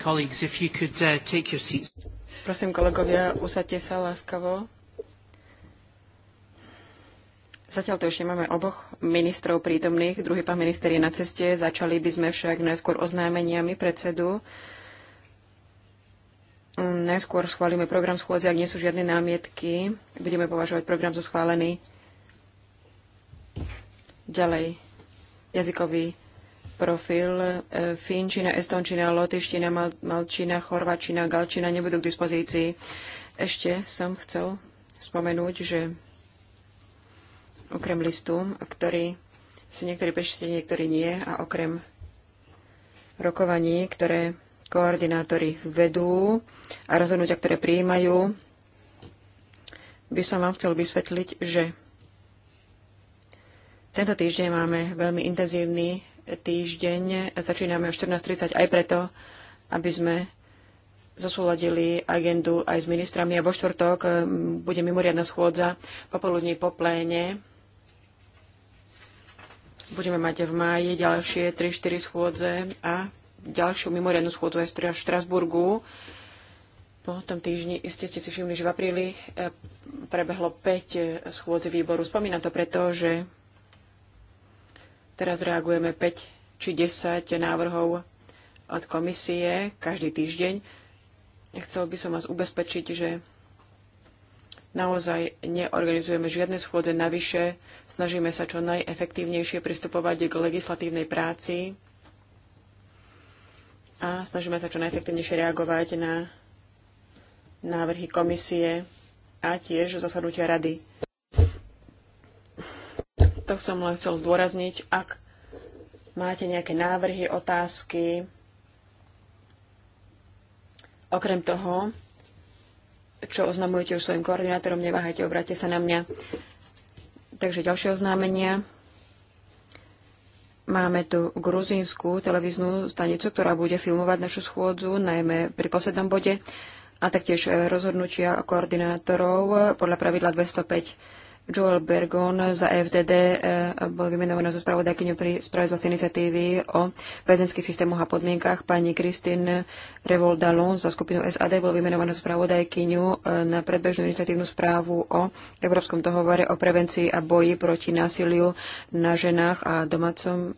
Colleagues, if you could uh, take your seats. Prosím, kolegovia, usadte sa láskavo. Zatiaľ to ešte máme oboch ministrov prítomných. Druhý pán minister je na ceste. Začali by sme však najskôr oznámeniami predsedu. Najskôr schválime program schôdze, ak nie sú žiadne námietky. Budeme považovať program za schválený. Ďalej. Jazykový profil. E, Fínčina, estončina, lotyština, mal, malčina, chorvačina, galčina nebudú k dispozícii. Ešte som chcel spomenúť, že okrem listu, ktorý si niektorí prečítate, niektorí nie, a okrem rokovaní, ktoré koordinátori vedú a rozhodnutia, ktoré prijímajú, by som vám chcel vysvetliť, že tento týždeň máme veľmi intenzívny týždeň. Začíname o 14.30 aj preto, aby sme zosúladili agendu aj s ministrami a vo štvrtok bude mimoriadna schôdza popoludní po pléne. Budeme mať v máji ďalšie 3-4 schôdze a ďalšiu mimoriadnu schôdzu aj v Štrasburgu. Po tom týždni iste ste si všimli, že v apríli eh, prebehlo 5 eh, schôdzi výboru. Spomínam to preto, že Teraz reagujeme 5 či 10 návrhov od komisie každý týždeň. Chcel by som vás ubezpečiť, že naozaj neorganizujeme žiadne schôdze navyše, snažíme sa čo najefektívnejšie pristupovať k legislatívnej práci a snažíme sa čo najefektívnejšie reagovať na návrhy komisie a tiež zasadnutia rady. To som len chcel zdôrazniť. Ak máte nejaké návrhy, otázky, okrem toho, čo oznamujete už svojim koordinátorom, neváhajte, obráte sa na mňa. Takže ďalšie oznámenia. Máme tu gruzínsku televíznu stanicu, ktorá bude filmovať našu schôdzu, najmä pri poslednom bode, a taktiež rozhodnutia koordinátorov podľa pravidla 205 Joel Bergon za FDD eh, bol vymenovaná zo spravodajkyňou pri správe z vlastnej iniciatívy o väzenských systémoch a podmienkach. Pani Kristin Revoldalon za skupinu SAD bol vymenovaná spravodajkyňu eh, na predbežnú iniciatívnu správu o Európskom dohovore o prevencii a boji proti násiliu na ženách a domácom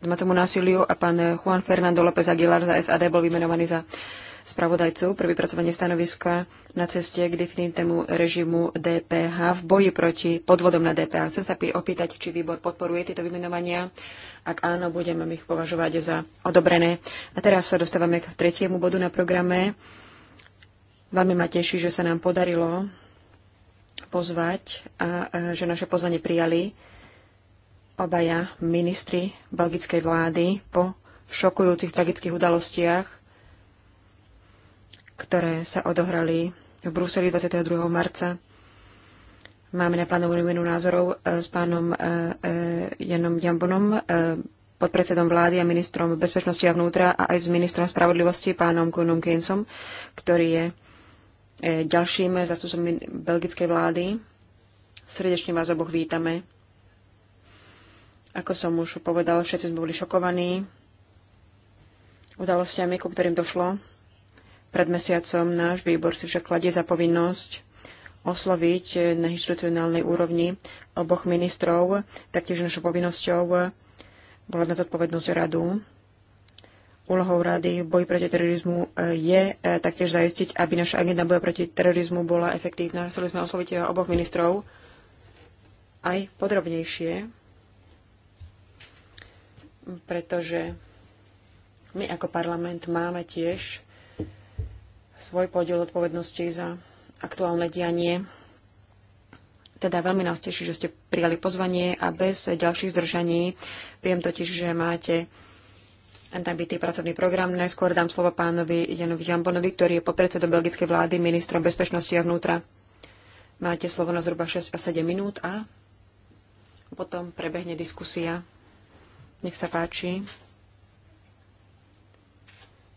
domácemu násiliu a pán Juan Fernando López Aguilar za SAD bol vymenovaný za spravodajcov pre vypracovanie stanoviska na ceste k definitému režimu DPH v boji proti podvodom na DPH. Chcem sa opýtať, či výbor podporuje tieto vymenovania. Ak áno, budeme ich považovať za odobrené. A teraz sa dostávame k tretiemu bodu na programe. Veľmi ma teší, že sa nám podarilo pozvať a že naše pozvanie prijali obaja ministri belgickej vlády po šokujúcich tragických udalostiach ktoré sa odohrali v Bruseli 22. marca. Máme naplánovanú menu názorov e, s pánom e, e, Janom Jambonom, podpredsedom vlády a ministrom bezpečnosti a vnútra a aj s ministrom spravodlivosti pánom Kunom Keynesom, ktorý je ďalším zastupcom belgickej vlády. Srdečne vás oboch vítame. Ako som už povedal, všetci sme boli šokovaní udalostiami, ku ktorým došlo pred mesiacom náš výbor si však kladie za povinnosť osloviť na institucionálnej úrovni oboch ministrov, taktiež našou povinnosťou bola na zodpovednosť radu. Úlohou rady v boji proti terorizmu e, je e, taktiež zaistiť, aby naša agenda boja proti terorizmu bola efektívna. Chceli sme osloviť oboch ministrov aj podrobnejšie, pretože my ako parlament máme tiež svoj podiel odpovednosti za aktuálne dianie. Teda veľmi nás teší, že ste prijali pozvanie a bez ďalších zdržaní viem totiž, že máte nabitý pracovný program. Najskôr dám slovo pánovi Janovi Jambonovi, ktorý je podpredsedom belgickej vlády, ministrom bezpečnosti a vnútra. Máte slovo na zhruba 6 a 7 minút a potom prebehne diskusia. Nech sa páči.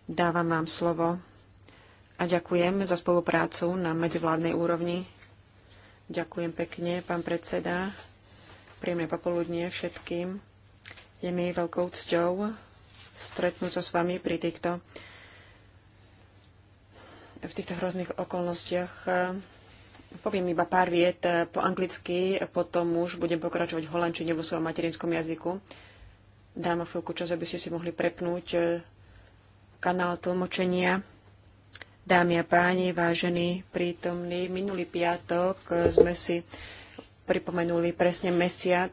Dávam vám slovo a ďakujem za spoluprácu na medzivládnej úrovni. Ďakujem pekne, pán predseda. Príjemné popoludnie všetkým. Je mi veľkou cťou stretnúť sa so s vami pri týchto v týchto hrozných okolnostiach. Poviem iba pár viet po anglicky, potom už budem pokračovať v holandčine vo svojom materinskom jazyku. Dám chvíľku čas, aby ste si mohli prepnúť eh, kanál tlmočenia. Dámy a páni, vážení prítomní, minulý piatok e, sme si pripomenuli presne mesiac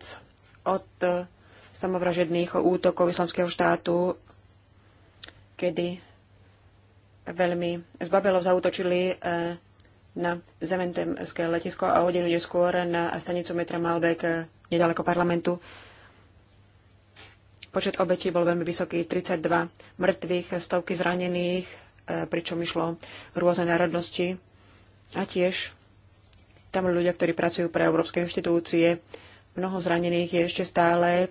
od e, samovražedných útokov Islamského štátu, kedy veľmi zbabelo zautočili e, na zementemské letisko a hodinu neskôr na stanicu metra Malbek nedaleko parlamentu. Počet obetí bol veľmi vysoký, 32 mŕtvych, stovky zranených, E, pričom išlo rôzne národnosti. A tiež tam ľudia, ktorí pracujú pre európske inštitúcie. Mnoho zranených je ešte stále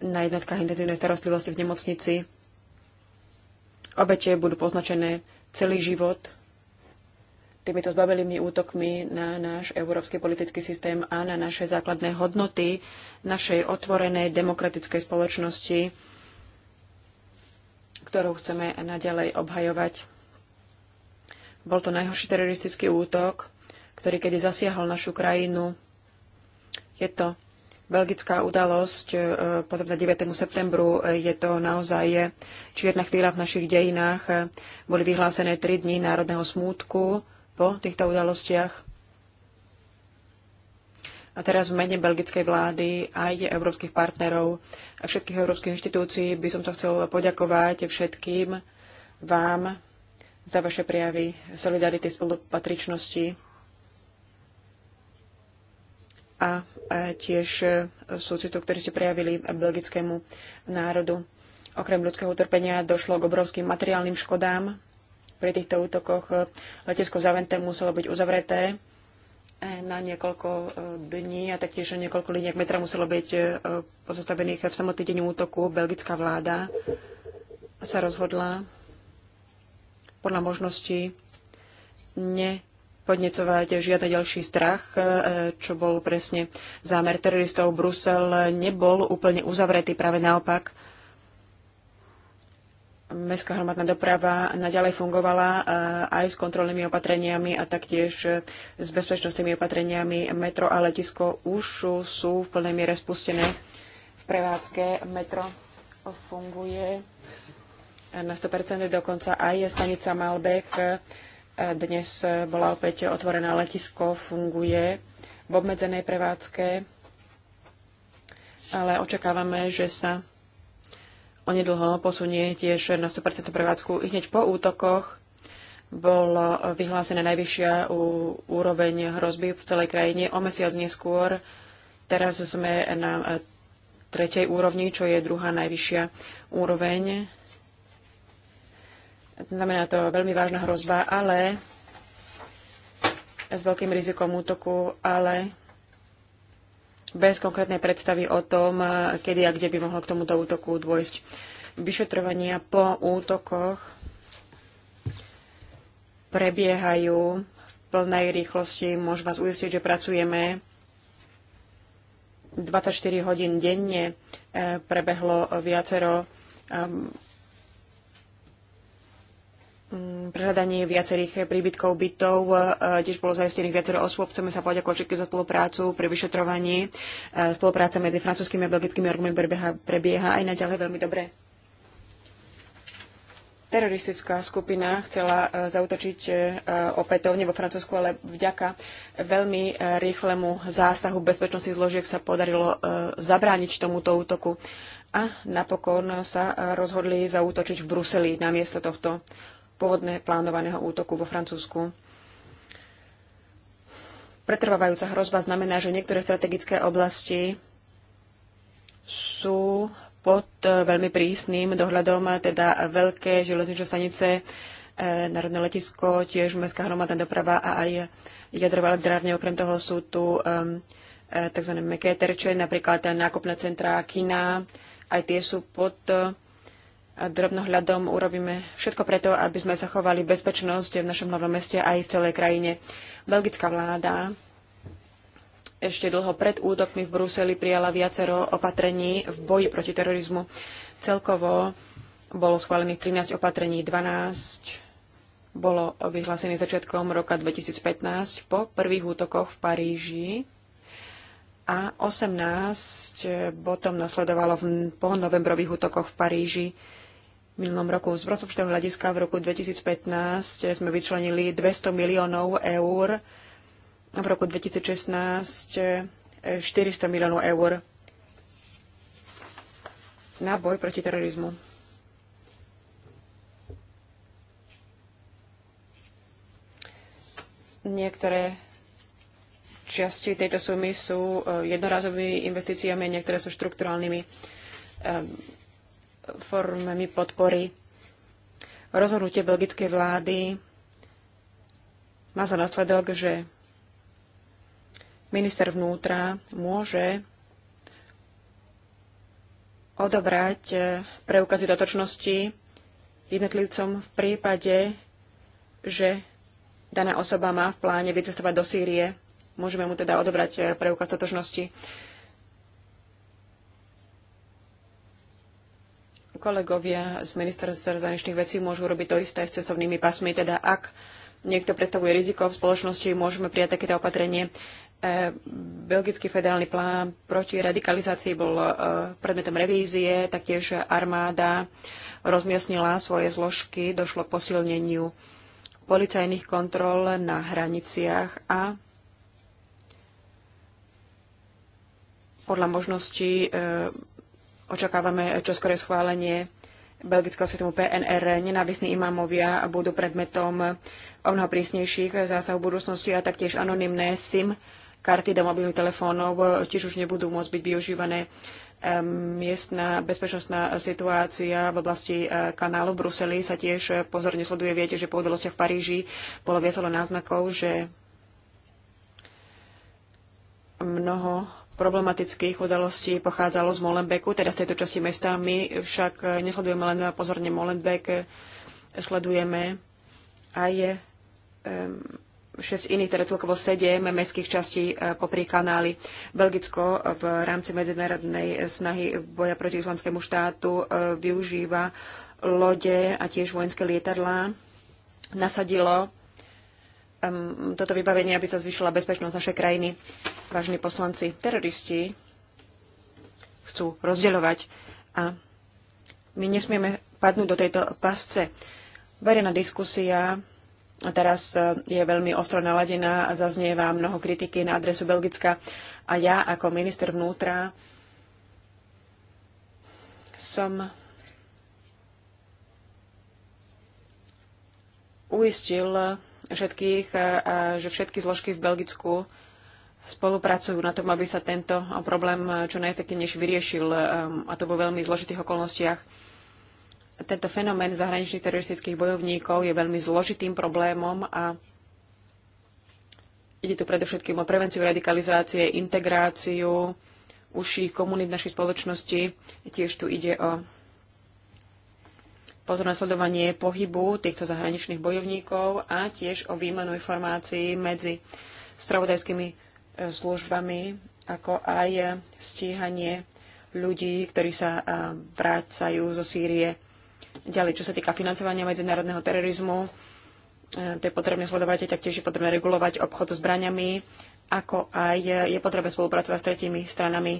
na jednotkách intenzívnej starostlivosti v nemocnici. Obete budú poznačené celý život týmito zbabelými útokmi na náš európsky politický systém a na naše základné hodnoty našej otvorenej demokratickej spoločnosti ktorú chceme naďalej obhajovať. Bol to najhorší teroristický útok, ktorý kedy zasiahol našu krajinu. Je to belgická udalosť e, podobná 9. septembru. E, je to naozaj e, čierna chvíľa v našich dejinách. Boli vyhlásené tri dni národného smútku po týchto udalostiach. A teraz v mene belgickej vlády aj európskych partnerov a všetkých európskych inštitúcií by som sa chcel poďakovať všetkým vám za vaše prejavy solidarity, spolupatričnosti a tiež súcitu, ktorý ste prejavili belgickému národu. Okrem ľudského utrpenia došlo k obrovským materiálnym škodám. Pri týchto útokoch letisko Zaventem muselo byť uzavreté na niekoľko e, dní a taktiež niekoľko liniek metra muselo byť e, pozastavených v samotný deň útoku. Belgická vláda sa rozhodla podľa možnosti nepodnecovať žiadny ďalší strach, e, čo bol presne zámer teroristov. Brusel nebol úplne uzavretý, práve naopak mestská hromadná doprava naďalej fungovala e, aj s kontrolnými opatreniami a taktiež e, s bezpečnostnými opatreniami. Metro a letisko už sú v plnej miere spustené v prevádzke. Metro funguje na 100%, dokonca aj stanica Malbek. E, dnes bola opäť otvorená letisko, funguje v obmedzenej prevádzke, ale očakávame, že sa onedlho posunie tiež na 100% prevádzku. I hneď po útokoch bol vyhlásená najvyššia úroveň hrozby v celej krajine. O mesiac neskôr teraz sme na e, tretej úrovni, čo je druhá najvyššia úroveň. Znamená to veľmi vážna hrozba, ale s veľkým rizikom útoku, ale bez konkrétnej predstavy o tom, eh, kedy a kde by mohlo k tomuto útoku dôjsť. Vyšetrovania po útokoch prebiehajú v plnej rýchlosti. Môžem vás uistiť, že pracujeme 24 hodín denne. Eh, prebehlo viacero ehm, Mm, prehľadanie viacerých príbytkov bytov, e, tiež bolo zaistených viacero osôb. Chceme sa poďakovať všetkým za spoluprácu pri vyšetrovaní. E, spolupráca medzi francúzskými a belgickými orgánmi prebieha, prebieha aj naďalej veľmi dobre. Teroristická skupina chcela e, zautočiť opätovne vo Francúzsku, ale vďaka veľmi rýchlemu zásahu bezpečnostných zložiek sa podarilo zabrániť tomuto útoku a napokon sa rozhodli zautočiť v Bruseli namiesto tohto pôvodne plánovaného útoku vo Francúzsku. Pretrvávajúca hrozba znamená, že niektoré strategické oblasti sú pod e, veľmi prísnym dohľadom, teda veľké železničné stanice, e, národné letisko, tiež mestská hromadná doprava a aj jadrová elektrárne. Okrem toho sú tu um, tzv. meké terče, napríklad nákupné centrá kina, aj tie sú pod drobnohľadom urobíme všetko preto, aby sme zachovali bezpečnosť v našom hlavnom meste aj v celej krajine. Belgická vláda ešte dlho pred útokmi v Bruseli prijala viacero opatrení v boji proti terorizmu. Celkovo bolo schválených 13 opatrení, 12 bolo vyhlásené začiatkom roka 2015 po prvých útokoch v Paríži a 18 potom nasledovalo v, po novembrových útokoch v Paríži minulom roku. Z rozpočtového hľadiska v roku 2015 sme vyčlenili 200 miliónov eur, a v roku 2016 400 eh, miliónov eur na boj proti terorizmu. Niektoré časti tejto sumy sú eh, jednorazovými investíciami, niektoré sú štrukturálnymi eh, formami podpory. Rozhodnutie belgickej vlády má za následok, že minister vnútra môže odobrať eh, preukazy dotočnosti jednotlivcom v prípade, že daná osoba má v pláne vycestovať do Sýrie. Môžeme mu teda odobrať eh, preukaz totožnosti. Kolegovia z ministerstva zahraničných vecí môžu robiť to isté s cestovnými pasmi, teda ak niekto predstavuje riziko v spoločnosti, môžeme prijať takéto opatrenie. E, belgický federálny plán proti radikalizácii bol e, predmetom revízie, taktiež armáda rozmiestnila svoje zložky, došlo k posilneniu policajných kontrol na hraniciach a podľa možností e, Očakávame čoskoré schválenie belgického systému PNR. Nenávisní imámovia budú predmetom o mnoho prísnejších zásahov budúcnosti a taktiež anonymné SIM karty do mobilných telefónov tiež už nebudú môcť byť využívané. Miestna bezpečnostná situácia v oblasti e, kanálu v Bruseli sa tiež pozorne sleduje. Viete, že po udalostiach v Paríži bolo viacelo náznakov, že mnoho problematických udalostí pochádzalo z Molenbeku, teda z tejto časti mesta. My však nesledujeme len pozorne Molenbek, sledujeme aj je 6 iných, teda celkovo sedem mestských častí eh, popri kanály. Belgicko v rámci medzinárodnej snahy boja proti islamskému štátu eh, využíva lode a tiež vojenské lietadlá. Nasadilo toto vybavenie, aby sa zvyšila bezpečnosť našej krajiny. Vážení poslanci, teroristi chcú rozdeľovať a my nesmieme padnúť do tejto pasce. Verejná diskusia a teraz e, je veľmi ostro naladená a zaznieva mnoho kritiky na adresu Belgicka. A ja ako minister vnútra som uistil všetkých že všetky zložky v Belgicku spolupracujú na tom, aby sa tento problém čo najefektívnejšie vyriešil, a to vo veľmi zložitých okolnostiach. Tento fenomén zahraničných teroristických bojovníkov je veľmi zložitým problémom a ide tu predovšetkým o prevenciu radikalizácie, integráciu uších komunít našej spoločnosti. Tiež tu ide o pozorné sledovanie pohybu týchto zahraničných bojovníkov a tiež o výmenu informácií medzi spravodajskými e, službami, ako aj e, stíhanie ľudí, ktorí sa e, vrácajú zo Sýrie. Ďalej, čo sa týka financovania medzinárodného terorizmu, to je potrebné sledovať a taktiež je potrebné regulovať obchod so zbraniami, ako aj je potrebné spolupracovať s tretími stranami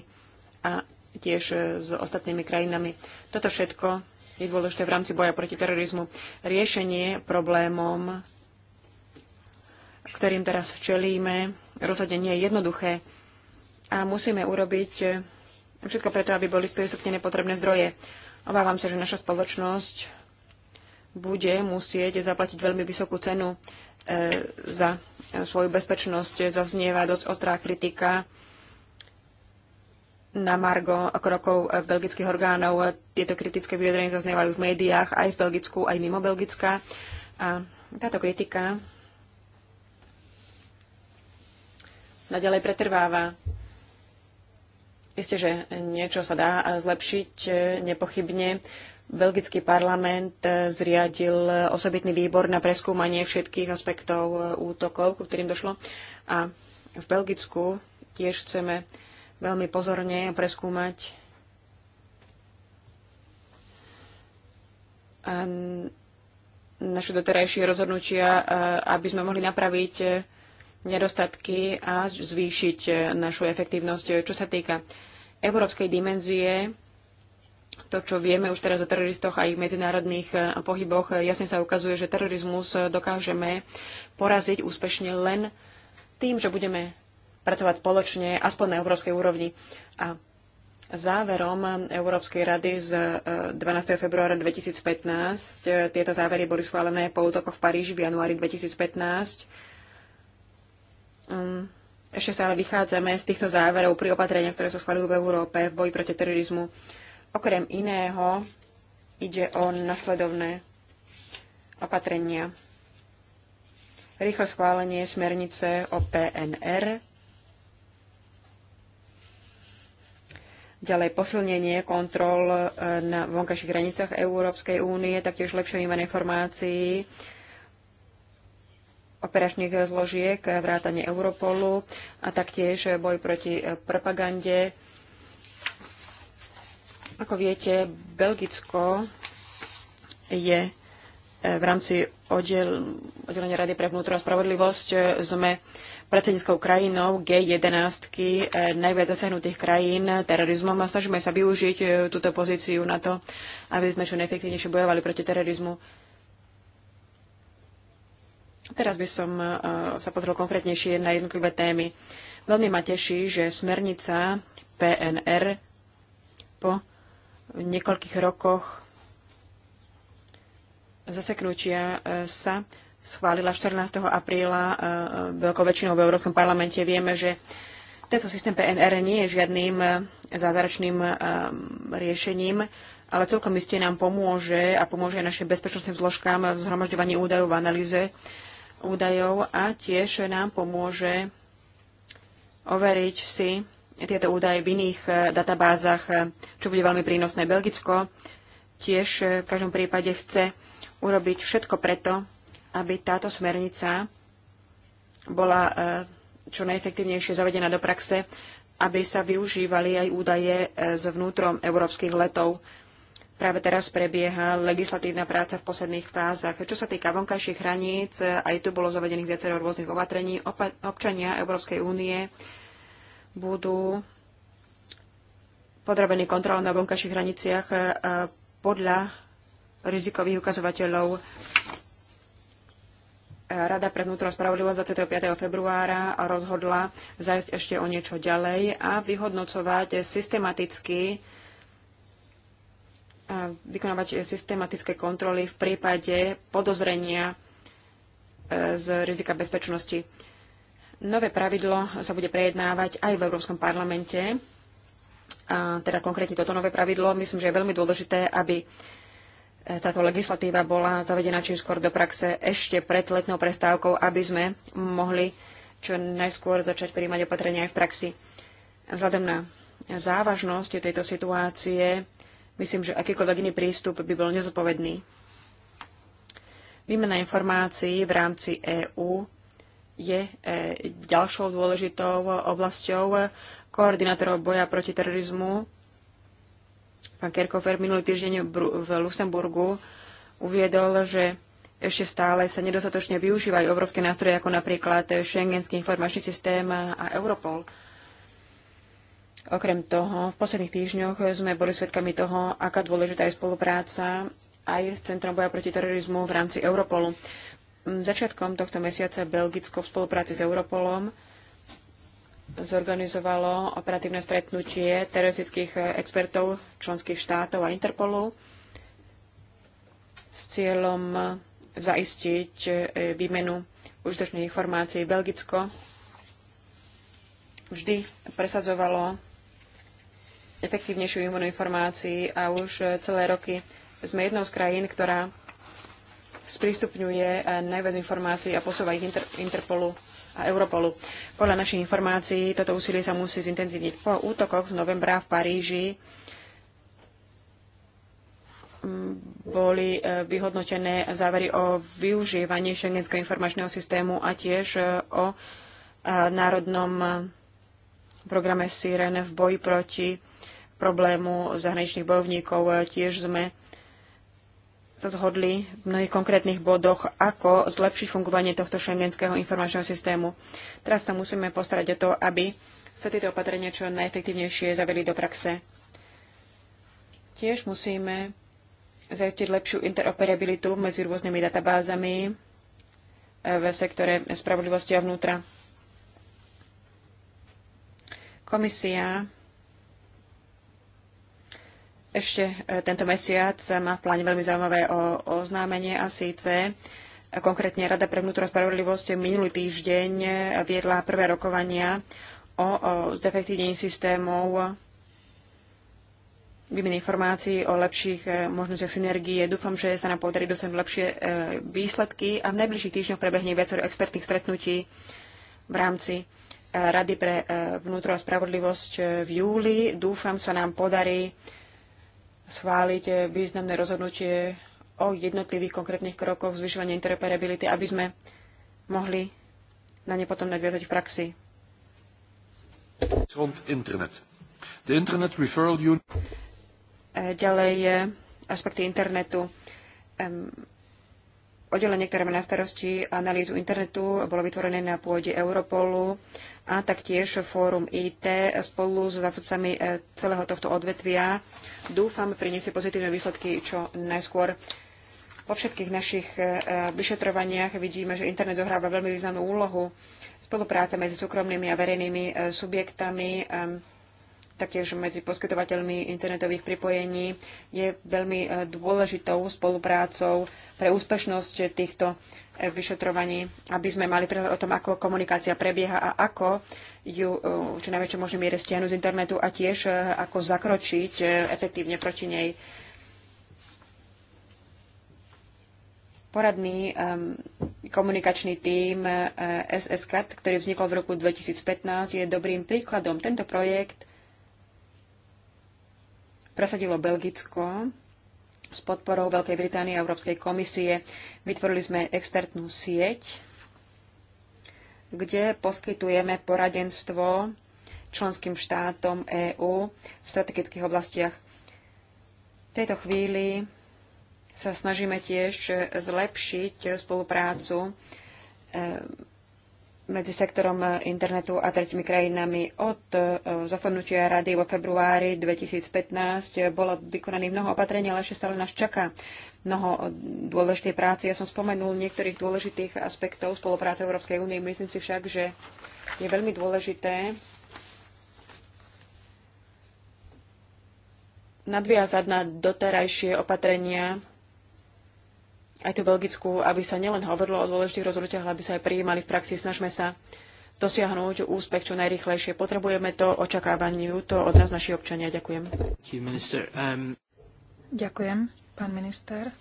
a tiež s ostatnými krajinami. Toto všetko je dôležité v rámci boja proti terorizmu. Riešenie problémom, ktorým teraz čelíme, rozhodne nie je jednoduché a musíme urobiť všetko preto, aby boli sprístupnené potrebné zdroje. Obávam sa, že naša spoločnosť bude musieť zaplatiť veľmi vysokú cenu e, za svoju bezpečnosť. Zaznieva dosť ostrá kritika na margo krokov belgických orgánov. Tieto kritické vyjadrenia zaznievajú v médiách aj v Belgicku, aj mimo Belgická. A táto kritika naďalej pretrváva. Isté, že niečo sa dá zlepšiť nepochybne. Belgický parlament zriadil osobitný výbor na preskúmanie všetkých aspektov útokov, ku ktorým došlo. A v Belgicku tiež chceme veľmi pozorne a preskúmať naše doterajšie rozhodnutia, e, aby sme mohli napraviť e, nedostatky a zvýšiť e, našu efektívnosť. Čo sa týka európskej dimenzie, to, čo vieme už teraz o teroristoch a ich medzinárodných pohyboch, jasne sa ukazuje, že terorizmus dokážeme poraziť úspešne len tým, že budeme pracovať spoločne, aspoň na európskej úrovni. A záverom Európskej rady z 12. E, februára 2015, e, tieto závery boli schválené po útokoch v Paríži v januári 2015, mm, ešte sa ale vychádzame z týchto záverov pri opatreniach, ktoré sa schválujú v Európe v boji proti terorizmu. Okrem iného ide o nasledovné opatrenia. Rýchle schválenie smernice o PNR, ďalej posilnenie kontrol eh, na vonkajších hranicách Európskej únie, taktiež lepšie výmen informácií operačných zložiek, eh, vrátanie Europolu a taktiež eh, boj proti propagande. Ako viete, Belgicko je E, v rámci oddel, oddelenia Rady pre vnútro a spravodlivosť e, sme predsedníckou krajinou G11, e, najviac zasiahnutých krajín terorizmom a snažíme sa využiť túto pozíciu na to, aby sme čo najefektívnejšie bojovali proti terorizmu. Teraz by som sa pozrel konkrétnejšie na jednotlivé témy. Veľmi ma teší, že smernica PNR po niekoľkých rokoch zaseknutia e, sa schválila 14. apríla e, e, veľkou väčšinou v Európskom parlamente. Vieme, že tento systém PNR nie je žiadnym zázračným riešením, ale celkom iste nám pomôže a pomôže aj našim bezpečnostným zložkám v zhromažďovaní údajov, v analýze údajov a tiež nám pomôže overiť si tieto údaje v iných databázach, čo bude veľmi prínosné. Belgicko tiež v každom prípade chce urobiť všetko preto, aby táto smernica bola e, čo najefektívnejšie zavedená do praxe, aby sa využívali aj údaje e, z vnútrom európskych letov. Práve teraz prebieha legislatívna práca v posledných fázach. Čo sa týka vonkajších hraníc, aj tu bolo zavedených viacero rôznych opatrení. občania Európskej únie budú podrobení kontrolom na vonkajších hraniciach e, podľa rizikových ukazovateľov. Rada pre vnútro spravodlivosť 25. februára rozhodla zajsť ešte o niečo ďalej a vyhodnocovať systematicky a vykonávať systematické kontroly v prípade podozrenia e, z rizika bezpečnosti. Nové pravidlo sa bude prejednávať aj v Európskom parlamente. A teda konkrétne toto nové pravidlo, myslím, že je veľmi dôležité, aby táto legislatíva bola zavedená čím skôr do praxe ešte pred letnou prestávkou, aby sme mohli čo najskôr začať príjmať opatrenia aj v praxi. Vzhľadom na závažnosť tejto situácie, myslím, že akýkoľvek iný prístup by bol nezodpovedný. Výmena informácií v rámci EÚ je e, ďalšou dôležitou oblasťou koordinátorov boja proti terorizmu Pán Kerkofer minulý týždeň v Luxemburgu uviedol, že ešte stále sa nedostatočne využívajú európske nástroje, ako napríklad Schengenský informačný systém a Europol. Okrem toho, v posledných týždňoch sme boli svedkami toho, aká dôležitá je spolupráca aj s Centrom boja proti terorizmu v rámci Europolu. Mm, začiatkom tohto mesiaca Belgicko v spolupráci s Europolom zorganizovalo operatívne stretnutie teroristických eh, expertov členských štátov a Interpolu s cieľom eh, zaistiť eh, výmenu užitočných informácií. Belgicko vždy presazovalo efektívnejšiu výmenu informácií a už celé roky sme jednou z krajín, ktorá sprístupňuje najviac informácií a posúva ich Interpolu a Europolu. Podľa našich informácií toto úsilie sa musí zintenzívniť. Po útokoch z novembra v Paríži mm, boli e, vyhodnotené závery o využívaní šengenského informačného systému a tiež e, o e, národnom programe SIREN v boji proti problému zahraničných bojovníkov. Tiež sme sa zhodli v mnohých konkrétnych bodoch, ako zlepšiť fungovanie tohto šengenského informačného systému. Teraz sa musíme postarať o to, aby sa tieto opatrenia čo najefektívnejšie zaveli do praxe. Tiež musíme zajistiť lepšiu interoperabilitu medzi rôznymi databázami eh, v sektore spravodlivosti a vnútra. Komisia ešte e, tento mesiac má v pláne veľmi zaujímavé o, oznámenie a síce konkrétne Rada pre vnútro spravodlivosť minulý týždeň viedla prvé rokovania o, o zefektívnení systémov výmeny informácií o lepších e, možnostiach synergie. Dúfam, že sa nám podarí dosť lepšie e, výsledky a v najbližších týždňoch prebehne viacero expertných stretnutí v rámci Rady pre vnútro a spravodlivosť v júli. Dúfam, sa nám podarí schváliť významné rozhodnutie o jednotlivých konkrétnych krokoch zvyšovania interoperability, aby sme mohli na ne potom nadviazať v praxi. Internet. The internet referral e, Ďalej je aspekty internetu. Um, oddelenie, ktoré má na starosti analýzu internetu, bolo vytvorené na pôde Europolu a taktiež Fórum IT spolu s zásobcami e, celého tohto odvetvia. Dúfam, priniesie pozitívne výsledky čo najskôr. Po všetkých našich e, vyšetrovaniach vidíme, že internet zohráva veľmi významnú úlohu. Spolupráca medzi súkromnými a verejnými e, subjektami, taktiež medzi poskytovateľmi internetových pripojení je veľmi dôležitou spoluprácou pre úspešnosť týchto vyšetrovaní, aby sme mali prehľad o tom, ako komunikácia prebieha a ako ju e, čo najväčšej možnej miere stiahnuť z internetu a tiež e, ako zakročiť e, efektívne proti nej. Poradný um, komunikačný tím SSK, ktorý vznikol v roku 2015, je dobrým príkladom. Tento projekt presadilo Belgicko s podporou Veľkej Británie a Európskej komisie. Vytvorili sme expertnú sieť, kde poskytujeme poradenstvo členským štátom EÚ v strategických oblastiach. V tejto chvíli sa snažíme tiež zlepšiť spoluprácu e, medzi sektorom e, internetu a tretimi krajinami. Od e, zasadnutia rady vo februári 2015 e, bolo vykonaných mnoho opatrení, ale ešte stále nás čaká mnoho dôležitej práce. Ja som spomenul niektorých dôležitých aspektov spolupráce Európskej únie. Myslím si však, že je veľmi dôležité nadviazať na doterajšie opatrenia aj tú Belgickú, aby sa nielen hovorilo o dôležitých rozhodnutiach, ale aby sa aj prijímali v praxi. Snažme sa dosiahnuť úspech čo najrychlejšie. Potrebujeme to, očakávaniu, to od nás naši občania. Ďakujem. Um, Ďakujem, pán minister.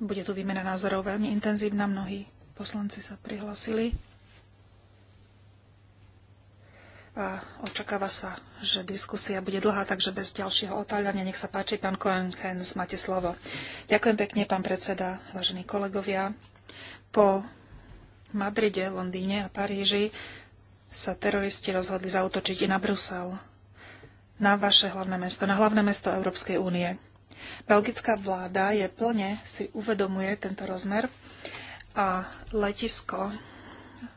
Bude tu výmena názorov veľmi intenzívna. Mnohí poslanci sa prihlasili a očakáva sa, že diskusia bude dlhá, takže bez ďalšieho otáľania. Nech sa páči, pán Hens máte slovo. Ďakujem pekne, pán predseda, vážení kolegovia. Po Madride, Londýne a Paríži sa teroristi rozhodli zautočiť i na Brusel, na vaše hlavné mesto, na hlavné mesto Európskej únie. Belgická vláda je plne si uvedomuje tento rozmer a letisko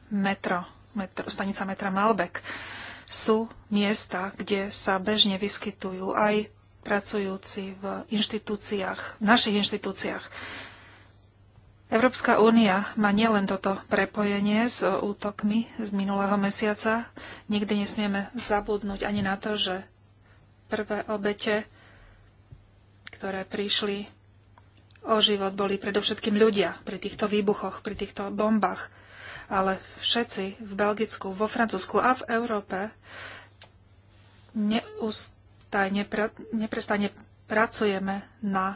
metro, metro stanica metra Malbek sú miesta, kde sa bežne vyskytujú aj pracujúci v inštitúciách, v našich inštitúciách. Európska únia má nielen toto prepojenie s útokmi z minulého mesiaca. Nikdy nesmieme zabudnúť ani na to, že prvé obete, ktoré prišli o život, boli predovšetkým ľudia pri týchto výbuchoch, pri týchto bombách ale všetci v Belgicku, vo Francúzsku a v Európe neustajne, neprestane pracujeme na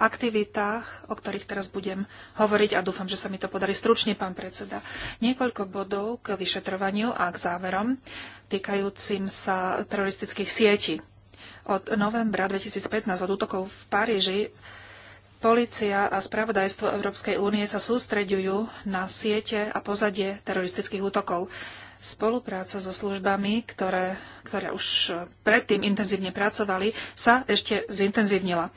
aktivitách, o ktorých teraz budem hovoriť a dúfam, že sa mi to podarí stručne, pán predseda. Niekoľko bodov k vyšetrovaniu a k záverom týkajúcim sa teroristických sietí. Od novembra 2015, od útokov v Paríži, Polícia a spravodajstvo Európskej únie sa sústreďujú na siete a pozadie teroristických útokov. Spolupráca so službami, ktoré, ktoré už predtým intenzívne pracovali, sa ešte zintenzívnila.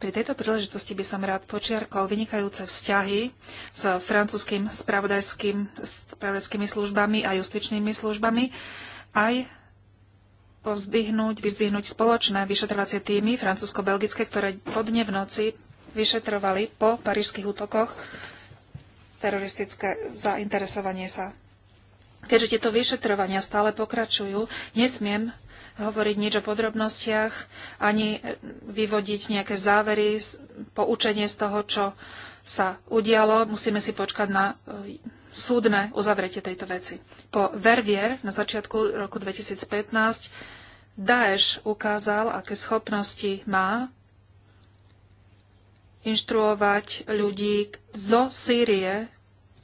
Pri tejto príležitosti by som rád počiarkol vynikajúce vzťahy s francúzským spravodajským, spravodajskými službami a justičnými službami, aj pozvihnúť, vyzdvihnúť spoločné vyšetrovacie týmy francúzsko-belgické, ktoré po dne v noci vyšetrovali po parížských útokoch teroristické zainteresovanie sa. Keďže tieto vyšetrovania stále pokračujú, nesmiem hovoriť nič o podrobnostiach, ani vyvodiť nejaké závery, poučenie z toho, čo sa udialo. Musíme si počkať na e, súdne uzavretie tejto veci. Po Vervier na začiatku roku 2015 Daesh ukázal, aké schopnosti má inštruovať ľudí zo Sýrie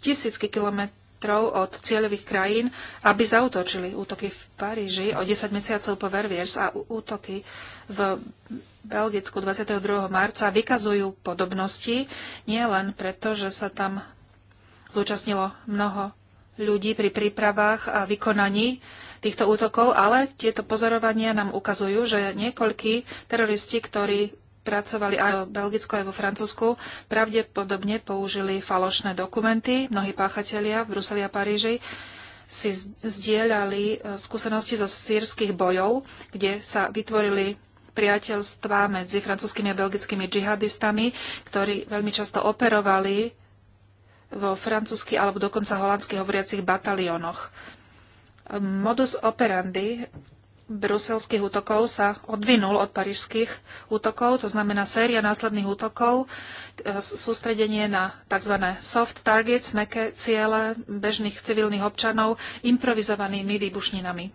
tisícky kilometrov od cieľových krajín, aby zautočili útoky v Paríži o 10 mesiacov po Verviers a útoky v Belgicku 22. marca vykazujú podobnosti, nielen preto, že sa tam zúčastnilo mnoho ľudí pri prípravách a vykonaní týchto útokov, ale tieto pozorovania nám ukazujú, že niekoľkí teroristi, ktorí pracovali aj v Belgicku, aj vo Francúzsku, pravdepodobne použili falošné dokumenty. Mnohí páchatelia v Bruseli a Paríži si zdieľali e, skúsenosti zo sírskych bojov, kde sa vytvorili priateľstva medzi francúzskými a belgickými džihadistami, ktorí veľmi často operovali vo francúzsky alebo dokonca holandsky hovoriacich bataliónoch. Modus operandi bruselských útokov sa odvinul od parížských útokov, to znamená séria následných útokov, e, sústredenie na tzv. soft targets, meké ciele bežných civilných občanov, improvizovanými výbušninami.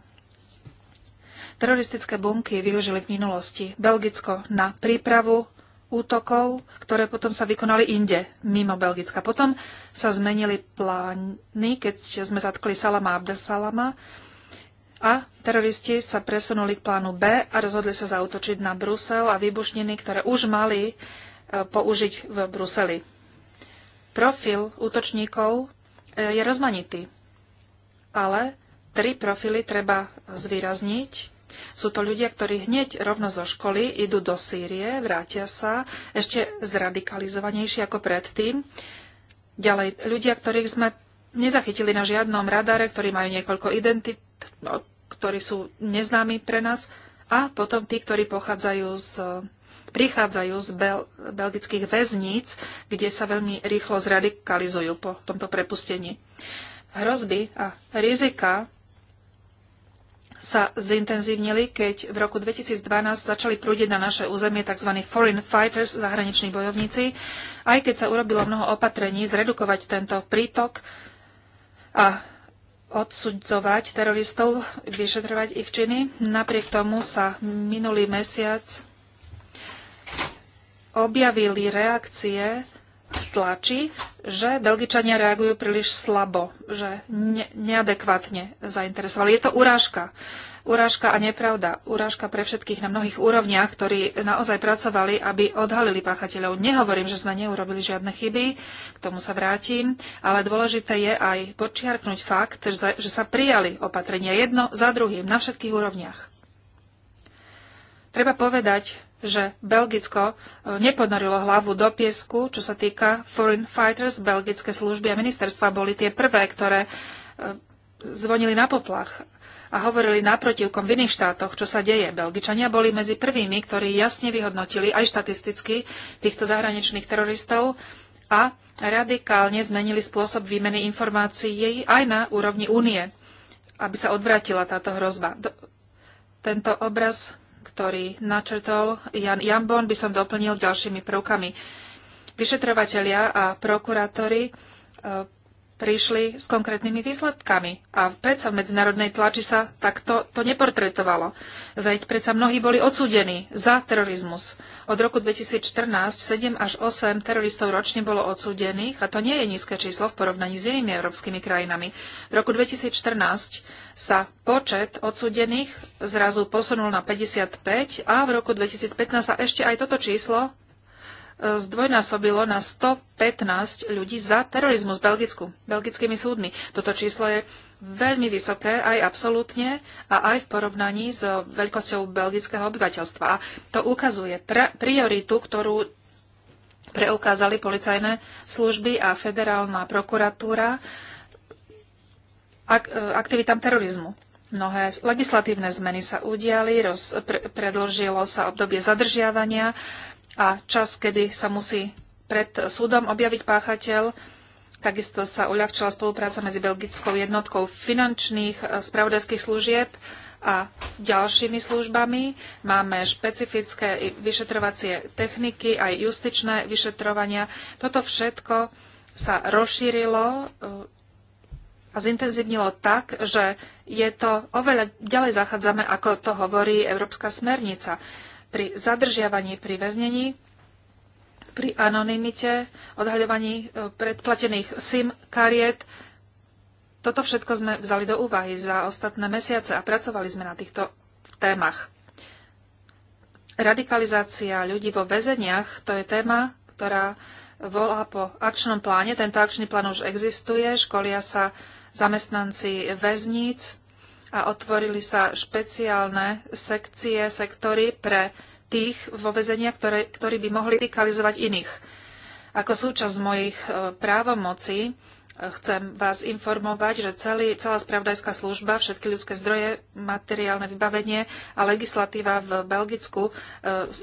Teroristické bunky využili v minulosti Belgicko na prípravu útokov, ktoré potom sa vykonali inde, mimo Belgicka. Potom sa zmenili plány, keď sme zatkli Salama Abdesalama a teroristi sa presunuli k plánu B a rozhodli sa zautočiť na Brusel a výbušniny, ktoré už mali e, použiť v Bruseli. Profil útočníkov e, je rozmanitý, ale tri profily treba zvýrazniť sú to ľudia, ktorí hneď rovno zo školy idú do Sýrie, vrátia sa ešte zradikalizovanejší ako predtým. Ďalej, ľudia, ktorých sme nezachytili na žiadnom radare, ktorí majú niekoľko identit, no, ktorí sú neznámi pre nás. A potom tí, ktorí pochádzajú z prichádzajú z bel- belgických väzníc, kde sa veľmi rýchlo zradikalizujú po tomto prepustení. Hrozby a rizika sa zintenzívnili, keď v roku 2012 začali prúdiť na naše územie tzv. foreign fighters, zahraniční bojovníci. Aj keď sa urobilo mnoho opatrení zredukovať tento prítok a odsudzovať teroristov, vyšetrovať ich činy, napriek tomu sa minulý mesiac objavili reakcie tlači, že Belgičania reagujú príliš slabo, že ne- neadekvátne zainteresovali. Je to urážka. Urážka a nepravda. Urážka pre všetkých na mnohých úrovniach, ktorí naozaj pracovali, aby odhalili páchateľov. Nehovorím, že sme neurobili žiadne chyby, k tomu sa vrátim, ale dôležité je aj počiarknúť fakt, že sa prijali opatrenia jedno za druhým na všetkých úrovniach. Treba povedať, že Belgicko e, neponorilo hlavu do piesku, čo sa týka Foreign Fighters. Belgické služby a ministerstva boli tie prvé, ktoré e, zvonili na poplach a hovorili naprotivkom v iných štátoch, čo sa deje. Belgičania boli medzi prvými, ktorí jasne vyhodnotili aj štatisticky týchto zahraničných teroristov a radikálne zmenili spôsob výmeny informácií aj na úrovni únie, aby sa odvratila táto hrozba. Tento obraz ktorý načrtol Jan Jambon, by som doplnil ďalšími prvkami. Vyšetrovateľia a prokurátori prišli s konkrétnymi výsledkami. A predsa v medzinárodnej tlači sa takto to neportretovalo. Veď predsa mnohí boli odsúdení za terorizmus. Od roku 2014 7 až 8 teroristov ročne bolo odsúdených a to nie je nízke číslo v porovnaní s inými európskymi krajinami. V roku 2014 sa počet odsúdených zrazu posunul na 55 a v roku 2015 sa ešte aj toto číslo E, zdvojnásobilo na 115 ľudí za terorizmus v Belgicku, belgickými súdmi. Toto číslo je veľmi vysoké aj absolútne a aj v porovnaní s veľkosťou belgického obyvateľstva. A to ukazuje prioritu, ktorú preukázali policajné služby a federálna prokuratúra ak, e, aktivitám terorizmu. Mnohé legislatívne zmeny sa udiali, roz, pre, predložilo sa obdobie zadržiavania, a čas, kedy sa musí pred súdom objaviť páchateľ. Takisto sa uľahčila spolupráca medzi belgickou jednotkou finančných eh, spravodajských služieb a ďalšími službami. Máme špecifické vyšetrovacie techniky, aj justičné vyšetrovania. Toto všetko sa rozšírilo eh, a zintenzívnilo tak, že je to oveľa ďalej zachádzame, ako to hovorí Európska smernica pri zadržiavaní pri väznení, pri anonymite, odhaľovaní e, predplatených SIM kariet. Toto všetko sme vzali do úvahy za ostatné mesiace a pracovali sme na týchto témach. Radikalizácia ľudí vo väzeniach, to je téma, ktorá volá po akčnom pláne. Tento akčný plán už existuje, školia sa zamestnanci väzníc, a otvorili sa špeciálne sekcie, sektory pre tých vo vezenia, ktoré, ktorí by mohli radikalizovať iných. Ako súčasť mojich e, právomocí e, chcem vás informovať, že celý, celá spravodajská služba, všetky ľudské zdroje, materiálne vybavenie a legislatíva v Belgicku e,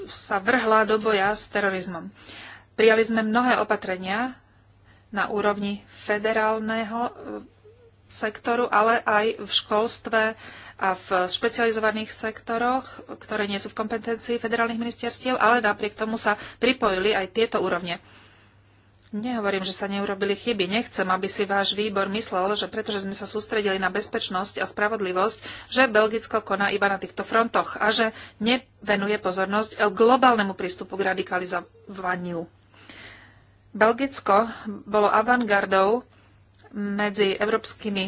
sa vrhla do boja s terorizmom. Prijali sme mnohé opatrenia na úrovni federálneho sektoru, ale aj v školstve a v špecializovaných sektoroch, ktoré nie sú v kompetencii federálnych ministerstiev, ale napriek tomu sa pripojili aj tieto úrovne. Nehovorím, že sa neurobili chyby. Nechcem, aby si váš výbor myslel, že pretože sme sa sústredili na bezpečnosť a spravodlivosť, že Belgicko koná iba na týchto frontoch a že nevenuje pozornosť globálnemu prístupu k radikalizovaniu. Belgicko bolo avantgardou medzi európskymi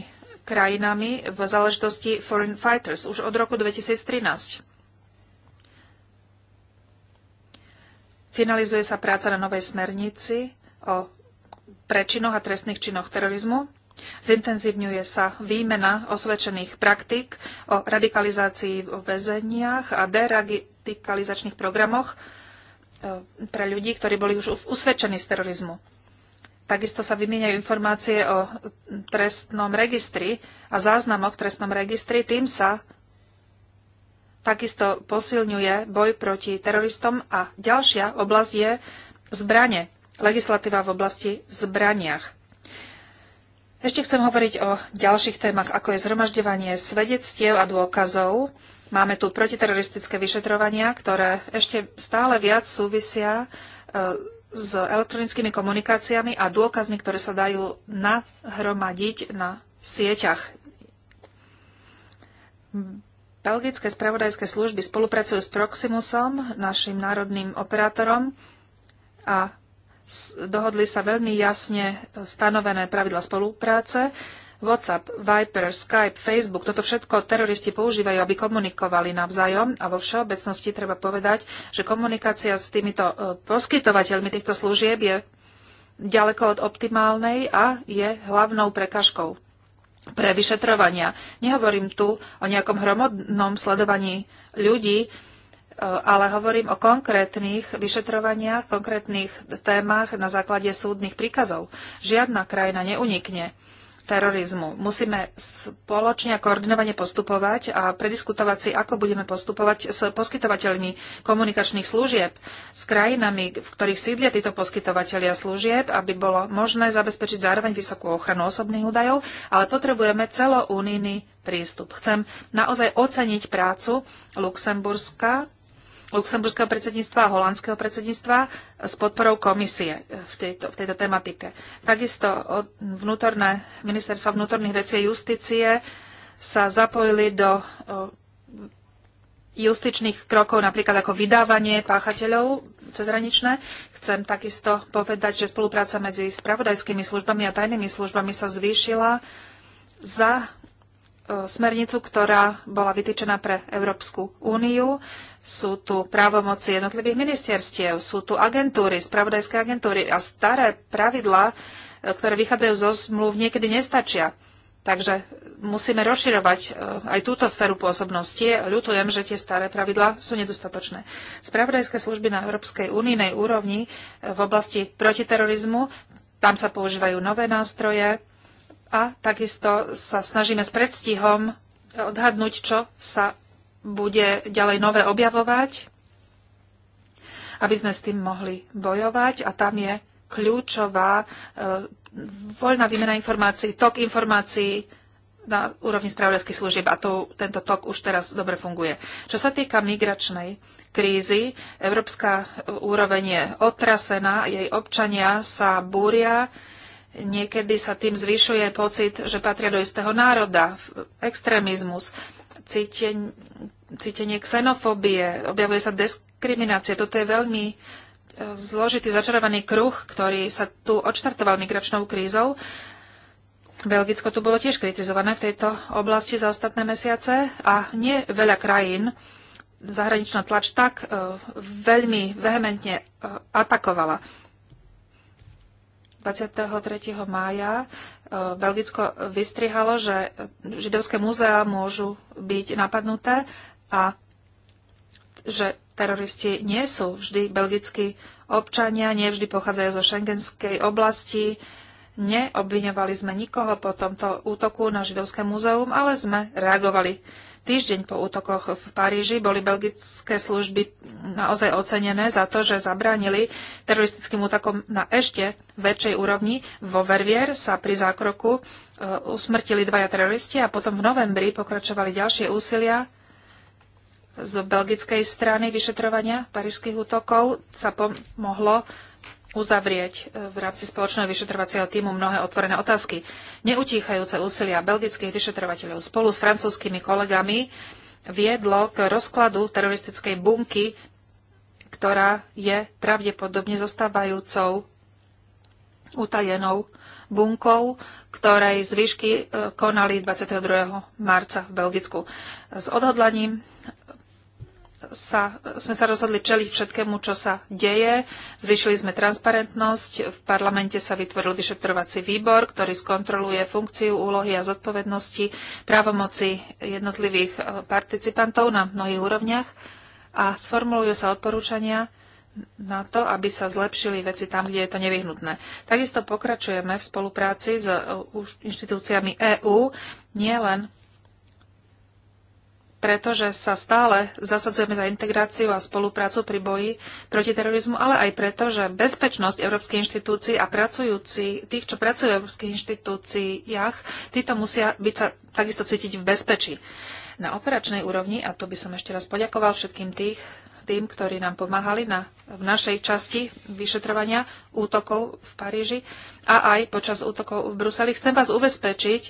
krajinami v záležitosti Foreign Fighters už od roku 2013. Finalizuje sa práca na novej smernici o prečinoch a trestných činoch terorizmu. Zintenzívňuje sa výmena osvedčených praktík o radikalizácii v väzeniach a deradikalizačných programoch eh, pre ľudí, ktorí boli už usvedčení z terorizmu. Takisto sa vymieňajú informácie o trestnom registri a záznamoch v trestnom registri. Tým sa takisto posilňuje boj proti teroristom. A ďalšia oblasť je zbranie. Legislatíva v oblasti zbraniach. Ešte chcem hovoriť o ďalších témach, ako je zhromažďovanie svedectiev a dôkazov. Máme tu protiteroristické vyšetrovania, ktoré ešte stále viac súvisia e, s elektronickými komunikáciami a dôkazmi, ktoré sa dajú nahromadiť na sieťach. Belgické spravodajské služby spolupracujú s Proximusom, našim národným operátorom, a dohodli sa veľmi jasne stanovené pravidla spolupráce WhatsApp, Viper, Skype, Facebook, toto všetko teroristi používajú, aby komunikovali navzájom a vo všeobecnosti treba povedať, že komunikácia s týmito e, poskytovateľmi týchto služieb je ďaleko od optimálnej a je hlavnou prekažkou pre vyšetrovania. Nehovorím tu o nejakom hromodnom sledovaní ľudí, e, ale hovorím o konkrétnych vyšetrovaniach, konkrétnych témach na základe súdnych príkazov. Žiadna krajina neunikne terorizmu. Musíme spoločne a koordinovane postupovať a prediskutovať si, ako budeme postupovať s poskytovateľmi komunikačných služieb, s krajinami, v ktorých sídlia títo poskytovateľia služieb, aby bolo možné zabezpečiť zároveň vysokú ochranu osobných údajov, ale potrebujeme celounijný prístup. Chcem naozaj oceniť prácu Luxemburska, luxemburského predsedníctva a holandského predsedníctva s podporou komisie v tejto, v tejto tematike. Takisto vnútorné, ministerstva vnútorných vecí a justície sa zapojili do justičných krokov, napríklad ako vydávanie páchateľov cezhraničné. Chcem takisto povedať, že spolupráca medzi spravodajskými službami a tajnými službami sa zvýšila za E, smernicu, ktorá bola vytýčená pre Európsku úniu. Sú tu právomoci jednotlivých ministerstiev, sú tu agentúry, spravodajské agentúry a staré pravidlá, e, ktoré vychádzajú zo zmluv, niekedy nestačia. Takže musíme rozširovať e, aj túto sféru pôsobnosti. Ľutujem, že tie staré pravidlá sú nedostatočné. Spravodajské služby na Európskej unijnej úrovni v oblasti protiterorizmu, tam sa používajú nové nástroje, a takisto sa snažíme s predstihom odhadnúť, čo sa bude ďalej nové objavovať, aby sme s tým mohli bojovať. A tam je kľúčová e, voľná výmena informácií, tok informácií na úrovni spravodajských služieb a to, tento tok už teraz dobre funguje. Čo sa týka migračnej krízy, európska úroveň je otrasená, jej občania sa búria, Niekedy sa tým zvyšuje pocit, že patria do istého národa, extrémizmus, cítenie, cítenie xenofóbie, objavuje sa diskriminácia, Toto je veľmi e, zložitý, začarovaný kruh, ktorý sa tu odštartoval migračnou krízou. Belgicko tu bolo tiež kritizované v tejto oblasti za ostatné mesiace a nie veľa krajín zahraničná tlač tak e, veľmi vehementne e, atakovala 23. mája e, Belgicko vystrihalo, že židovské múzea môžu byť napadnuté a že teroristi nie sú vždy belgickí občania, nie vždy pochádzajú zo šengenskej oblasti. Neobviňovali sme nikoho po tomto útoku na židovské múzeum, ale sme reagovali týždeň po útokoch v Paríži boli belgické služby naozaj ocenené za to, že zabránili teroristickým útokom na ešte väčšej úrovni. Vo Vervier sa pri zákroku e, usmrtili dvaja teroristi a potom v novembri pokračovali ďalšie úsilia z belgickej strany vyšetrovania parížských útokov sa pomohlo uzavrieť e, v rámci spoločného vyšetrovacieho týmu mnohé otvorené otázky neutíchajúce úsilia belgických vyšetrovateľov spolu s francúzskými kolegami viedlo k rozkladu teroristickej bunky, ktorá je pravdepodobne zostávajúcou utajenou bunkou, ktorej zvyšky eh, konali 22. marca v Belgicku. S odhodlaním sa, sme sa rozhodli čeliť všetkému, čo sa deje. Zvyšili sme transparentnosť. V parlamente sa vytvoril vyšetrovací výbor, ktorý skontroluje funkciu, úlohy a zodpovednosti právomoci jednotlivých e, participantov na mnohých úrovniach a sformulujú sa odporúčania na to, aby sa zlepšili veci tam, kde je to nevyhnutné. Takisto pokračujeme v spolupráci s e, inštitúciami EÚ, nielen pretože sa stále zasadzujeme za integráciu a spoluprácu pri boji proti terorizmu, ale aj preto, že bezpečnosť európskych inštitúcií a pracujúci, tých, čo pracujú v európskych inštitúciách, títo musia byť sa takisto cítiť v bezpečí. Na operačnej úrovni, a tu by som ešte raz poďakoval všetkým tých, tým, ktorí nám pomáhali na, v našej časti vyšetrovania útokov v Paríži a aj počas útokov v Bruseli. Chcem vás ubezpečiť,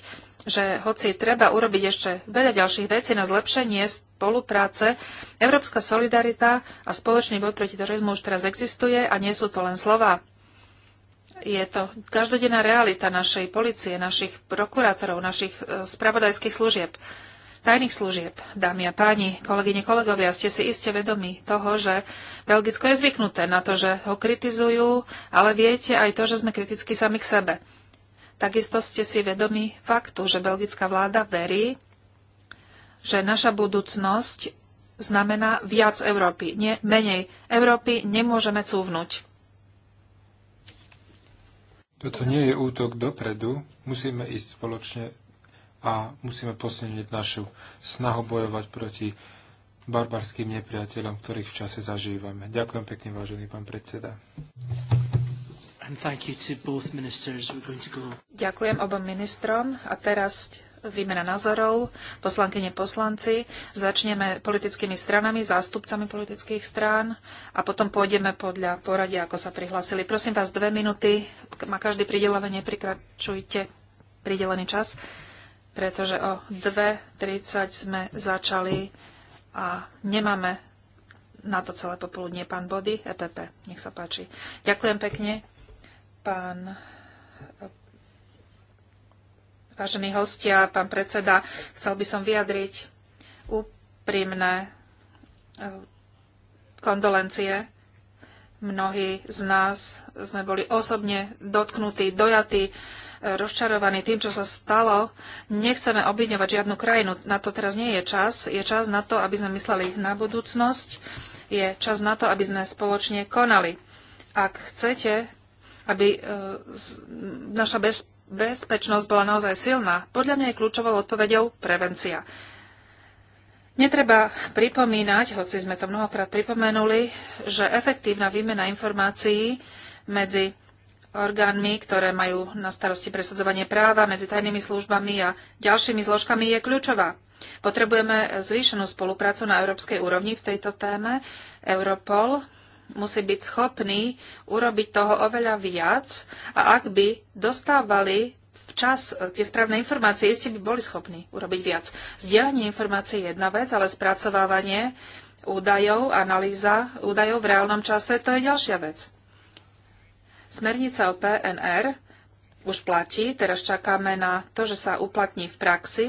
že hoci treba urobiť ešte veľa ďalších vecí na zlepšenie spolupráce, európska solidarita a spoločný boj proti terorizmu už teraz existuje a nie sú to len slova. Je to každodenná realita našej policie, našich prokurátorov, našich e, spravodajských služieb tajných služieb. Dámy a páni, kolegyne, kolegovia, ste si iste vedomi toho, že Belgicko je zvyknuté na to, že ho kritizujú, ale viete aj to, že sme kriticky sami k sebe. Takisto ste si vedomi faktu, že belgická vláda verí, že naša budúcnosť znamená viac Európy, nie menej. Európy nemôžeme cúvnuť. Toto nie je útok dopredu, musíme ísť spoločne a musíme posilniť našu snahu bojovať proti barbarským nepriateľom, ktorých v čase zažívame. Ďakujem pekne, vážený pán predseda. Go... Ďakujem obom ministrom a teraz výmena názorov, poslankyne poslanci. Začneme politickými stranami, zástupcami politických strán a potom pôjdeme podľa poradia, ako sa prihlásili. Prosím vás, dve minúty. Má každý pridelené, neprikračujte pridelený čas pretože o 2.30 sme začali a nemáme na to celé popoludnie pán Body, EPP. Nech sa páči. Ďakujem pekne, pán vážení hostia, pán predseda. Chcel by som vyjadriť úprimné e, kondolencie. Mnohí z nás sme boli osobne dotknutí, dojatí rozčarovaní tým, čo sa stalo. Nechceme obviňovať žiadnu krajinu. Na to teraz nie je čas. Je čas na to, aby sme mysleli na budúcnosť. Je čas na to, aby sme spoločne konali. Ak chcete, aby e, naša bezpečnosť bola naozaj silná, podľa mňa je kľúčovou odpovedou prevencia. Netreba pripomínať, hoci sme to mnohokrát pripomenuli, že efektívna výmena informácií medzi orgánmi, ktoré majú na starosti presadzovanie práva medzi tajnými službami a ďalšími zložkami je kľúčová. Potrebujeme zvýšenú spoluprácu na európskej úrovni v tejto téme. Europol musí byť schopný urobiť toho oveľa viac a ak by dostávali včas tie správne informácie, iste by boli schopní urobiť viac. Zdieľanie informácií je jedna vec, ale spracovávanie údajov, analýza údajov v reálnom čase, to je ďalšia vec. Smernica o PNR už platí, teraz čakáme na to, že sa uplatní v praxi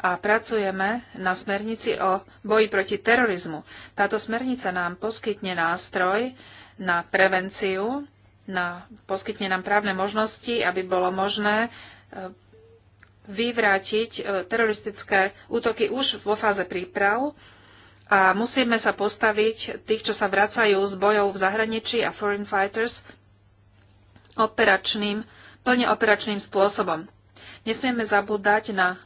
a pracujeme na smernici o boji proti terorizmu. Táto smernica nám poskytne nástroj na prevenciu, na, poskytne nám právne možnosti, aby bolo možné e, vyvrátiť e, teroristické útoky už vo fáze príprav a musíme sa postaviť tých, čo sa vracajú z bojov v zahraničí a foreign fighters operačným, plne operačným spôsobom. Nesmieme zabúdať na e,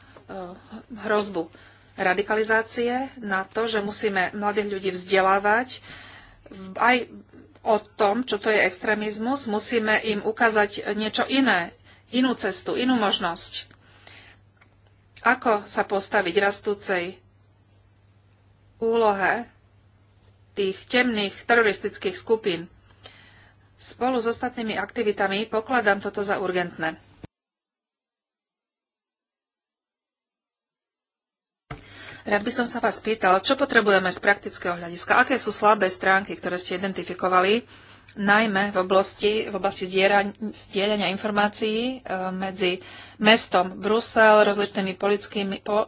hrozbu radikalizácie, na to, že musíme mladých ľudí vzdelávať aj o tom, čo to je extrémizmus, musíme im ukázať niečo iné, inú cestu, inú možnosť. Ako sa postaviť rastúcej úlohe tých temných teroristických skupín? Spolu s ostatnými aktivitami pokladám toto za urgentné. Rád by som sa vás pýtal, čo potrebujeme z praktického hľadiska, aké sú slabé stránky, ktoré ste identifikovali, najmä v oblasti, v oblasti zdieľania informácií eh, medzi mestom Brusel, rozličnými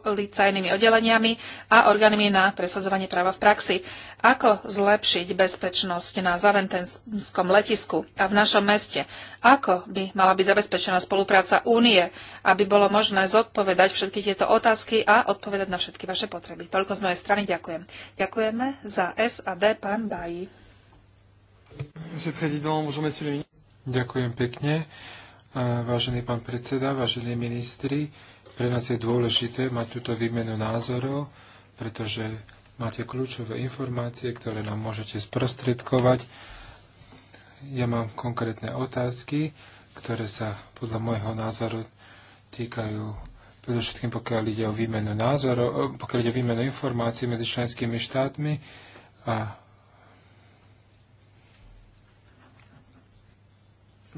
policajnými oddeleniami a orgánmi na presadzovanie práva v praxi. Ako zlepšiť bezpečnosť na Zaventenskom letisku a v našom meste? Ako by mala byť zabezpečená spolupráca únie, aby bolo možné zodpovedať všetky tieto otázky a odpovedať na všetky vaše potreby? Toľko z mojej strany. Ďakujem. Ďakujeme za SAD pán Bají. Ďakujem pekne. Vážený pán predseda, vážení ministri, pre nás je dôležité mať túto výmenu názorov, pretože máte kľúčové informácie, ktoré nám môžete sprostredkovať. Ja mám konkrétne otázky, ktoré sa podľa môjho názoru týkajú predovšetkým pokiaľ ide o výmenu názorov, pokiaľ ide o výmenu informácií medzi členskými štátmi a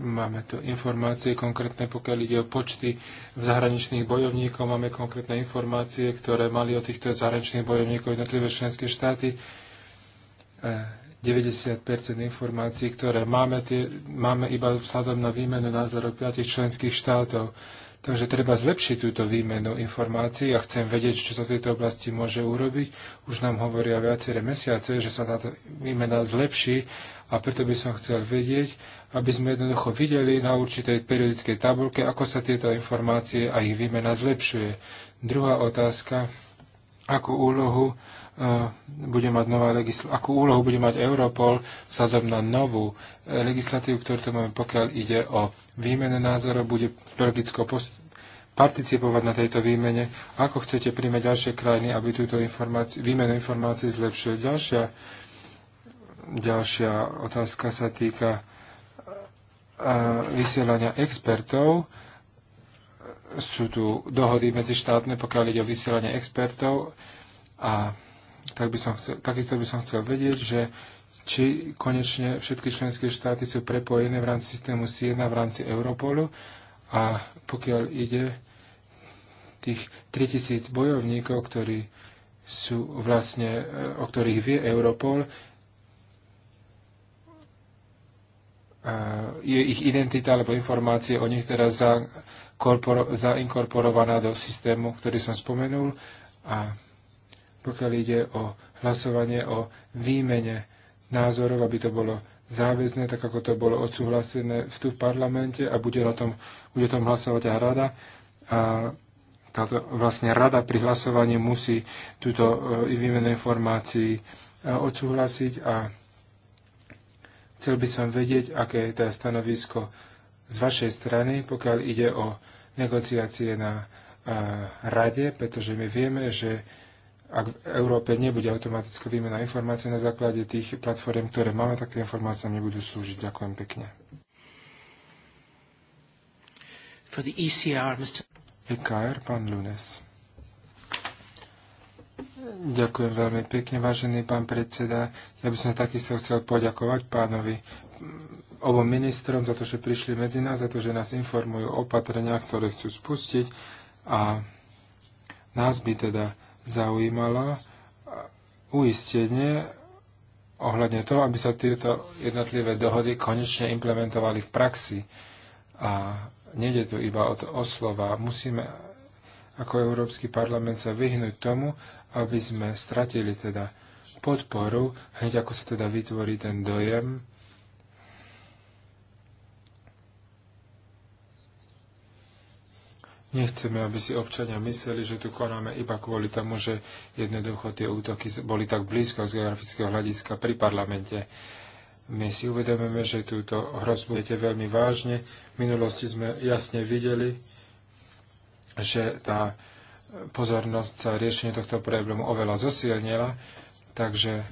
Máme tu informácie konkrétne, pokiaľ ide o počty v zahraničných bojovníkov. Máme konkrétne informácie, ktoré mali o týchto zahraničných bojovníkov jednotlivé členské štáty. 90 e, informácií, ktoré máme, tie, máme iba vzhľadom na výmenu názorov piatich členských štátov. Takže treba zlepšiť túto výmenu informácií a chcem vedieť, čo sa v tejto oblasti môže urobiť. Už nám hovoria viaceré mesiace, že sa táto výmena zlepší a preto by som chcel vedieť, aby sme jednoducho videli na určitej periodickej tabulke, ako sa tieto informácie a ich výmena zlepšuje. Druhá otázka, akú úlohu E, bude mať nová legisl- akú úlohu bude mať Europol vzhľadom na novú legislatívu, ktorú tu máme, pokiaľ ide o výmenu názorov, bude logicko post- participovať na tejto výmene, ako chcete príjmať ďalšie krajiny, aby túto informáci- výmenu informácií zlepšili. Ďalšia, ďalšia otázka sa týka e, vysielania expertov. Sú tu dohody medzi štátne, pokiaľ ide o vysielanie expertov a tak by som chcel, takisto by som chcel vedieť, že či konečne všetky členské štáty sú prepojené v rámci systému C1 v rámci Europolu a pokiaľ ide tých 3000 bojovníkov, ktorí sú vlastne, o ktorých vie Europol, je ich identita alebo informácie o nich teraz zainkorporovaná do systému, ktorý som spomenul a pokiaľ ide o hlasovanie o výmene názorov, aby to bolo záväzné, tak ako to bolo odsúhlasené v tu v parlamente a bude o tom, bude tom hlasovať aj rada. A táto vlastne rada pri hlasovaní musí túto e, výmenu informácií e, odsúhlasiť a chcel by som vedieť, aké je to teda stanovisko z vašej strany, pokiaľ ide o negociácie na e, rade, pretože my vieme, že ak v Európe nebude automatická výmena informácií na základe tých platform, ktoré máme, tak tie informácie nám nebudú slúžiť. Ďakujem pekne. For the ECR, Mr. EKR, pán Lunes. Ďakujem veľmi pekne, vážený pán predseda. Ja by som takisto chcel poďakovať pánovi obom ministrom za to, že prišli medzi nás, za to, že nás informujú o opatreniach, ktoré chcú spustiť a nás by teda zaujímala uistenie ohľadne toho, aby sa tieto jednotlivé dohody konečne implementovali v praxi. A nejde tu iba o, to, oslova. Musíme ako Európsky parlament sa vyhnúť tomu, aby sme stratili teda podporu, hneď ako sa teda vytvorí ten dojem, Nechceme, aby si občania mysleli, že tu konáme iba kvôli tomu, že jednoducho tie útoky boli tak blízko z geografického hľadiska pri parlamente. My si uvedomujeme, že túto hrozbu je veľmi vážne. V minulosti sme jasne videli, že tá pozornosť sa riešenie tohto problému oveľa zosilnila, takže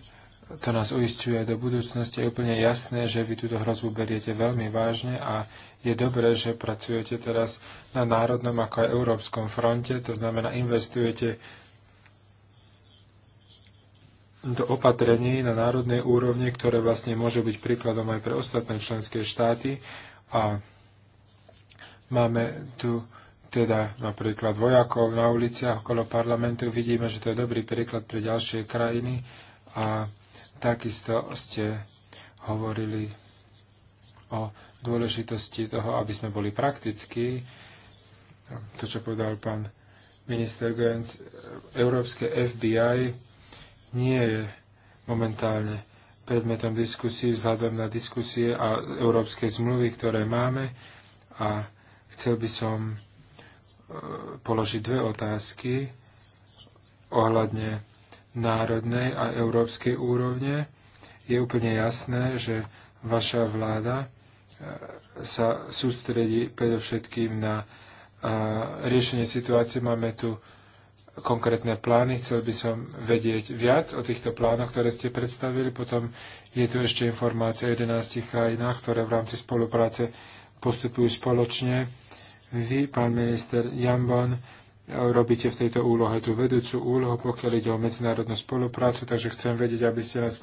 to nás uistuje aj do budúcnosti. Je úplne jasné, že vy túto hrozbu beriete veľmi vážne a je dobré, že pracujete teraz na národnom ako aj európskom fronte, to znamená investujete do opatrení na národnej úrovni, ktoré vlastne môžu byť príkladom aj pre ostatné členské štáty. A máme tu teda napríklad vojakov na uliciach okolo parlamentu. Vidíme, že to je dobrý príklad pre ďalšie krajiny a Takisto ste hovorili o dôležitosti toho, aby sme boli praktickí. To, čo povedal pán minister Gens, Európske FBI nie je momentálne predmetom diskusí vzhľadom na diskusie a európske zmluvy, ktoré máme. A chcel by som e, položiť dve otázky ohľadne národnej a európskej úrovne, je úplne jasné, že vaša vláda e, sa sústredí predovšetkým na e, riešenie situácie. Máme tu konkrétne plány. Chcel by som vedieť viac o týchto plánoch, ktoré ste predstavili. Potom je tu ešte informácia o 11 krajinách, ktoré v rámci spolupráce postupujú spoločne. Vy, pán minister Jambon, robíte v tejto úlohe tú vedúcu úlohu, pokiaľ ide o medzinárodnú spoluprácu, takže chcem vedieť, aby ste nás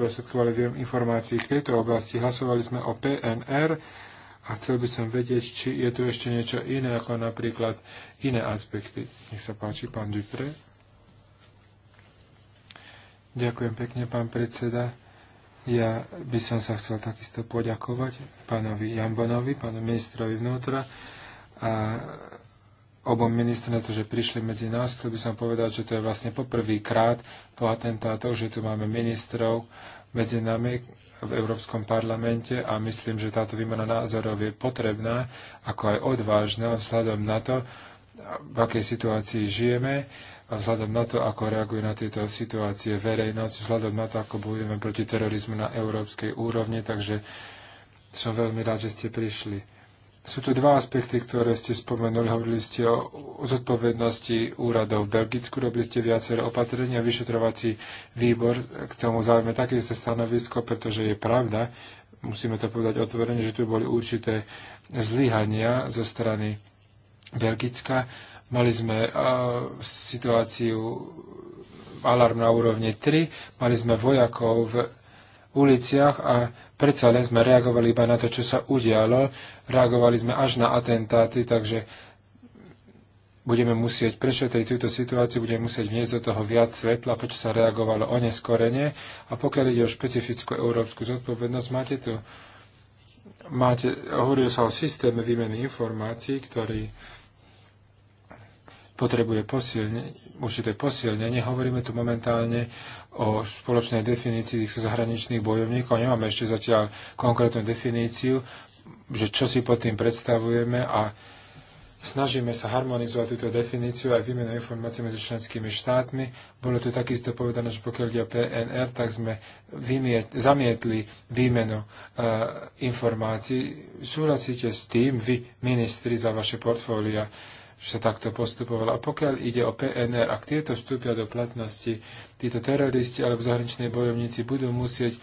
viem informácií v tejto oblasti. Hlasovali sme o PNR a chcel by som vedieť, či je tu ešte niečo iné, ako napríklad iné aspekty. Nech sa páči, pán Dupre. Ďakujem pekne, pán predseda. Ja by som sa chcel takisto poďakovať pánovi Jambonovi, pánu ministrovi vnútra a obom ministrom na to, že prišli medzi nás. Chcel by som povedať, že to je vlastne poprvýkrát po atentátoch, že tu máme ministrov medzi nami v Európskom parlamente a myslím, že táto výmena názorov je potrebná, ako aj odvážna vzhľadom na to, v akej situácii žijeme a vzhľadom na to, ako reaguje na tieto situácie verejnosť, vzhľadom na to, ako bojujeme proti terorizmu na európskej úrovni. Takže som veľmi rád, že ste prišli. Sú tu dva aspekty, ktoré ste spomenuli. Hovorili ste o, zodpovednosti úradov v Belgicku, robili ste viaceré opatrenia, vyšetrovací výbor k tomu zaujme takéto stanovisko, pretože je pravda, musíme to povedať otvorene, že tu boli určité zlyhania zo strany Belgicka. Mali sme uh, situáciu alarm na úrovni 3, mali sme vojakov v uliciach a predsa len sme reagovali iba na to, čo sa udialo. Reagovali sme až na atentáty, takže budeme musieť prešetriť túto situáciu, budeme musieť vniesť do toho viac svetla, prečo sa reagovalo oneskorene. A pokiaľ ide o špecifickú európsku zodpovednosť, máte tu máte, hovoril sa o systéme výmeny informácií, ktorý potrebuje posilne, určité posilnenie. Hovoríme tu momentálne o spoločnej definícii zahraničných bojovníkov. Nemáme ešte zatiaľ konkrétnu definíciu, že čo si pod tým predstavujeme a snažíme sa harmonizovať túto definíciu aj výmenu informácií medzi členskými štátmi. Bolo to takisto povedané, že pokiaľ ide PNR, tak sme vymiet, zamietli výmenu uh, informácií. Súhlasíte s tým, vy, ministri, za vaše portfólia, že sa takto postupovalo. A pokiaľ ide o PNR, ak tieto vstúpia do platnosti, títo teroristi alebo zahraniční bojovníci budú musieť e,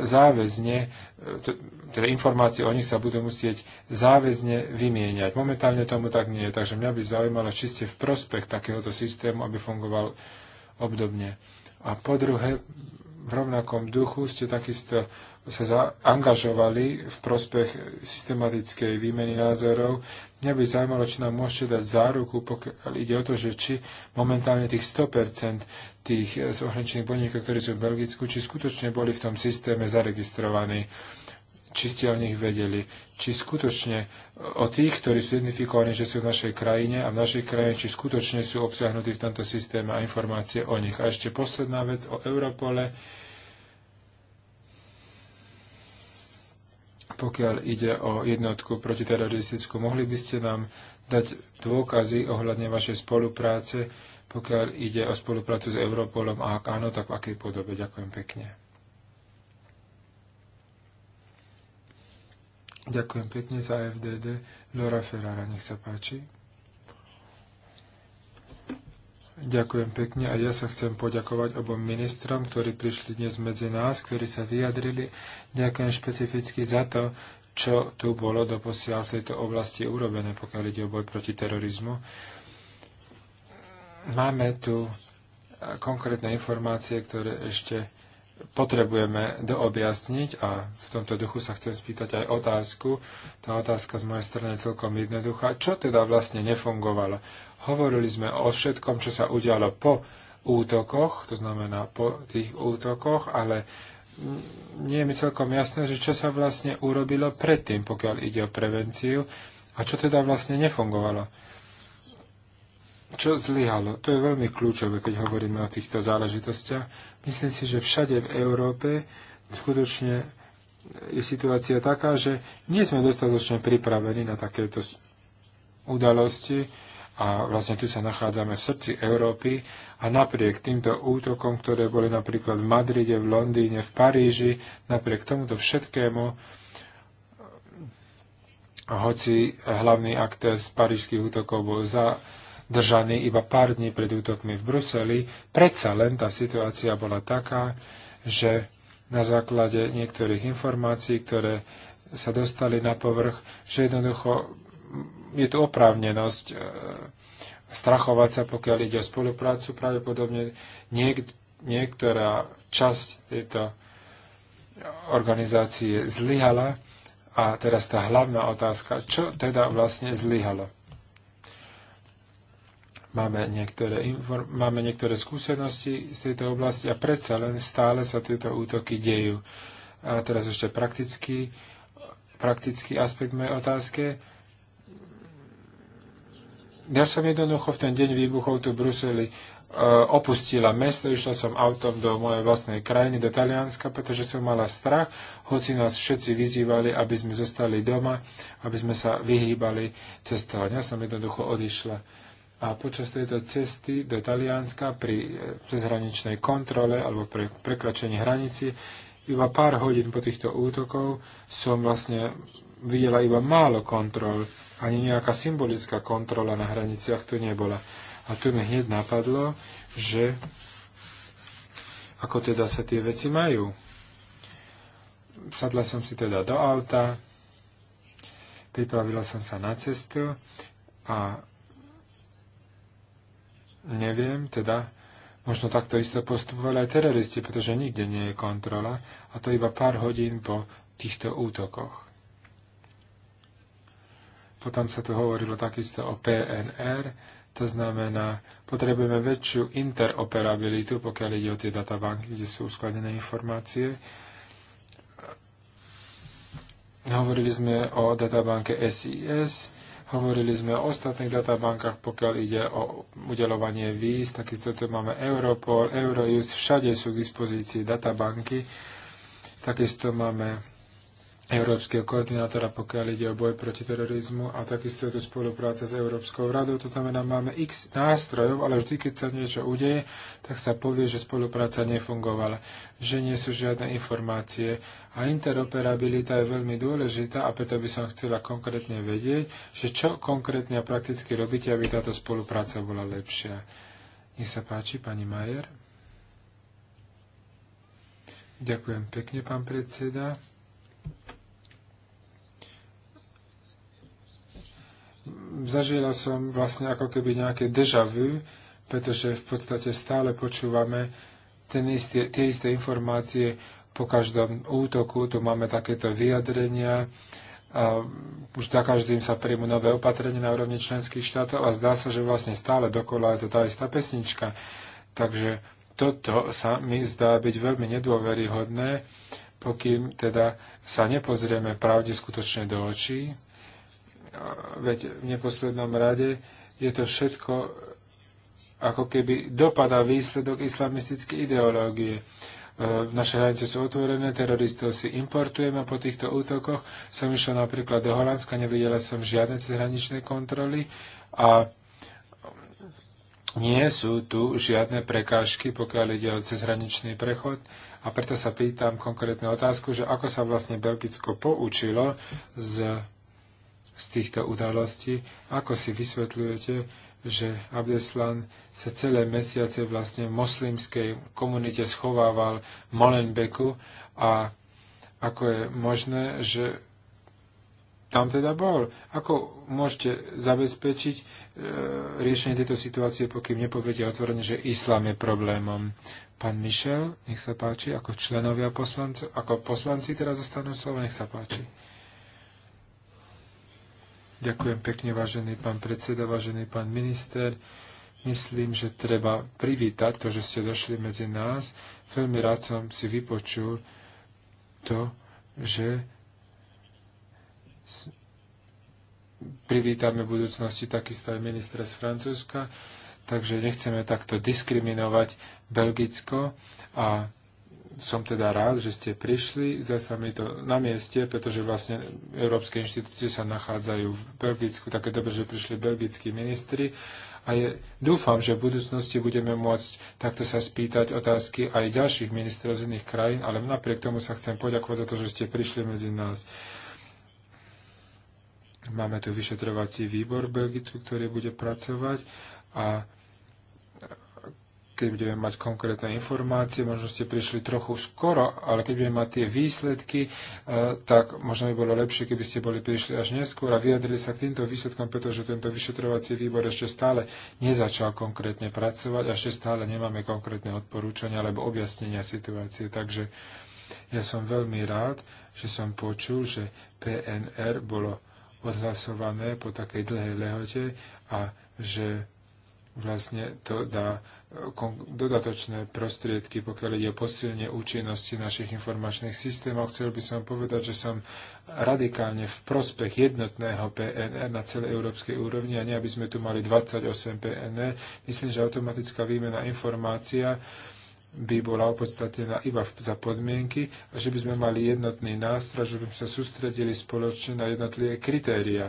záväzne, e, teda informácie o nich sa budú musieť záväzne vymieňať. Momentálne tomu tak nie je, takže mňa by zaujímalo, či ste v prospech takéhoto systému, aby fungoval obdobne. A po druhé, v rovnakom duchu ste takisto sa zaangažovali v prospech systematickej výmeny názorov Mňa by zaujímalo, či nám môžete dať záruku, pokiaľ ide o to, že či momentálne tých 100% tých eh, zahraničných podnikov, ktorí sú v Belgicku, či skutočne boli v tom systéme zaregistrovaní či ste o nich vedeli, či skutočne eh, o tých, ktorí sú identifikovaní, že sú v našej krajine a v našej krajine, či skutočne sú obsiahnutí v tomto systéme a informácie o nich. A ešte posledná vec o Europole. pokiaľ ide o jednotku protiteroristickú. Mohli by ste nám dať dôkazy ohľadne vašej spolupráce, pokiaľ ide o spoluprácu s Europolom a ak áno, tak v akej podobe? Ďakujem pekne. Ďakujem pekne za FDD. Lora Ferrara, nech sa páči. Ďakujem pekne a ja sa chcem poďakovať obom ministrom, ktorí prišli dnes medzi nás, ktorí sa vyjadrili. Ďakujem špecificky za to, čo tu bolo doposiaľ v tejto oblasti urobené, pokiaľ ide o boj proti terorizmu. Máme tu konkrétne informácie, ktoré ešte potrebujeme doobjasniť a v tomto duchu sa chcem spýtať aj otázku. Tá otázka z mojej strany je celkom jednoduchá. Čo teda vlastne nefungovalo? Hovorili sme o všetkom, čo sa udialo po útokoch, to znamená po tých útokoch, ale nie je mi celkom jasné, že čo sa vlastne urobilo predtým, pokiaľ ide o prevenciu a čo teda vlastne nefungovalo čo zlyhalo? To je veľmi kľúčové, keď hovoríme o týchto záležitostiach. Myslím si, že všade v Európe skutočne je situácia taká, že nie sme dostatočne pripravení na takéto udalosti a vlastne tu sa nachádzame v srdci Európy a napriek týmto útokom, ktoré boli napríklad v Madride, v Londýne, v Paríži, napriek tomuto všetkému, hoci hlavný aktér z parížských útokov bol za, držaný iba pár dní pred útokmi v Bruseli. Predsa len tá situácia bola taká, že na základe niektorých informácií, ktoré sa dostali na povrch, že jednoducho je tu oprávnenosť e, strachovať sa, pokiaľ ide o spoluprácu. Pravdepodobne niek- niektorá časť tejto organizácie zlyhala. A teraz tá hlavná otázka, čo teda vlastne zlyhalo? Máme niektoré, inform- máme niektoré skúsenosti z tejto oblasti a predsa len stále sa tieto útoky dejú. A teraz ešte praktický, praktický aspekt mojej otázky. Ja som jednoducho v ten deň výbuchov tu v Bruseli e, opustila mesto, išla som autom do mojej vlastnej krajiny, do Talianska, pretože som mala strach, hoci nás všetci vyzývali, aby sme zostali doma, aby sme sa vyhýbali cestovať. Ja som jednoducho odišla a počas tejto cesty do Talianska pri eh, cezhraničnej kontrole alebo pri prekračení hranici iba pár hodín po týchto útokov som vlastne videla iba málo kontrol. Ani nejaká symbolická kontrola na hraniciach tu nebola. A tu mi hneď napadlo, že ako teda sa tie veci majú. Sadla som si teda do auta, pripravila som sa na cestu a neviem, teda možno takto isto postupovali aj teroristi, pretože nikde nie je kontrola a to iba pár hodín po týchto útokoch. Potom sa tu hovorilo takisto o PNR, to znamená, potrebujeme väčšiu interoperabilitu, pokiaľ ide o tie databanky, kde sú uskladené informácie. Hovorili sme o databanke SIS, Hovorili sme o ostatných databankách, pokiaľ ide o udelovanie víz, takisto tu máme Europol, Eurojust, všade sú k dispozícii databanky. Takisto máme európskeho koordinátora, pokiaľ ide o boj proti terorizmu a takisto je tu spolupráca s Európskou radou. To znamená, máme x nástrojov, ale vždy, keď sa niečo udeje, tak sa povie, že spolupráca nefungovala, že nie sú žiadne informácie. A interoperabilita je veľmi dôležitá a preto by som chcela konkrétne vedieť, že čo konkrétne a prakticky robíte, aby táto spolupráca bola lepšia. Nech sa páči, pani Majer. Ďakujem pekne, pán predseda. zažila som vlastne ako keby nejaké deja vu, pretože v podstate stále počúvame ten istý, tie isté informácie po každom útoku, tu máme takéto vyjadrenia, a už za každým sa príjmu nové opatrenia na úrovni členských štátov a zdá sa, že vlastne stále dokola je to tá istá pesnička. Takže toto sa mi zdá byť veľmi nedôveryhodné, pokým teda sa nepozrieme pravde skutočne do očí veď v neposlednom rade je to všetko ako keby dopadá výsledok islamistickej ideológie. E, naše hranice sú otvorené, teroristov si importujeme po týchto útokoch som išla napríklad do Holandska, nevidela som žiadne cezhraničné kontroly a nie sú tu žiadne prekážky, pokiaľ ide o cezhraničný prechod. A preto sa pýtam konkrétnu otázku, že ako sa vlastne Belgicko poučilo z z týchto udalostí. Ako si vysvetľujete, že Abdeslan sa celé mesiace vlastne v moslimskej komunite schovával Molenbeku a ako je možné, že tam teda bol. Ako môžete zabezpečiť e, riešenie tejto situácie, pokým nepoviete otvorene, že islám je problémom? Pán Mišel, nech sa páči, ako členovia poslancov, ako poslanci teraz zostanú slovo, nech sa páči. Ďakujem pekne, vážený pán predseda, vážený pán minister. Myslím, že treba privítať to, že ste došli medzi nás. Veľmi rád som si vypočul to, že privítame v budúcnosti takisto aj ministra z Francúzska, takže nechceme takto diskriminovať Belgicko a som teda rád, že ste prišli. za sa mi to na mieste, pretože vlastne európske inštitúcie sa nachádzajú v Belgicku. Také dobre, že prišli belgickí ministri. A je, dúfam, že v budúcnosti budeme môcť takto sa spýtať otázky aj ďalších ministrov z iných krajín, ale napriek tomu sa chcem poďakovať za to, že ste prišli medzi nás. Máme tu vyšetrovací výbor v Belgicku, ktorý bude pracovať a keď budeme mať konkrétne informácie, možno ste prišli trochu skoro, ale keď budeme mať tie výsledky, e, tak možno by bolo lepšie, keby ste boli prišli až neskôr a vyjadrili sa k týmto výsledkom, pretože tento vyšetrovací výbor ešte stále nezačal konkrétne pracovať a ešte stále nemáme konkrétne odporúčania alebo objasnenia situácie. Takže ja som veľmi rád, že som počul, že PNR bolo odhlasované po takej dlhej lehote a že vlastne to dá dodatočné prostriedky, pokiaľ ide o posilnenie účinnosti našich informačných systémov. Chcel by som povedať, že som radikálne v prospech jednotného PNR na celej európskej úrovni a nie, aby sme tu mali 28 PNR. Myslím, že automatická výmena informácia by bola opodstatnená iba za podmienky a že by sme mali jednotný nástroj, že by sme sa sústredili spoločne na jednotlivé kritéria.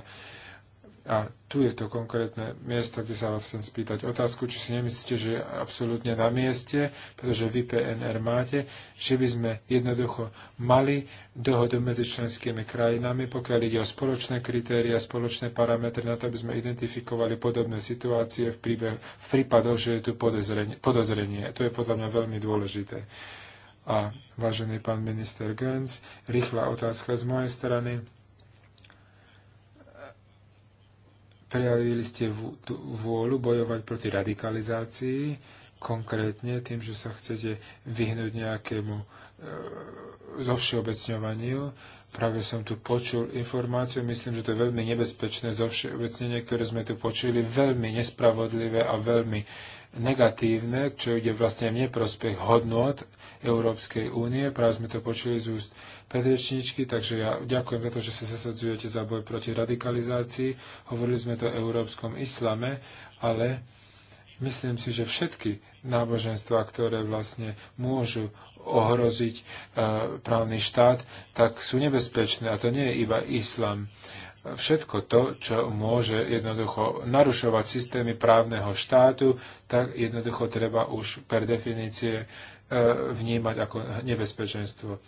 A tu je to konkrétne miesto, kde sa vás chcem spýtať otázku, či si nemyslíte, že je absolútne na mieste, pretože vy PNR máte, že by sme jednoducho mali dohodu medzi členskými krajinami, pokiaľ ide o spoločné kritéria, spoločné parametre, na to, aby sme identifikovali podobné situácie v, príbe, v prípadoch, že je tu podozrenie, podozrenie. To je podľa mňa veľmi dôležité. A vážený pán minister Gens, rýchla otázka z mojej strany Prejavili ste vôľu bojovať proti radikalizácii, konkrétne tým, že sa chcete vyhnúť nejakému e, zovšeobecňovaniu. Práve som tu počul informáciu, myslím, že to je veľmi nebezpečné zovšeobecnenie, ktoré sme tu počuli, veľmi nespravodlivé a veľmi negatívne, čo ide vlastne v neprospech hodnot Európskej únie. Práve sme to počuli z úst predrečničky, takže ja ďakujem za to, že sa zasadzujete za boj proti radikalizácii. Hovorili sme to o európskom islame, ale myslím si, že všetky náboženstva, ktoré vlastne môžu ohroziť e, právny štát, tak sú nebezpečné. A to nie je iba islam všetko to, čo môže jednoducho narušovať systémy právneho štátu, tak jednoducho treba už per definície e, vnímať ako nebezpečenstvo.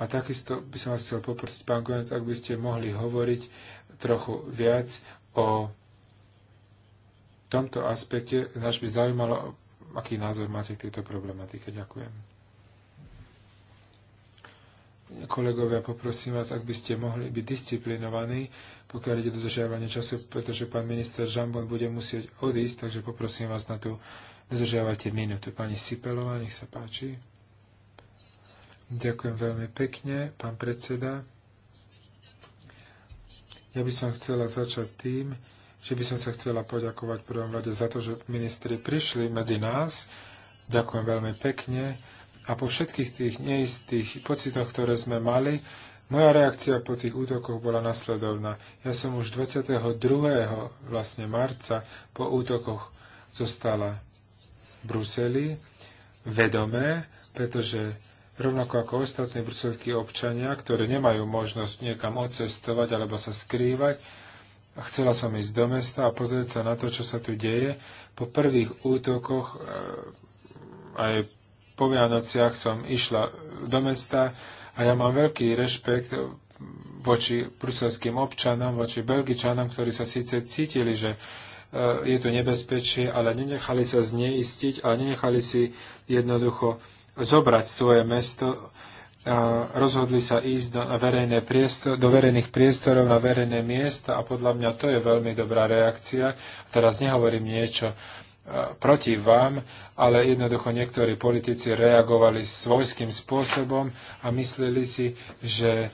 A takisto by som vás chcel poprosiť, pán Konec, ak by ste mohli hovoriť trochu viac o tomto aspekte. Naš by zaujímalo, aký názor máte k tejto problematike. Ďakujem. Kolegovia, poprosím vás, ak by ste mohli byť disciplinovaní, pokiaľ ide dodržiavanie času, pretože pán minister Žambon bude musieť odísť, takže poprosím vás na to, dodržiavajte minútu. Pani Sipelová, nech sa páči. Ďakujem veľmi pekne, pán predseda. Ja by som chcela začať tým, že by som sa chcela poďakovať prvom rade za to, že ministri prišli medzi nás. Ďakujem veľmi pekne. A po všetkých tých neistých pocitoch, ktoré sme mali, moja reakcia po tých útokoch bola nasledovná. Ja som už 22. vlastne marca po útokoch zostala v Bruseli vedomé, pretože rovnako ako ostatní bruselskí občania, ktorí nemajú možnosť niekam odcestovať alebo sa skrývať. Chcela som ísť do mesta a pozrieť sa na to, čo sa tu deje. Po prvých útokoch eh, aj po Vianociach som išla do mesta a ja mám veľký rešpekt voči bruselským občanom, voči belgičanom, ktorí sa síce cítili, že eh, je to nebezpečie, ale nenechali sa zneistiť a nenechali si jednoducho zobrať svoje mesto, rozhodli sa ísť do, verejné priestor, do verejných priestorov na verejné miesta a podľa mňa to je veľmi dobrá reakcia. Teraz nehovorím niečo proti vám, ale jednoducho niektorí politici reagovali svojským spôsobom a mysleli si, že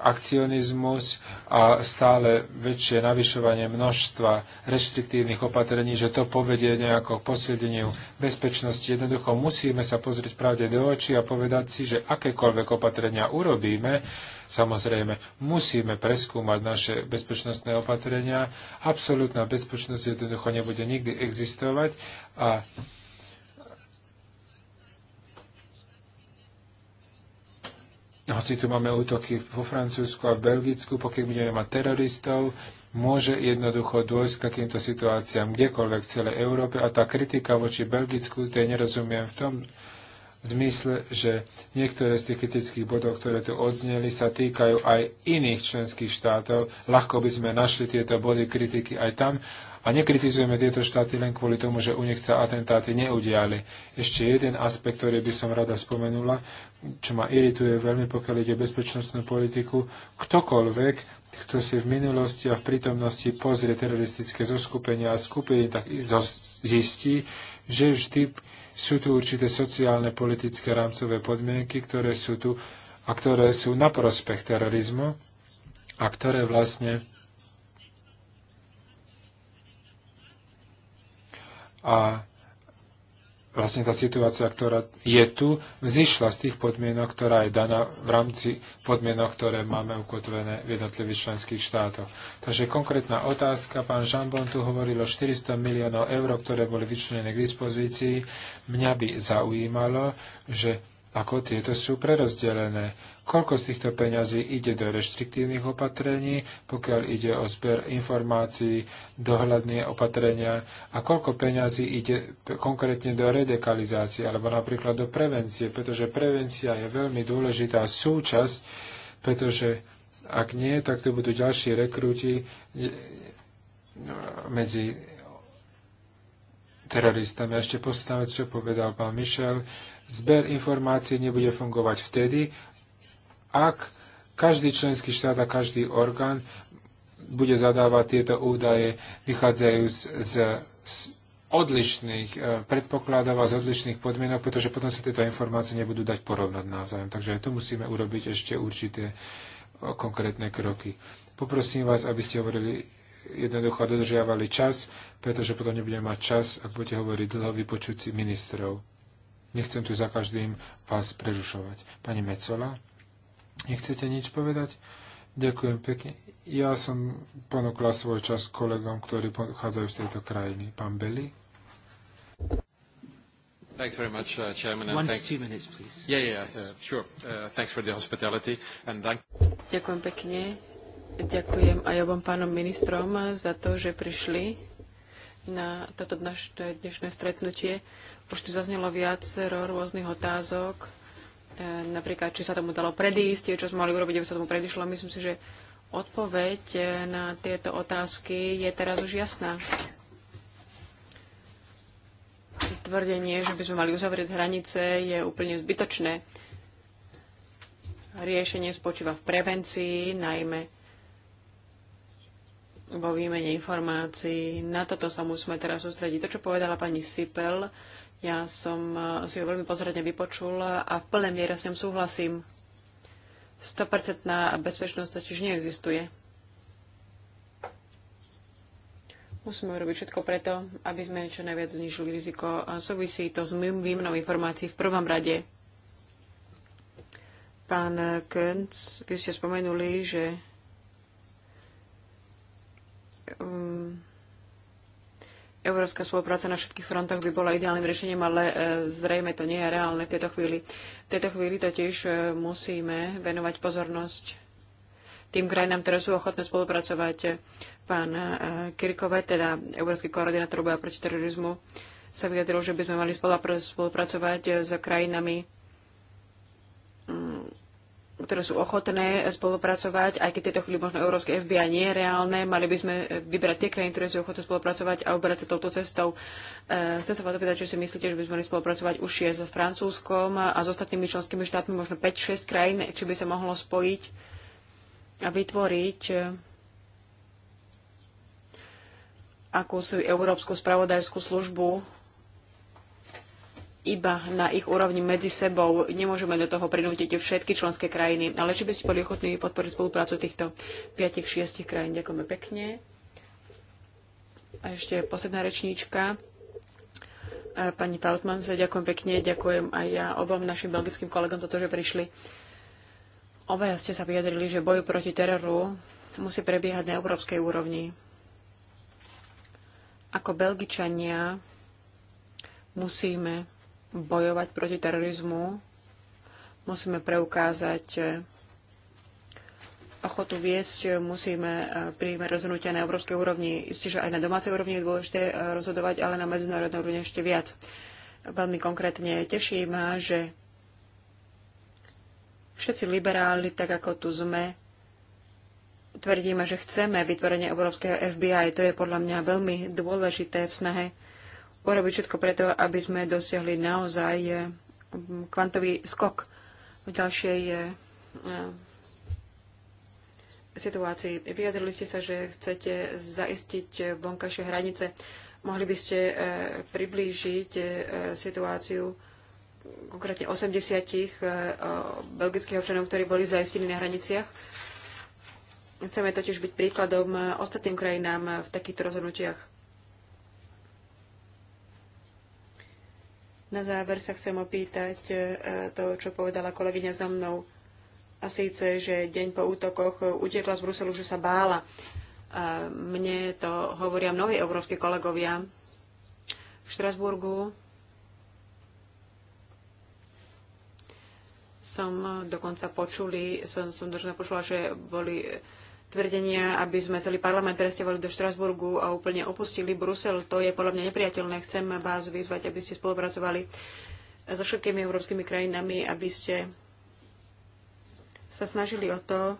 akcionizmus a stále väčšie navyšovanie množstva reštriktívnych opatrení, že to povedie nejako k posilneniu bezpečnosti. Jednoducho musíme sa pozrieť pravde do očí a povedať si, že akékoľvek opatrenia urobíme, samozrejme musíme preskúmať naše bezpečnostné opatrenia. Absolutná bezpečnosť jednoducho nebude nikdy existovať a hoci tu máme útoky vo Francúzsku a v Belgicku, pokiaľ budeme mať teroristov, môže jednoducho dôjsť k takýmto situáciám kdekoľvek v celej Európe. A tá kritika voči Belgicku, to je nerozumiem v tom zmysle, že niektoré z tých kritických bodov, ktoré tu odzneli, sa týkajú aj iných členských štátov. Ľahko by sme našli tieto body kritiky aj tam. A nekritizujeme tieto štáty len kvôli tomu, že u nich sa atentáty neudiali. Ešte jeden aspekt, ktorý by som rada spomenula, čo ma irituje veľmi, pokiaľ ide o bezpečnostnú politiku, ktokoľvek, kto si v minulosti a v prítomnosti pozrie teroristické zoskupenia a skupiny, tak zistí, že vždy sú tu určité sociálne, politické, rámcové podmienky, ktoré sú tu a ktoré sú na prospech terorizmu a ktoré vlastne a vlastne tá situácia, ktorá je tu, vzýšla z tých podmienok, ktorá je daná v rámci podmienok, ktoré máme ukotvené v jednotlivých členských štátoch. Takže konkrétna otázka, pán Žambon tu hovoril o 400 miliónov eur, ktoré boli vyčlenené k dispozícii. Mňa by zaujímalo, že ako tieto sú prerozdelené. Koľko z týchto peňazí ide do reštriktívnych opatrení, pokiaľ ide o zber informácií, dohľadné opatrenia a koľko peňazí ide konkrétne do redekalizácie alebo napríklad do prevencie, pretože prevencia je veľmi dôležitá súčasť, pretože ak nie, tak to budú ďalší rekrúti e, no, medzi teroristami. A ešte posledná vec, čo povedal pán Mišel, zber informácií nebude fungovať vtedy, ak každý členský štát a každý orgán bude zadávať tieto údaje vychádzajúc z, z odlišných e, predpokladov a z odlišných podmienok, pretože potom sa tieto informácie nebudú dať porovnať navzájom. Takže aj tu musíme urobiť ešte určité e, konkrétne kroky. Poprosím vás, aby ste hovorili jednoducho dodržiavali čas, pretože potom nebudeme mať čas, ak budete hovoriť dlho vypočúci ministrov. Nechcem tu za každým vás prežušovať. Pani Mecola, nechcete nič povedať? Ďakujem pekne. Ja som ponúkla svoj čas kolegom, ktorí pochádzajú z tejto krajiny. Pán Beli? Thanks very much, uh, Chairman. And One thank... to two minutes, please. Yeah, yeah, uh, sure. Uh, thanks for the hospitality. And thank... Ďakujem pekne. Ďakujem aj obom pánom ministrom za to, že prišli na toto naše dnešné stretnutie. Už tu zaznelo viacero rôznych otázok, e, napríklad, či sa tomu dalo predísť, čo sme mali urobiť, aby sa tomu predišlo. Myslím si, že odpoveď e, na tieto otázky je teraz už jasná. Tvrdenie, že by sme mali uzavrieť hranice, je úplne zbytočné. Riešenie spočíva v prevencii, najmä vo výmene informácií. Na toto sa musíme teraz sústrediť. To, čo povedala pani Sipel, ja som eh, si ho veľmi pozorne vypočula a v plnej miere s ňom súhlasím. 100% bezpečnosť totiž neexistuje. Musíme urobiť všetko preto, aby sme čo najviac znižili riziko. A súvisí to s výmenou informácií v prvom rade. Pán Könc, vy ste spomenuli, že Um, európska spolupráca na všetkých frontoch by bola ideálnym riešením, ale e, zrejme to nie je reálne v tejto chvíli. V tejto chvíli totiž e, musíme venovať pozornosť tým krajinám, ktoré sú ochotné spolupracovať. Pán e, Kirkové, teda Európsky koordinátor boja proti terorizmu, sa vyjadril, že by sme mali spolupracovať s krajinami ktoré sú ochotné spolupracovať, aj keď tieto chvíli možno Európske FBI nie je reálne, mali by sme eh, vybrať tie krajiny, ktoré sú ochotné spolupracovať a uberať sa touto cestou. Eh, chcem sa vás opýtať, či si myslíte, že by sme mali spolupracovať už je so Francúzskom a s ostatnými členskými štátmi, možno 5-6 krajín, či by sa mohlo spojiť a vytvoriť eh, akúsi európsku spravodajskú službu iba na ich úrovni medzi sebou. Nemôžeme do toho prinútiť všetky členské krajiny, ale či by ste boli ochotní podporiť spoluprácu týchto 5-6 krajín. Ďakujeme pekne. A ešte posledná rečníčka. Pani Pautmans, ďakujem pekne, ďakujem aj ja obom našim belgickým kolegom za to, že prišli. Obaja ste sa vyjadrili, že boj proti teroru musí prebiehať na európskej úrovni. Ako Belgičania musíme bojovať proti terorizmu, musíme preukázať e, ochotu viesť, e, musíme e, príjme rozhodnutia na európskej úrovni. Isté, že aj na domácej úrovni je dôležité rozhodovať, ale na medzinárodnej úrovni ešte viac. Veľmi konkrétne teší ma, že všetci liberáli, tak ako tu sme, tvrdíme, že chceme vytvorenie európskeho FBI. To je podľa mňa veľmi dôležité v snahe urobiť všetko preto, aby sme dosiahli naozaj eh, kvantový skok v ďalšej eh, eh, situácii. Vyjadrili ste sa, že chcete zaistiť vonkajšie hranice. Mohli by ste priblížiť situáciu konkrétne 80 belgických občanov, ktorí boli zaistení na hraniciach. Chceme totiž byť príkladom ostatným krajinám v takýchto rozhodnutiach. Na záver sa chcem opýtať e, to, čo povedala kolegyňa za mnou. A síce, že deň po útokoch utekla z Bruselu, že sa bála. A e, mne to hovoria mnohí európsky kolegovia v Štrasburgu. Som dokonca počuli, som, som dokonca počula, že boli tvrdenia, aby sme celý parlament presťahovali do Štrasburgu a úplne opustili Brusel. To je podľa mňa nepriateľné. Chcem vás vyzvať, aby ste spolupracovali so všetkými európskymi krajinami, aby ste sa snažili o to,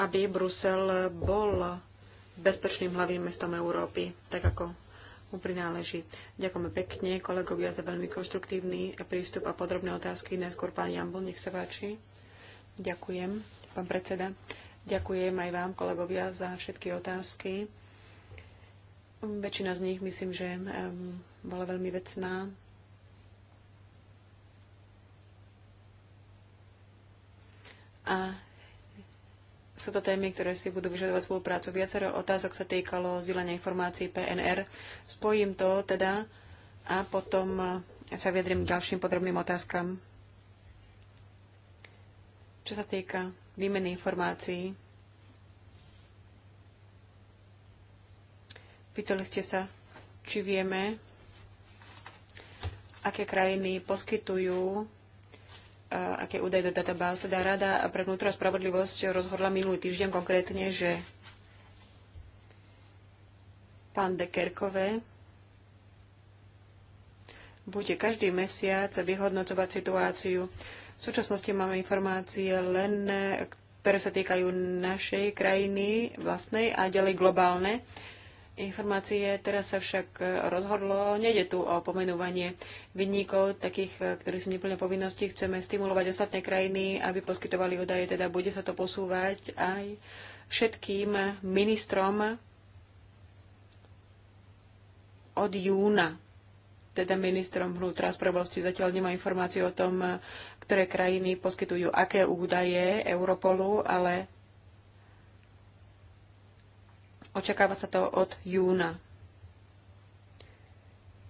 aby Brusel bol bezpečným hlavným mestom Európy, tak ako mu prináleží. Ďakujeme pekne kolegovia za veľmi konštruktívny prístup a podrobné otázky. Najskôr pán Jambo, nech sa páči. Ďakujem pán predseda. Ďakujem aj vám, kolegovia, za všetky otázky. Väčšina z nich, myslím, že bola veľmi vecná. A sú to témy, ktoré si budú vyžadovať spoluprácu. Viacero otázok sa týkalo zdieľania informácií PNR. Spojím to teda a potom eh, sa vyjadrím k ďalším podrobným otázkam. Čo sa týka výmeny informácií. Pýtali ste sa, či vieme, aké krajiny poskytujú e, aké údaje do databáze. Teda Dá rada a pre vnútro spravodlivosť rozhodla minulý týždeň konkrétne, že pán de Kerkové bude každý mesiac vyhodnotovať situáciu v súčasnosti máme informácie len, ktoré sa týkajú našej krajiny vlastnej a ďalej globálne informácie. Teraz sa však rozhodlo, nejde tu o pomenovanie vinníkov, takých, ktorí sú neplne povinnosti. Chceme stimulovať ostatné krajiny, aby poskytovali údaje, teda bude sa to posúvať aj všetkým ministrom od júna teda ministrom vnútra spravodlivosti zatiaľ nemá informácie o tom, ktoré krajiny poskytujú aké údaje Europolu, ale očakáva sa to od júna.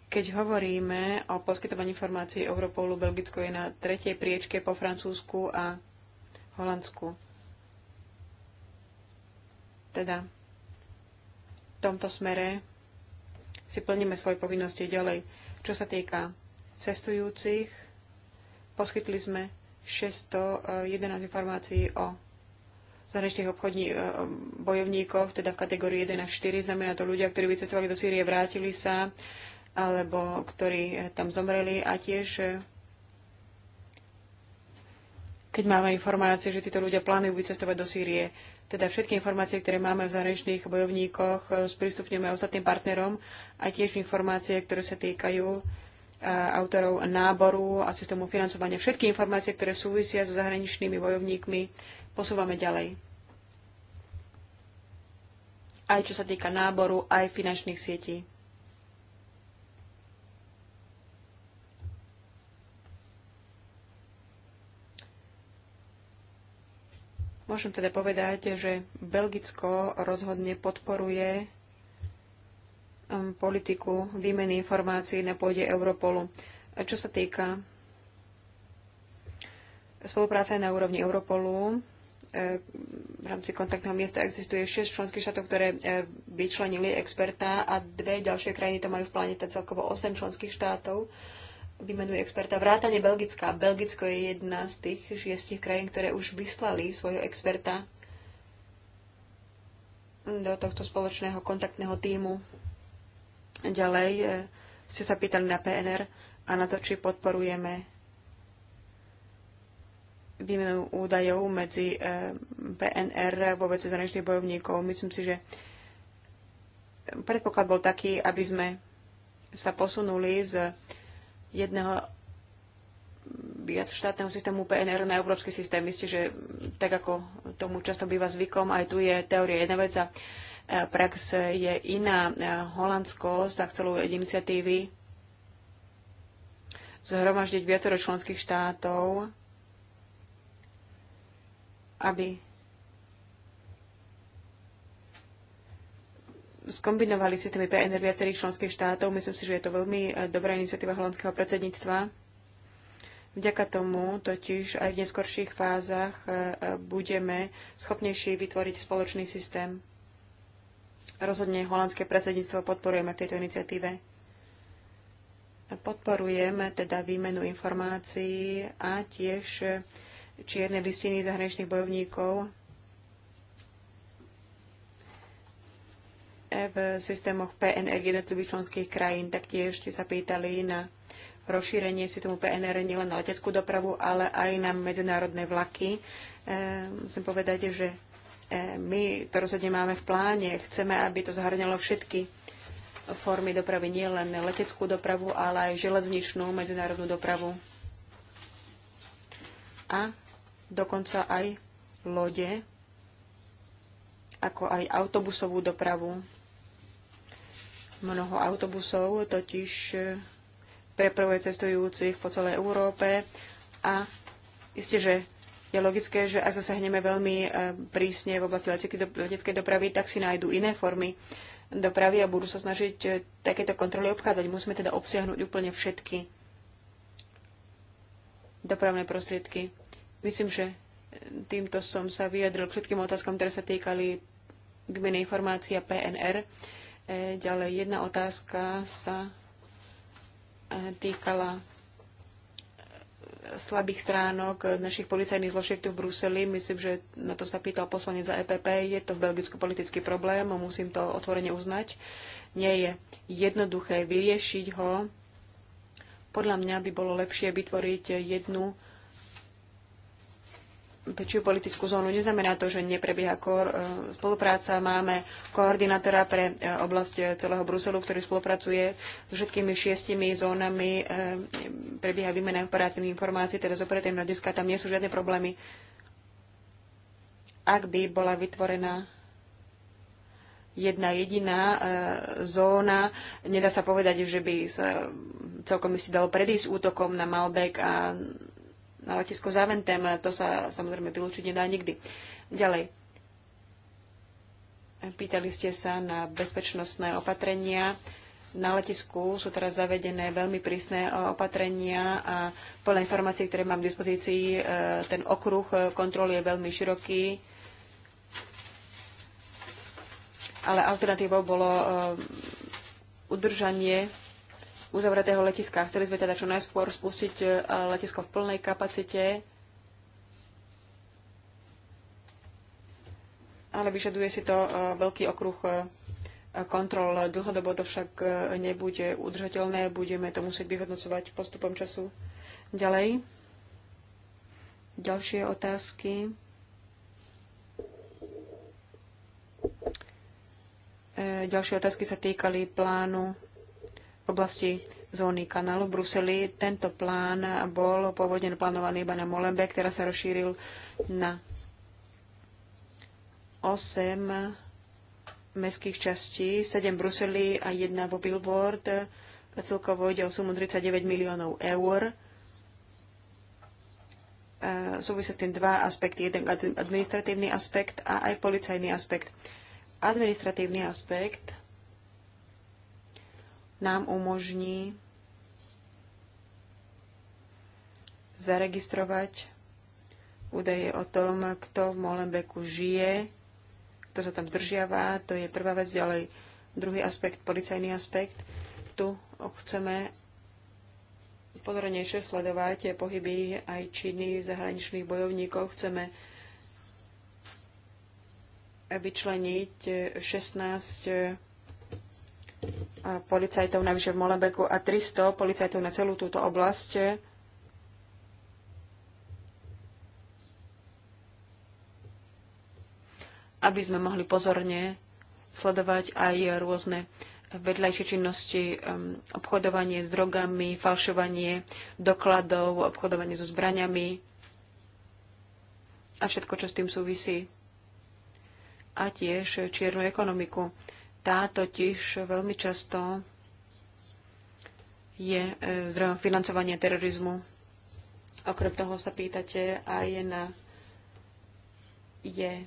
Keď hovoríme o poskytovaní informácií Europolu, Belgicko je na tretej priečke po Francúzsku a Holandsku. Teda v tomto smere si plníme svoje povinnosti ďalej. Čo sa týka cestujúcich, Poskytli sme 611 informácií o zahraničných obchodní e, bojovníkov, teda v kategórii 1 až 4. Znamená to ľudia, ktorí vycestovali do Sýrie, vrátili sa, alebo ktorí e, tam zomreli a tiež e, keď máme informácie, že títo ľudia plánujú vycestovať do Sýrie. Teda všetky informácie, ktoré máme v zahraničných bojovníkoch, sprístupňujeme ostatným partnerom a tiež informácie, ktoré sa týkajú Eh, autorov náboru a systému financovania. Všetky informácie, ktoré súvisia s zahraničnými bojovníkmi, posúvame ďalej. Aj čo sa týka náboru, aj finančných sietí. Môžem teda povedať, že Belgicko rozhodne podporuje Um, politiku výmeny informácií na pôde Europolu. A čo sa týka spolupráce na úrovni Europolu, e, v rámci kontaktného miesta existuje 6 členských štátov, ktoré e, vyčlenili experta a dve ďalšie krajiny to majú v pláne, tak teda celkovo 8 členských štátov vymenuje experta. Vrátane Belgická. Belgicko je jedna z tých šiestich krajín, ktoré už vyslali svojho experta do tohto spoločného kontaktného týmu Ďalej e, ste sa pýtali na PNR a na to, či podporujeme výmenu údajov medzi e, PNR a vôbec zahraničných bojovníkov. Myslím si, že predpoklad bol taký, aby sme sa posunuli z jedného viac štátneho systému PNR na európsky systém. Isté, že tak ako tomu často býva zvykom, aj tu je teória jedna vec a Prax je iná. Holandsko sa chcelo iniciatívy zhromaždiť viacero členských štátov, aby skombinovali systémy PNR viacerých členských štátov. Myslím si, že je to veľmi e, dobrá iniciatíva holandského predsedníctva. Vďaka tomu totiž aj v neskorších fázach e, e, budeme schopnejší vytvoriť spoločný systém. Rozhodne holandské predsedníctvo podporujeme v tejto iniciatíve. Podporujeme teda výmenu informácií a tiež čiernej listiny zahraničných bojovníkov e, v systémoch PNR jednotlivých členských krajín. Taktiež ste sa pýtali na rozšírenie systému PNR nielen na leteckú dopravu, ale aj na medzinárodné vlaky. E, musím povedať, že E, my to rozhodne máme v pláne. Chceme, aby to zahrňalo všetky formy dopravy, nie len leteckú dopravu, ale aj železničnú medzinárodnú dopravu. A dokonca aj lode, ako aj autobusovú dopravu. Mnoho autobusov totiž prepravuje cestujúcich po celej Európe a isté, že je logické, že ak zasahneme veľmi e, prísne v oblasti leteckej dopravy, tak si nájdú iné formy dopravy a budú sa snažiť e, takéto kontroly obchádzať. Musíme teda obsiahnuť úplne všetky dopravné prostriedky. Myslím, že e, týmto som sa vyjadril k všetkým otázkam, ktoré sa týkali výmeny informácií a PNR. Ďalej jedna otázka sa týkala slabých stránok našich policajných zložiek tu v Bruseli. Myslím, že na to sa pýtal poslanec za EPP. Je to v Belgicku politický problém, musím to otvorene uznať. Nie je jednoduché vyriešiť ho. Podľa mňa by bolo lepšie vytvoriť jednu väčšiu politickú zónu. Neznamená to, že neprebieha e, spolupráca. Máme koordinátora pre e, oblasť e, celého Bruselu, ktorý spolupracuje s všetkými šiestimi zónami. Prebieha výmena operatívnych informácií, teda z operatívneho diska tam nie sú žiadne problémy. Ak by bola vytvorená jedna jediná zóna, nedá sa povedať, že by sa celkom iste dalo predísť útokom na Malbek a na letisko Zaventem. To sa samozrejme vylúčiť nedá nikdy. Ďalej. Pýtali ste sa na bezpečnostné opatrenia. Na letisku sú teraz zavedené veľmi prísne e, opatrenia a podľa informácií, ktoré mám k dispozícii, e, ten okruh e, kontroly je veľmi široký. Ale alternatívou bolo udržanie uzavretého letiska. Chceli sme teda čo najskôr spustiť e, letisko v plnej kapacite, ale vyžaduje si to e, veľký okruh e, kontrol. Dlhodobo to však nebude udržateľné, budeme to musieť vyhodnocovať postupom času. Ďalej. Ďalšie otázky. Ďalšie otázky sa týkali plánu v oblasti zóny kanálu v Bruseli. Tento plán bol pôvodne plánovaný iba na Molembe, ktorá sa rozšíril na 8 mestských častí, 7 v Bruseli a 1 vo Billboard. Celkovo ide o sumu 39 miliónov eur. E, súvisia s tým dva aspekty. Jeden administratívny aspekt a aj policajný aspekt. Administratívny aspekt nám umožní zaregistrovať údaje o tom, kto v Molenbeku žije, kto sa tam držiava. To je prvá vec. Ďalej druhý aspekt, policajný aspekt. Tu chceme pozornejšie sledovať pohyby aj činy zahraničných bojovníkov. Chceme vyčleniť 16 policajtov navyše v Molebeku a 300 policajtov na celú túto oblasť. aby sme mohli pozorne sledovať aj rôzne vedľajšie činnosti, um, obchodovanie s drogami, falšovanie dokladov, obchodovanie so zbraniami a všetko, čo s tým súvisí. A tiež čiernu ekonomiku tá totiž veľmi často je e, zdrojom financovania terorizmu. Okrem toho sa pýtate aj na je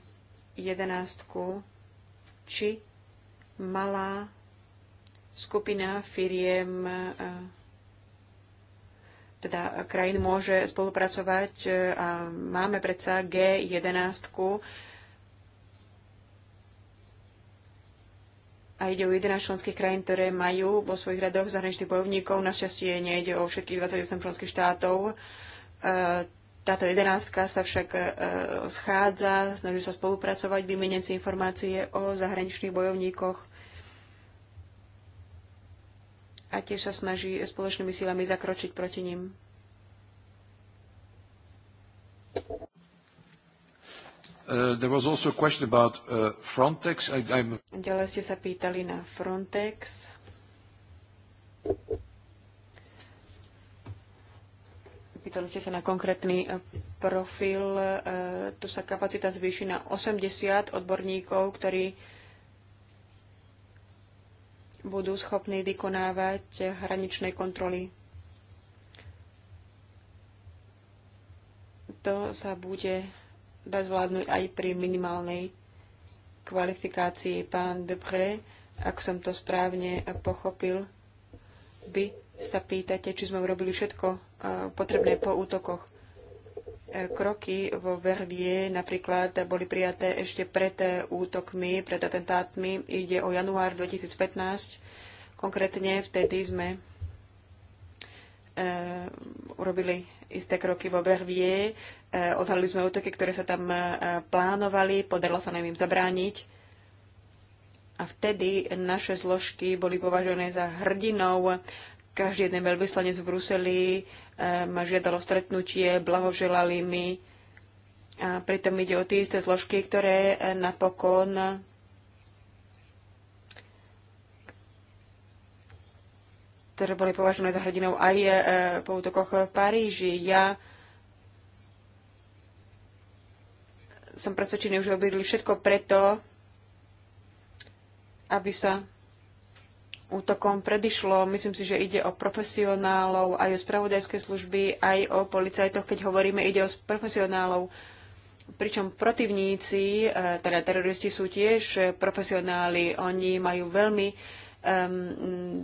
jedenástku, či malá skupina firiem e, teda krajín môže spolupracovať e, a máme predsa G11, a ide o 11 členských krajín, ktoré majú vo svojich radoch zahraničných bojovníkov. Našťastie nejde o všetkých 28 členských štátov. E, táto 11 sa však e, schádza, snaží sa spolupracovať, vymeniať si informácie o zahraničných bojovníkoch a tiež sa snaží spoločnými sílami zakročiť proti nim. Uh, there was also a question about uh, Frontex. I, I'm... Ďalej ste sa pýtali na Frontex. Pýtali ste sa na konkrétny uh, profil. Uh, tu sa kapacita zvýši na 80 odborníkov, ktorí budú schopní vykonávať hraničné kontroly. To sa bude dá zvládnuť aj pri minimálnej kvalifikácii. Pán Debré, ak som to správne pochopil, by sa pýtate, či sme urobili všetko eh, potrebné po útokoch. Eh, kroky vo Vervie napríklad boli prijaté ešte pred eh, útokmi, pred atentátmi. Ide o január 2015. Konkrétne vtedy sme urobili isté kroky vo Vervie Eh, odhalili sme útoky, ktoré sa tam eh, plánovali, podarilo sa nám im zabrániť. A vtedy naše zložky boli považované za hrdinou. Každý jeden veľvyslanec v Bruseli eh, ma žiadalo stretnutie, blahoželali mi. A pritom ide o tie isté zložky, ktoré napokon ktoré boli považované za hrdinou aj po útokoch v Paríži. Ja som presvedčený, že obidli všetko preto, aby sa útokom predišlo. Myslím si, že ide o profesionálov, aj o spravodajské služby, aj o policajtoch. Keď hovoríme, ide o profesionálov. Pričom protivníci, e, teda teroristi sú tiež profesionáli. Oni majú veľmi um,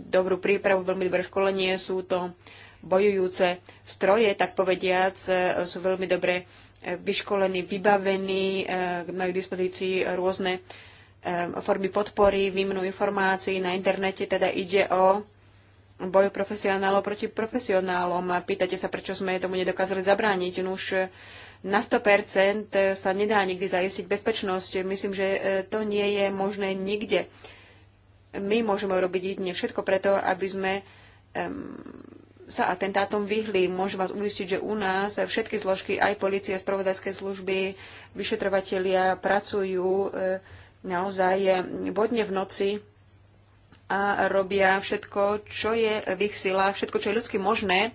dobrú prípravu, veľmi dobré školenie. Sú to bojujúce stroje, tak povediac, e, sú veľmi dobre vyškolení, vybavení, eh, majú k dispozícii rôzne eh, formy podpory, výmenu informácií na internete, teda ide o boju profesionálov proti profesionálom. Pýtate sa, prečo sme tomu nedokázali zabrániť. No už eh, na 100% sa nedá nikdy zajistiť bezpečnosť. Myslím, že to nie je možné nikde. My môžeme urobiť jedine všetko preto, aby sme sa atentátom vyhli. Môžem vás uistiť, že u nás všetky zložky, aj policie, spravodajské služby, vyšetrovatelia pracujú e, naozaj bodne e, v noci a robia všetko, čo je v ich silách, všetko, čo je ľudsky možné,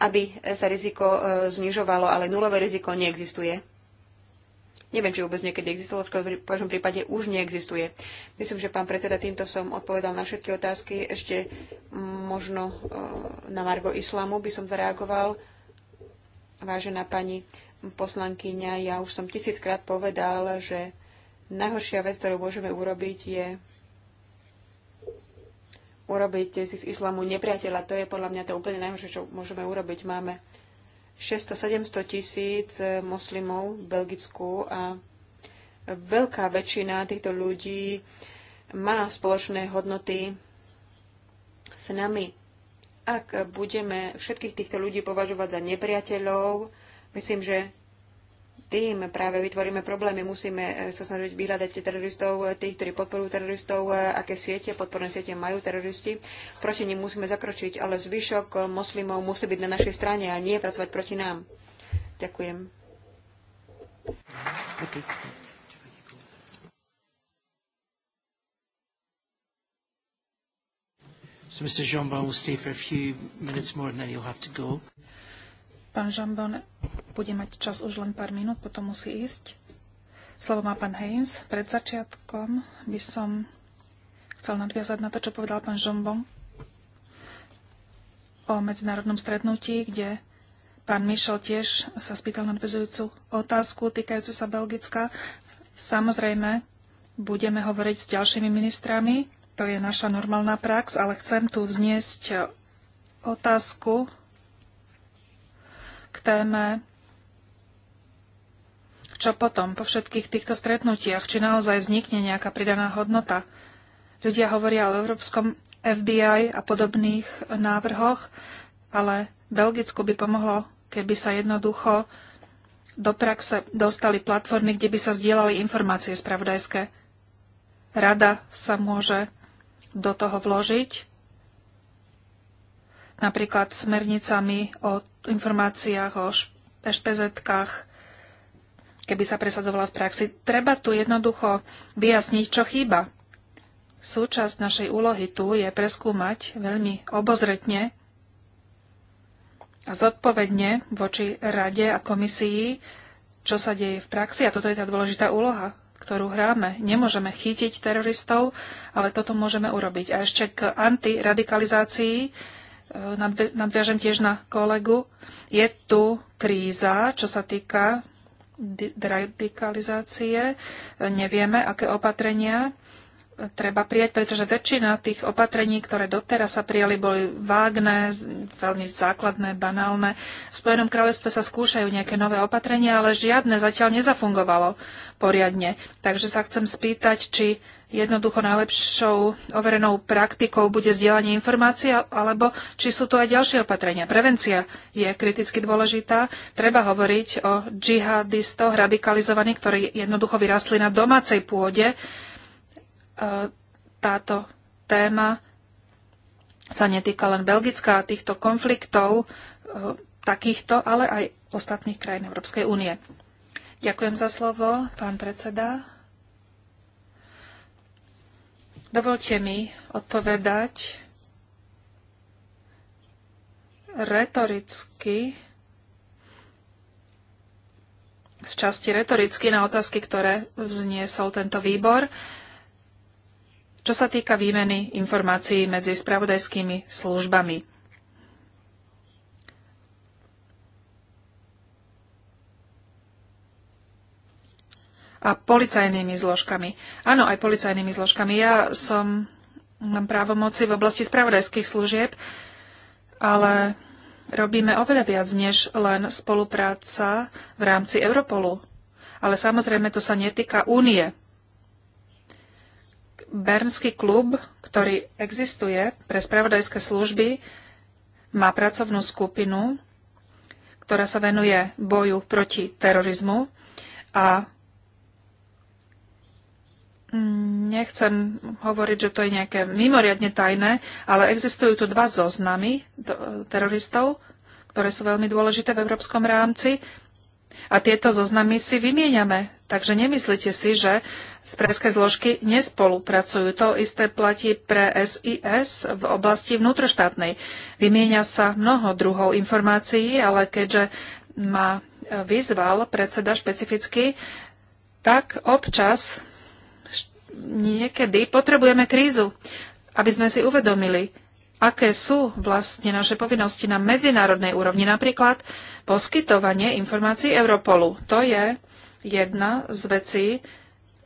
aby sa riziko e, znižovalo, ale nulové riziko neexistuje. Neviem, či vôbec niekedy existovalo, v každom prípade už neexistuje. Myslím, že pán predseda, týmto som odpovedal na všetky otázky. Ešte možno e, na Margo Islamu by som zareagoval. Vážená pani poslankyňa, ja už som tisíckrát povedal, že najhoršia vec, ktorú môžeme urobiť, je urobiť si z islamu nepriateľa. To je podľa mňa to úplne najhoršie, čo môžeme urobiť. Máme 600-700 tisíc eh, moslimov v Belgicku a veľká väčšina týchto ľudí má spoločné hodnoty s nami. Ak budeme všetkých týchto ľudí považovať za nepriateľov, myslím, že tým práve vytvoríme problémy. Musíme e, sa snažiť vyhľadať teroristov, e, tých, ktorí podporujú teroristov, e, aké siete, podporné siete majú teroristi. Proti nim musíme zakročiť, ale zvyšok moslimov musí byť na našej strane a nie pracovať proti nám. Ďakujem. So Mr. Jean-Bon will stay for a few minutes more and then you'll have to go. Pán Žambon bude mať čas už len pár minút, potom musí ísť. Slovo má pán Haynes. Pred začiatkom by som chcel nadviazať na to, čo povedal pán Žambon o medzinárodnom stretnutí, kde pán Mišel tiež sa spýtal nadvezujúcu otázku týkajúcu sa Belgicka. Samozrejme, budeme hovoriť s ďalšími ministrami, to je naša normálna prax, ale chcem tu vzniesť otázku téme, čo potom po všetkých týchto stretnutiach, či naozaj vznikne nejaká pridaná hodnota. Ľudia hovoria o európskom FBI a podobných návrhoch, ale Belgicku by pomohlo, keby sa jednoducho do praxe dostali platformy, kde by sa zdieľali informácie spravodajské. Rada sa môže do toho vložiť, napríklad smernicami o informáciách, o špezetkách, keby sa presadzovala v praxi. Treba tu jednoducho vyjasniť, čo chýba. Súčasť našej úlohy tu je preskúmať veľmi obozretne a zodpovedne voči Rade a komisii, čo sa deje v praxi. A toto je tá dôležitá úloha, ktorú hráme. Nemôžeme chytiť teroristov, ale toto môžeme urobiť. A ešte k antiradikalizácii nadviažem tiež na kolegu, je tu kríza, čo sa týka radikalizácie. Nevieme, aké opatrenia treba prijať, pretože väčšina tých opatrení, ktoré doteraz sa prijali, boli vágne, veľmi základné, banálne. V Spojenom kráľovstve sa skúšajú nejaké nové opatrenia, ale žiadne zatiaľ nezafungovalo poriadne. Takže sa chcem spýtať, či jednoducho najlepšou overenou praktikou bude zdieľanie informácií, alebo či sú tu aj ďalšie opatrenia. Prevencia je kriticky dôležitá. Treba hovoriť o džihadistoch radikalizovaných, ktorí jednoducho vyrastli na domácej pôde táto téma sa netýka len Belgická a týchto konfliktov e, takýchto, ale aj ostatných krajín Európskej únie. Ďakujem za slovo, pán predseda. Dovolte mi odpovedať retoricky, z časti retoricky na otázky, ktoré vzniesol tento výbor čo sa týka výmeny informácií medzi spravodajskými službami. A policajnými zložkami. Áno, aj policajnými zložkami. Ja som, mám právomoci v oblasti spravodajských služieb, ale robíme oveľa viac než len spolupráca v rámci Europolu. Ale samozrejme to sa netýka únie Bernský klub, ktorý existuje pre spravodajské služby, má pracovnú skupinu, ktorá sa venuje boju proti terorizmu a nechcem hovoriť, že to je nejaké mimoriadne tajné, ale existujú tu dva zoznamy teroristov, ktoré sú veľmi dôležité v európskom rámci. A tieto zoznamy si vymieňame. Takže nemyslite si, že správské zložky nespolupracujú. To isté platí pre SIS v oblasti vnútroštátnej. Vymieňa sa mnoho druhov informácií, ale keďže ma e, vyzval predseda špecificky, tak občas niekedy potrebujeme krízu, aby sme si uvedomili, aké sú vlastne naše povinnosti na medzinárodnej úrovni, napríklad poskytovanie informácií Europolu. To je jedna z vecí,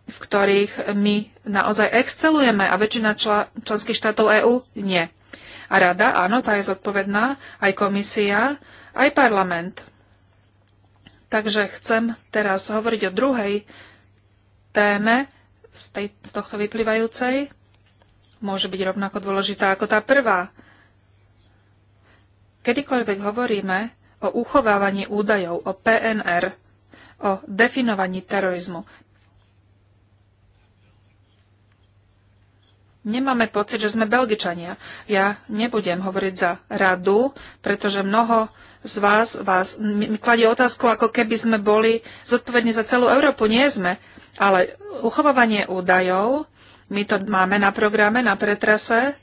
v ktorých my naozaj excelujeme a väčšina členských štátov EÚ nie. A rada, áno, tá je zodpovedná, aj komisia, aj parlament. Takže chcem teraz hovoriť o druhej téme z, tej, z tohto vyplývajúcej, môže byť rovnako dôležitá ako tá prvá. Kedykoľvek hovoríme o uchovávaní údajov, o PNR, o definovaní terorizmu, Nemáme pocit, že sme Belgičania. Ja nebudem hovoriť za radu, pretože mnoho z vás, vás mi kladie otázku, ako keby sme boli zodpovední za celú Európu. Nie sme. Ale uchovávanie údajov my to máme na programe, na pretrase,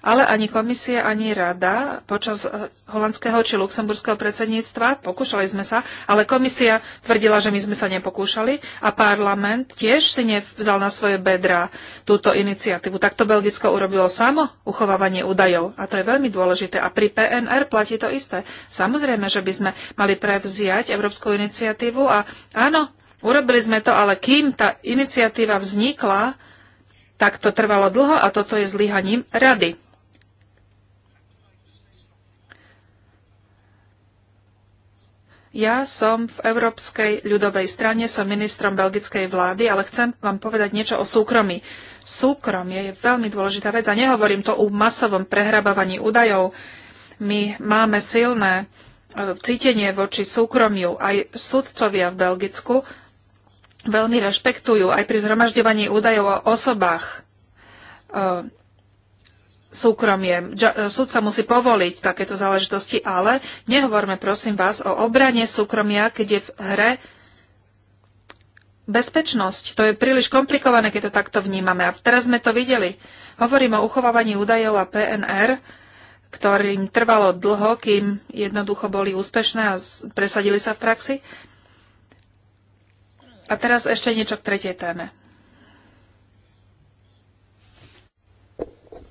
ale ani komisia, ani rada počas eh, holandského či luxemburského predsedníctva, pokúšali sme sa, ale komisia tvrdila, že my sme sa nepokúšali a parlament tiež si nevzal na svoje bedra túto iniciatívu. Tak to Belgicko urobilo samo uchovávanie údajov a to je veľmi dôležité. A pri PNR platí to isté. Samozrejme, že by sme mali prevziať európsku iniciatívu a áno, urobili sme to, ale kým tá iniciatíva vznikla, tak to trvalo dlho a toto je zlyhaním rady. Ja som v Európskej ľudovej strane, som ministrom belgickej vlády, ale chcem vám povedať niečo o súkromí. Súkromie je veľmi dôležitá vec a nehovorím to o masovom prehrabávaní údajov. My máme silné e, cítenie voči súkromiu. Aj sudcovia v Belgicku veľmi rešpektujú aj pri zhromažďovaní údajov o osobách e, súkromie. E, sa musí povoliť takéto záležitosti, ale nehovorme prosím vás o obrane súkromia, keď je v hre bezpečnosť. To je príliš komplikované, keď to takto vnímame. A teraz sme to videli. Hovorím o uchovávaní údajov a PNR, ktorým trvalo dlho, kým jednoducho boli úspešné a presadili sa v praxi. A teraz ešte niečo k tretej téme.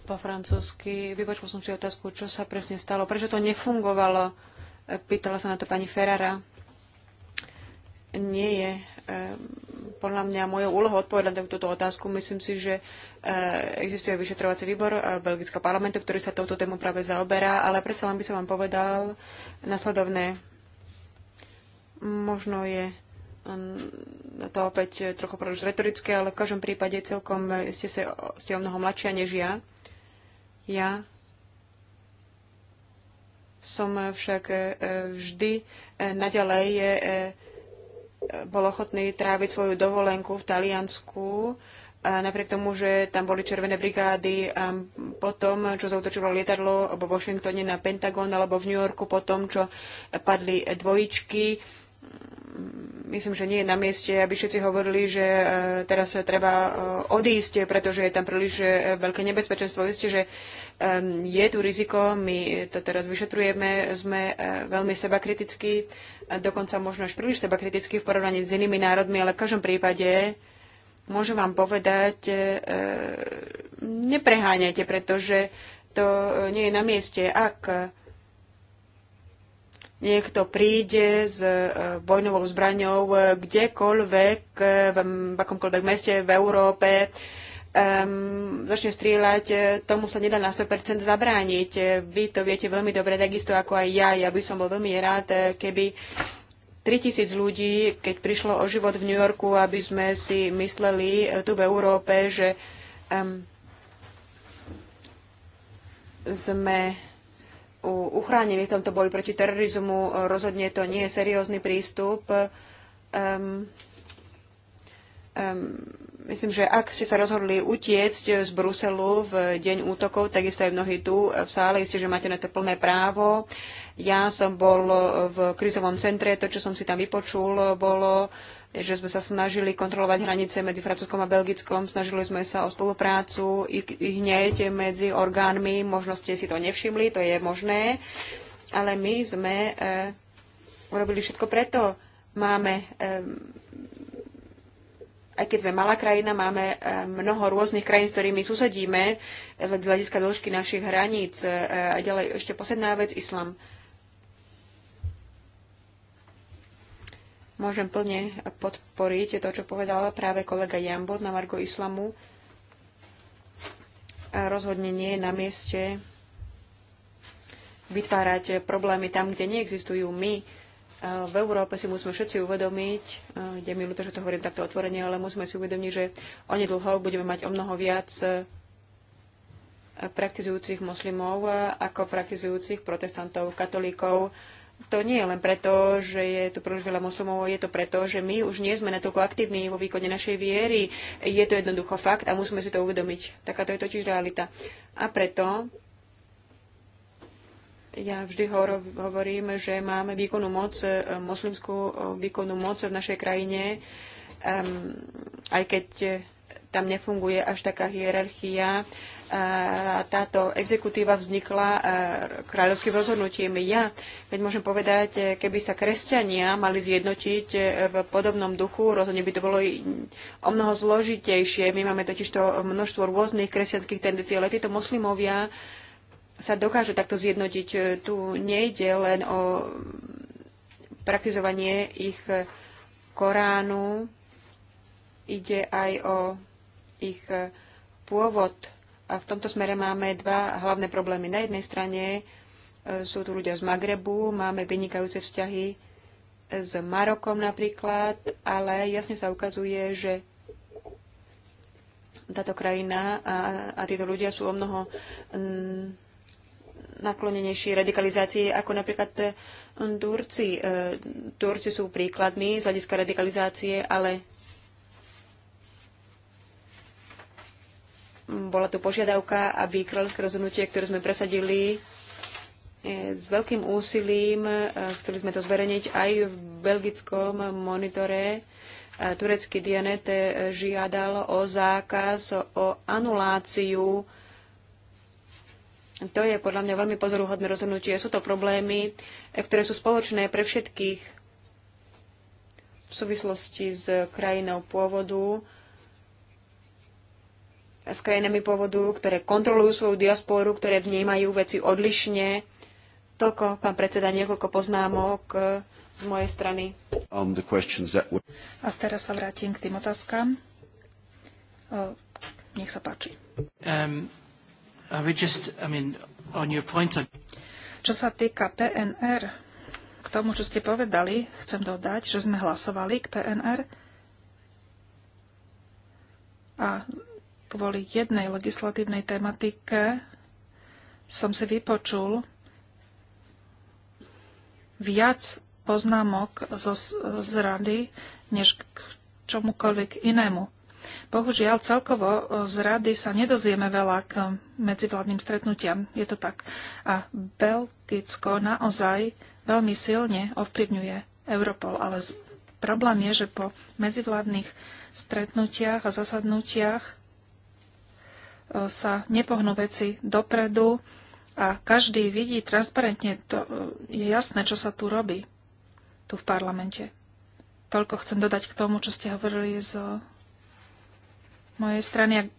Po francúzsky, vypočul som si otázku, čo sa presne stalo, prečo to nefungovalo. Pýtala sa na to pani Ferrara. Nie je eh, podľa mňa mojou úlohou odpovedať na túto otázku. Myslím si, že eh, existuje vyšetrovací výbor eh, Belgického parlamentu, ktorý sa touto tému práve zaoberá, ale predsa len by som vám povedal nasledovné. Možno je Hm, to opäť eh, trochu príliš retorické, ale v každom prípade celkom eh, ste, sa, ste o mnoho mladšia než ja. Ja som eh, však vždy naďalej bol ochotný tráviť svoju dovolenku v Taliansku, napriek tomu, že tam boli červené brigády a potom, čo zautočilo lietadlo vo Washingtone na Pentagon alebo v New Yorku, potom, čo padli dvojičky, myslím, že nie je na mieste, aby všetci hovorili, že e, teraz treba e, odísť, pretože je tam príliš e, veľké nebezpečenstvo. Isté, že je tu riziko, my to teraz vyšetrujeme, sme veľmi sebakritickí, dokonca možno až príliš sebakritickí v porovnaní s inými národmi, ale v každom prípade môžem vám povedať, nepreháňajte, pretože to nie je na mieste. Ak niekto príde s e, vojnovou zbraňou e, kdekoľvek, e, v akomkoľvek meste v Európe, um, začne strieľať, tomu sa nedá na 100% zabrániť. Vy to viete veľmi dobre, takisto ako aj ja. Ja by som bol veľmi rád, keby 3000 ľudí, keď prišlo o život v New Yorku, aby sme si mysleli tu v Európe, že um, sme uchránili v tomto boji proti terorizmu. E, rozhodne to nie je seriózny prístup. Um, um, myslím, že ak ste sa rozhodli utiecť z Bruselu v deň útokov, takisto aj mnohí tu v sále, isté, že máte na to plné právo. Ja som bol v krizovom centre, to, čo som si tam vypočul, bolo uh, že sme sa snažili kontrolovať hranice medzi Francúzskom a Belgickom, snažili sme sa o spoluprácu i, i hneď medzi orgánmi, možno ste si to nevšimli, to je možné, ale my sme e, urobili všetko preto. Máme, e, aj keď sme malá krajina, máme e, mnoho rôznych krajín, s ktorými susedíme, z hľadiska dĺžky našich hraníc. E, a ďalej ešte posledná vec, islam. E, Môžem plne podporiť to, čo povedala práve kolega Jambod na Margo Islamu. A rozhodne nie je na mieste vytvárať problémy tam, kde neexistujú my. E, v Európe si musíme všetci uvedomiť, kde mi ľúto, že to hovorím takto otvorene, ale musíme si uvedomiť, že onedlho budeme mať o mnoho viac e, praktizujúcich moslimov e, ako praktizujúcich protestantov, katolíkov, to nie je len preto, že je tu príliš veľa moslimov, je to preto, že my už nie sme natoľko aktívni vo výkone našej viery. Je to jednoducho fakt a musíme si to uvedomiť. Taká to je totiž realita. A preto ja vždy hovorím, že máme výkonnú moc, e, moslimskú e, výkonnú moc v našej krajine, aj keď tam nefunguje až taká hierarchia táto exekutíva vznikla e, kráľovským rozhodnutím. Ja, veď môžem povedať, e, keby sa kresťania mali zjednotiť e, v podobnom duchu, rozhodne by to bolo o mnoho zložitejšie. My máme totiž to množstvo rôznych kresťanských tendencií, ale títo moslimovia sa dokážu takto zjednotiť. Tu nejde len o praktizovanie ich Koránu, ide aj o ich pôvod a v tomto smere máme dva hlavné problémy. Na jednej strane e, sú tu ľudia z Magrebu, máme vynikajúce vzťahy s Marokom napríklad, ale jasne sa ukazuje, že táto krajina a, a títo ľudia sú o mnoho m, mm, naklonenejší radikalizácii ako napríklad e, Turci. E, Turci sú príkladní z hľadiska radikalizácie, ale bola tu požiadavka, aby kráľovské rozhodnutie, ktoré sme presadili e, s veľkým úsilím, e, chceli sme to zverejniť aj v belgickom monitore, e, turecký DNT žiadal o zákaz, o anuláciu. To je podľa mňa veľmi pozoruhodné rozhodnutie. Sú to problémy, ktoré sú spoločné pre všetkých v súvislosti s krajinou pôvodu s krajinami pôvodu, ktoré kontrolujú svoju diasporu, ktoré vnímajú veci odlišne. Toľko, pán predseda, niekoľko poznámok eh, z mojej strany. Um, a teraz sa vrátim k tým otázkam. Nech sa páči. Um, just, I mean, point... Čo sa týka PNR, k tomu, čo ste povedali, chcem dodať, že sme hlasovali k PNR a kvôli jednej legislatívnej tematike som si vypočul viac poznámok zo, z rady, než k čomukoľvek inému. Bohužiaľ, celkovo e, z rady sa nedozvieme veľa k medzivládnym stretnutiam. Je to tak. A Belgicko naozaj veľmi silne ovplyvňuje Europol, ale problém je, že po medzivládnych stretnutiach a zasadnutiach sa nepohnú veci dopredu a každý vidí transparentne, to e, je jasné, čo sa tu robí, tu v parlamente. Toľko chcem dodať k tomu, čo ste hovorili z mojej strany.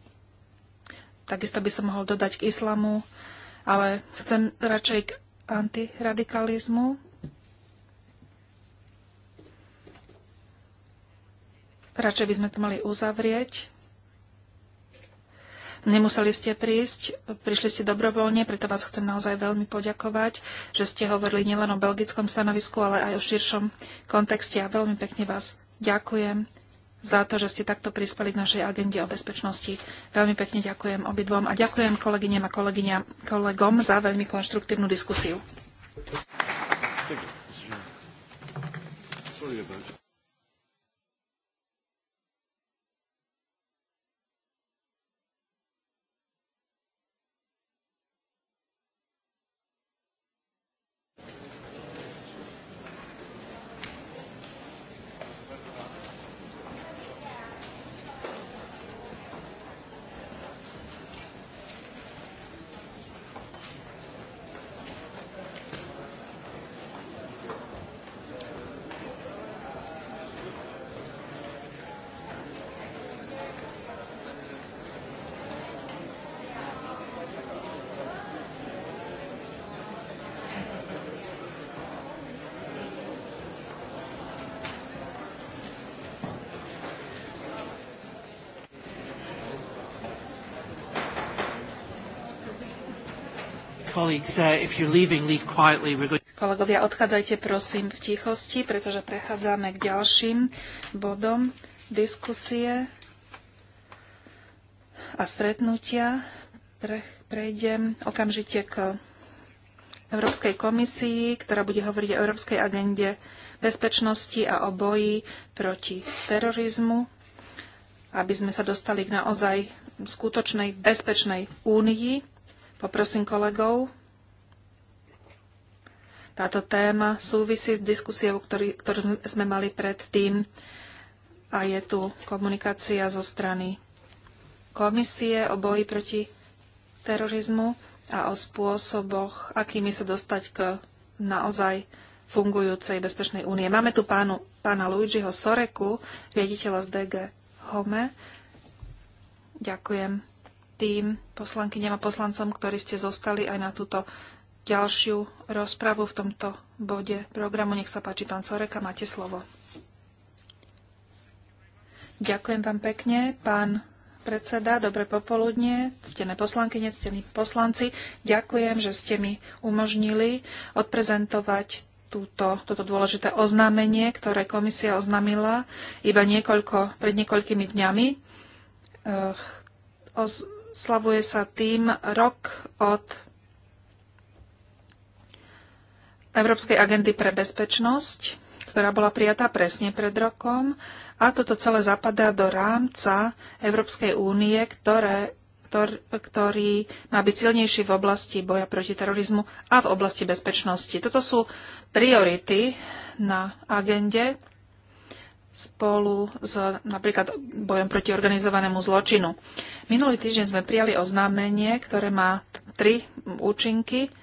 Takisto by som mohol dodať k islamu, ale chcem radšej k antiradikalizmu. Radšej by sme to mali uzavrieť Nemuseli ste prísť, prišli ste dobrovoľne, preto vás chcem naozaj veľmi poďakovať, že ste hovorili nielen o belgickom stanovisku, ale aj o širšom kontexte a veľmi pekne vás ďakujem za to, že ste takto prispeli k našej agende o bezpečnosti. Veľmi pekne ďakujem obidvom a ďakujem kolegyňam a kolegyňa, kolegom za veľmi konštruktívnu diskusiu. Thank you. Sorry about you. Uh, Kolegovia, odchádzajte prosím v tichosti, pretože prechádzame k ďalším bodom diskusie a stretnutia. Pre, prejdem okamžite k Európskej komisii, ktorá bude hovoriť o Európskej agende bezpečnosti a o boji proti terorizmu, aby sme sa dostali k naozaj skutočnej bezpečnej únii Poprosím kolegov. Táto téma súvisí s diskusiou, ktorý, ktorú sme mali predtým a je tu komunikácia zo strany komisie o boji proti terorizmu a o spôsoboch, akými sa dostať k naozaj fungujúcej bezpečnej únie. Máme tu pánu, pána Luigiho Soreku, riaditeľa z DG Home. Ďakujem tým poslankyňam a poslancom, ktorí ste zostali aj na túto ďalšiu rozpravu v tomto bode programu. Nech sa páči, pán Soreka, máte slovo. Ďakujem vám pekne, pán predseda, dobre popoludne, ctené poslankyne, ctení poslanci. Ďakujem, že ste mi umožnili odprezentovať túto, toto dôležité oznámenie, ktoré komisia oznámila iba niekoľko, pred niekoľkými dňami. Oz, Slavuje sa tým rok od Európskej agendy pre bezpečnosť, ktorá bola prijatá presne pred rokom. A toto celé zapadá do rámca Európskej únie, ktoré, ktor, ktorý má byť silnejší v oblasti boja proti terorizmu a v oblasti bezpečnosti. Toto sú priority na agende spolu s napríklad bojom proti organizovanému zločinu. Minulý týždeň sme prijali oznámenie, ktoré má tri účinky.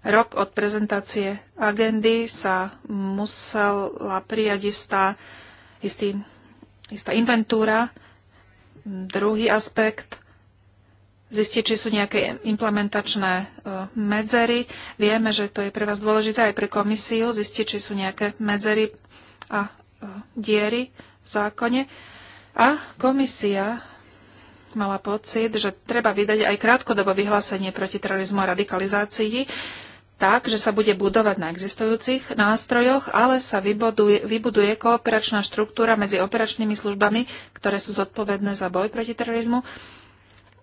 Rok od prezentácie agendy sa musela prijať istá, istý, istá inventúra. Druhý aspekt zistiť, či sú nejaké implementačné e, medzery. Vieme, že to je pre vás dôležité aj pre komisiu, zistiť, či sú nejaké medzery a diery v zákone a komisia mala pocit, že treba vydať aj krátkodobo vyhlásenie proti terorizmu a radikalizácii, tak, že sa bude budovať na existujúcich nástrojoch, ale sa vybuduje, vybuduje kooperačná štruktúra medzi operačnými službami, ktoré sú zodpovedné za boj proti terorizmu.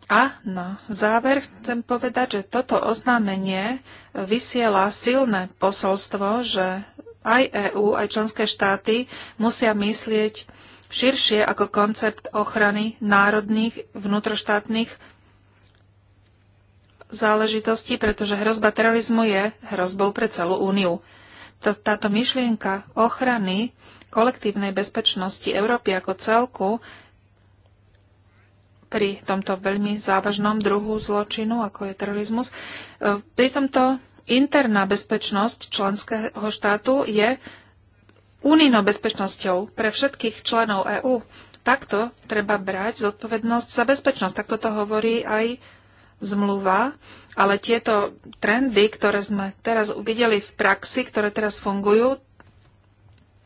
A na záver chcem povedať, že toto oznámenie vysiela silné posolstvo, že aj EÚ, aj členské štáty musia myslieť širšie ako koncept ochrany národných, vnútroštátnych záležitostí, pretože hrozba terorizmu je hrozbou pre celú úniu. Táto myšlienka ochrany kolektívnej bezpečnosti Európy ako celku pri tomto veľmi závažnom druhu zločinu, ako je terorizmus. E, pri tomto interná bezpečnosť členského štátu je unijnou bezpečnosťou pre všetkých členov EÚ. Takto treba brať zodpovednosť za bezpečnosť. Takto to hovorí aj zmluva, ale tieto trendy, ktoré sme teraz uvideli v praxi, ktoré teraz fungujú,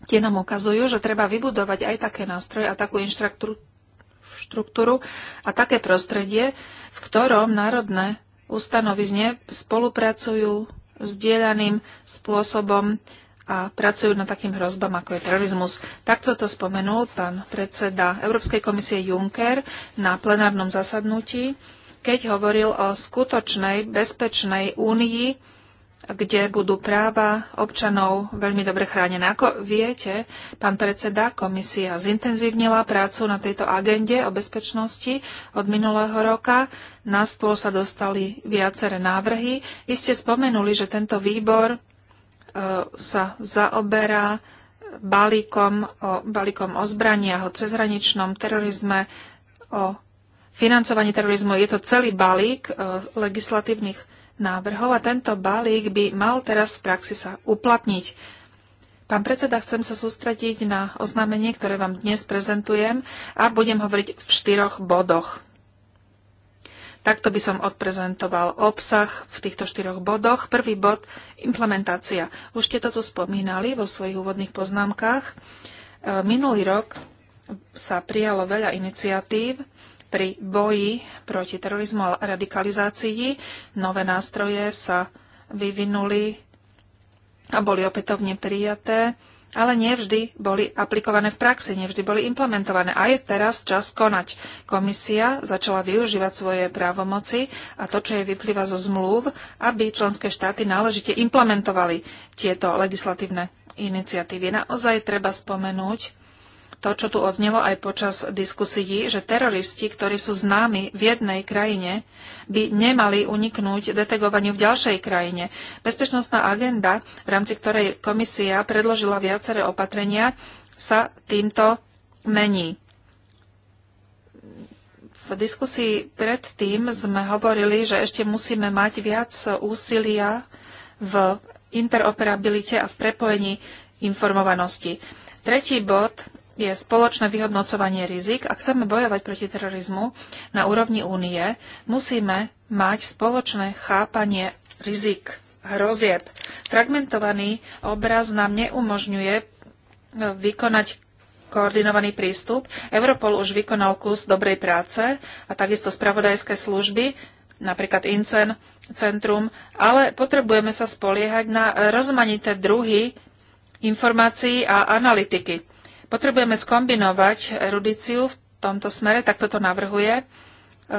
tie nám ukazujú, že treba vybudovať aj také nástroje a takú inštruktúru a také prostredie, v ktorom národné zne spolupracujú zdieľaným spôsobom a pracujú na takým hrozbám, ako je terorizmus. Takto to spomenul pán predseda Európskej komisie Juncker na plenárnom zasadnutí, keď hovoril o skutočnej bezpečnej únii, kde budú práva občanov veľmi dobre chránené. Ako viete, pán predseda, komisia zintenzívnila prácu na tejto agende o bezpečnosti od minulého roka. Na stôl sa dostali viaceré návrhy. ste spomenuli, že tento výbor e, sa zaoberá balíkom o, balíkom o zbraniach, o cezhraničnom terorizme, o financovaní terorizmu. Je to celý balík e, legislatívnych návrhov a tento balík by mal teraz v praxi sa uplatniť. Pán predseda, chcem sa sústrediť na oznámenie, ktoré vám dnes prezentujem a budem hovoriť v štyroch bodoch. Takto by som odprezentoval obsah v týchto štyroch bodoch. Prvý bod implementácia. Už ste to tu spomínali vo svojich úvodných poznámkach. E, minulý rok sa prijalo veľa iniciatív pri boji proti terorizmu a radikalizácii. Nové nástroje sa vyvinuli a boli opätovne prijaté, ale nevždy boli aplikované v praxi, nevždy boli implementované. A je teraz čas konať. Komisia začala využívať svoje právomoci a to, čo jej vyplýva zo zmluv, aby členské štáty náležite implementovali tieto legislatívne iniciatívy. Naozaj treba spomenúť, to, čo tu odznelo aj počas diskusií, že teroristi, ktorí sú známi v jednej krajine, by nemali uniknúť detegovaniu v ďalšej krajine. Bezpečnostná agenda, v rámci ktorej komisia predložila viaceré opatrenia, sa týmto mení. V diskusii predtým sme hovorili, že ešte musíme mať viac úsilia v interoperabilite a v prepojení informovanosti. Tretí bod je spoločné vyhodnocovanie rizik. Ak chceme bojovať proti terorizmu na úrovni únie, musíme mať spoločné chápanie rizik, hrozieb. Fragmentovaný obraz nám neumožňuje e, vykonať koordinovaný prístup. Europol už vykonal kus dobrej práce a takisto spravodajské služby, napríklad INCEN, Centrum, ale potrebujeme sa spoliehať na rozmanité druhy informácií a analytiky. Potrebujeme skombinovať erudíciu v tomto smere, tak toto navrhuje e,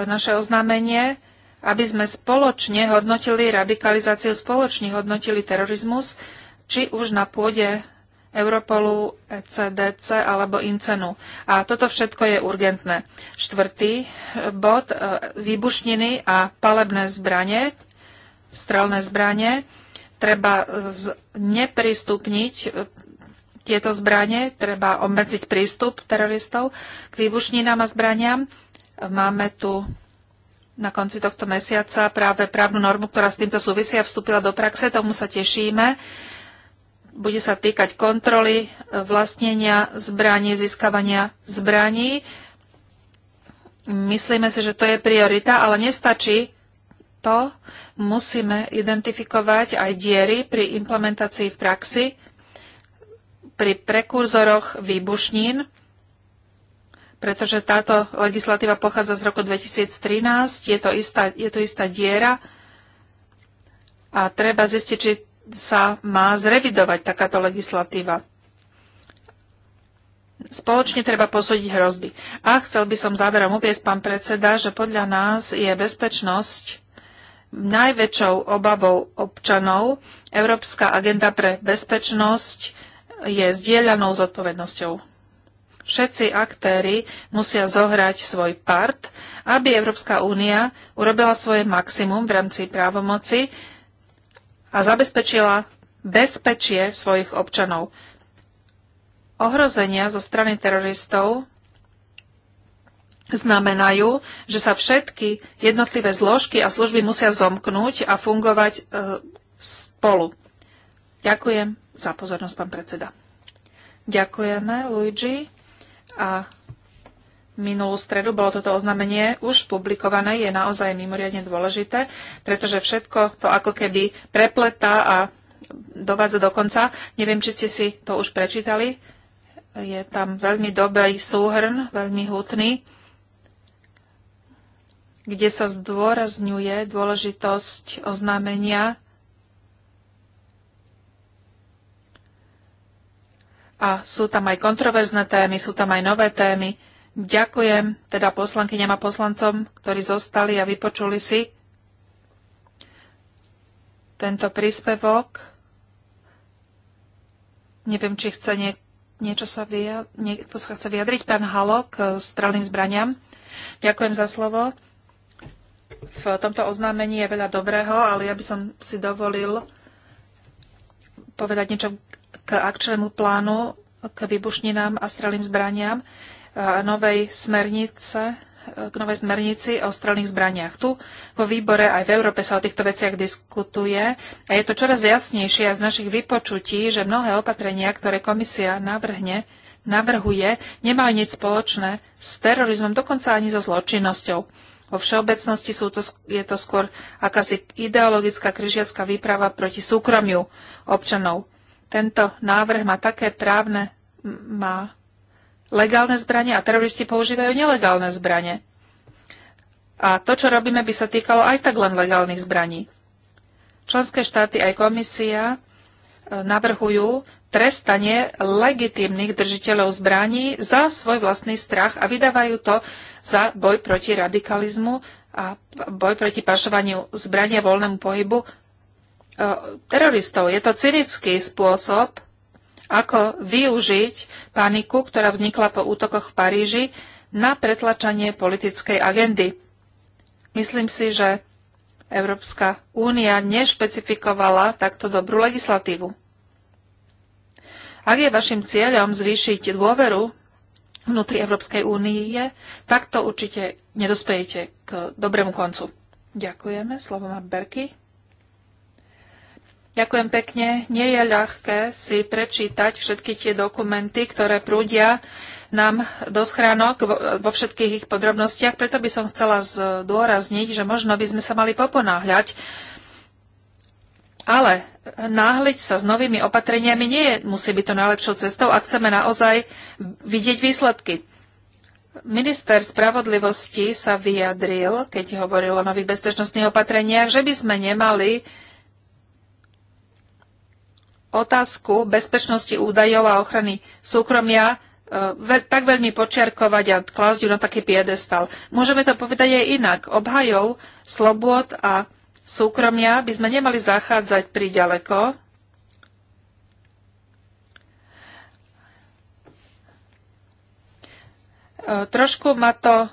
naše oznámenie, aby sme spoločne hodnotili radikalizáciu, spoločne hodnotili terorizmus, či už na pôde Europolu, ECDC alebo Incenu. A toto všetko je urgentné. Štvrtý e, bod, e, výbušniny a palebné zbranie, strelné zbranie, treba neprístupniť tieto zbranie, treba obmedziť prístup teroristov k výbušninám a zbraniam. Máme tu na konci tohto mesiaca práve právnu normu, ktorá s týmto súvisí a vstúpila do praxe. Tomu sa tešíme. Bude sa týkať kontroly vlastnenia zbraní, získavania zbraní. Myslíme si, že to je priorita, ale nestačí to. Musíme identifikovať aj diery pri implementácii v praxi pri prekurzoroch výbušnín, pretože táto legislatíva pochádza z roku 2013, je to istá, je to istá diera a treba zistiť, či sa má zrevidovať takáto legislatíva. Spoločne treba posúdiť hrozby. A chcel by som záverom uviesť, pán predseda, že podľa nás je bezpečnosť najväčšou obavou občanov. Európska agenda pre bezpečnosť je zdieľanou zodpovednosťou. Všetci aktéry musia zohrať svoj part, aby Európska únia urobila svoje maximum v rámci právomoci a zabezpečila bezpečie svojich občanov. Ohrozenia zo strany teroristov znamenajú, že sa všetky jednotlivé zložky a služby musia zomknúť a fungovať e, spolu. Ďakujem za pozornosť, pán predseda. Ďakujeme, Luigi. A minulú stredu bolo toto oznámenie už publikované, je naozaj mimoriadne dôležité, pretože všetko to ako keby prepletá a dovádza do konca. Neviem, či ste si to už prečítali. Je tam veľmi dobrý súhrn, veľmi hutný, kde sa zdôrazňuje dôležitosť oznámenia a sú tam aj kontroverzné témy, sú tam aj nové témy. Ďakujem teda poslankyňam a poslancom, ktorí zostali a vypočuli si tento príspevok. Neviem, či chce nie, niečo sa vyja, niekto sa chce vyjadriť. Pán Halok s eh, strelným zbraniam. Ďakujem za slovo. V tomto oznámení je veľa dobrého, ale ja by som si dovolil povedať niečo k akčnému plánu k vybušninám a strelným zbraniam a novej smernice k novej smernici o strelných zbraniach. Tu vo výbore aj v Európe sa o týchto veciach diskutuje a je to čoraz jasnejšie aj z našich vypočutí, že mnohé opatrenia, ktoré komisia navrhne, navrhuje, nemajú nič spoločné s terorizmom, dokonca ani so zločinnosťou. Vo všeobecnosti sú to, je to skôr akási ideologická kryžiacká výprava proti súkromiu občanov. Tento návrh má také právne, má legálne zbranie a teroristi používajú nelegálne zbranie. A to, čo robíme, by sa týkalo aj tak len legálnych zbraní. Členské štáty aj komisia e, navrhujú trestanie legitímnych držiteľov zbraní za svoj vlastný strach a vydávajú to za boj proti radikalizmu a boj proti pašovaniu zbrania voľnému pohybu teroristov. Je to cynický spôsob, ako využiť paniku, ktorá vznikla po útokoch v Paríži, na pretlačanie politickej agendy. Myslím si, že Európska únia nešpecifikovala takto dobrú legislatívu. Ak je vašim cieľom zvýšiť dôveru vnútri Európskej únie, tak to určite nedospejete k dobrému koncu. Ďakujeme. Slovo má Berky. Ďakujem pekne. Nie je ľahké si prečítať všetky tie dokumenty, ktoré prúdia nám do schránok vo všetkých ich podrobnostiach, preto by som chcela zdôrazniť, že možno by sme sa mali poponáhľať, ale náhliť sa s novými opatreniami nie je, musí byť to najlepšou cestou, ak chceme naozaj vidieť výsledky. Minister spravodlivosti sa vyjadril, keď hovoril o nových bezpečnostných opatreniach, že by sme nemali uh, otázku bezpečnosti údajov a ochrany súkromia e, tak veľmi počiarkovať a klásť ju na taký piedestal. Môžeme to povedať aj inak. Obhajov, slobod a súkromia by sme nemali zachádzať priďaleko. E, trošku ma to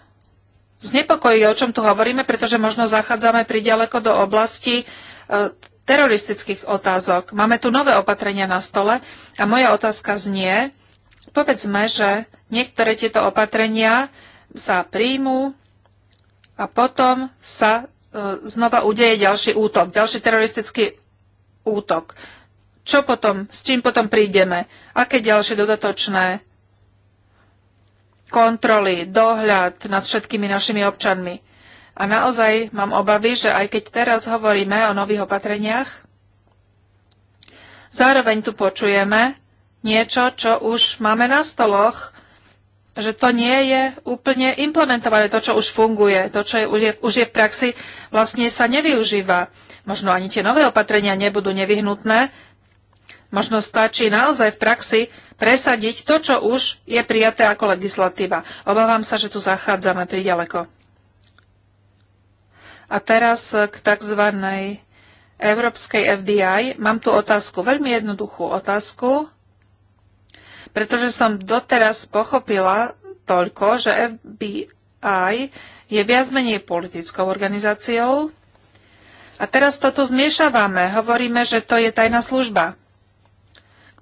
znepokojí, o čom tu hovoríme, pretože možno zachádzame priďaleko do oblasti e, teroristických otázok. Máme tu nové opatrenia na stole a moja otázka znie, povedzme, že niektoré tieto opatrenia sa príjmú a potom sa e, znova udeje ďalší útok, ďalší teroristický útok. Čo potom, s čím potom prídeme? Aké ďalšie dodatočné kontroly, dohľad nad všetkými našimi občanmi? A naozaj mám obavy, že aj keď teraz hovoríme o nových opatreniach, zároveň tu počujeme niečo, čo už máme na stoloch, že to nie je úplne implementované, to, čo už funguje, to, čo je, už je v praxi, vlastne sa nevyužíva. Možno ani tie nové opatrenia nebudú nevyhnutné, možno stačí naozaj v praxi presadiť to, čo už je prijaté ako legislatíva. Obávam sa, že tu zachádzame priďaleko. A teraz eh, k tzv. európskej FDI. Mám tu otázku, veľmi jednoduchú otázku, pretože som doteraz pochopila toľko, že FBI je viac menej politickou organizáciou. A teraz to tu zmiešavame. Hovoríme, že to je tajná služba,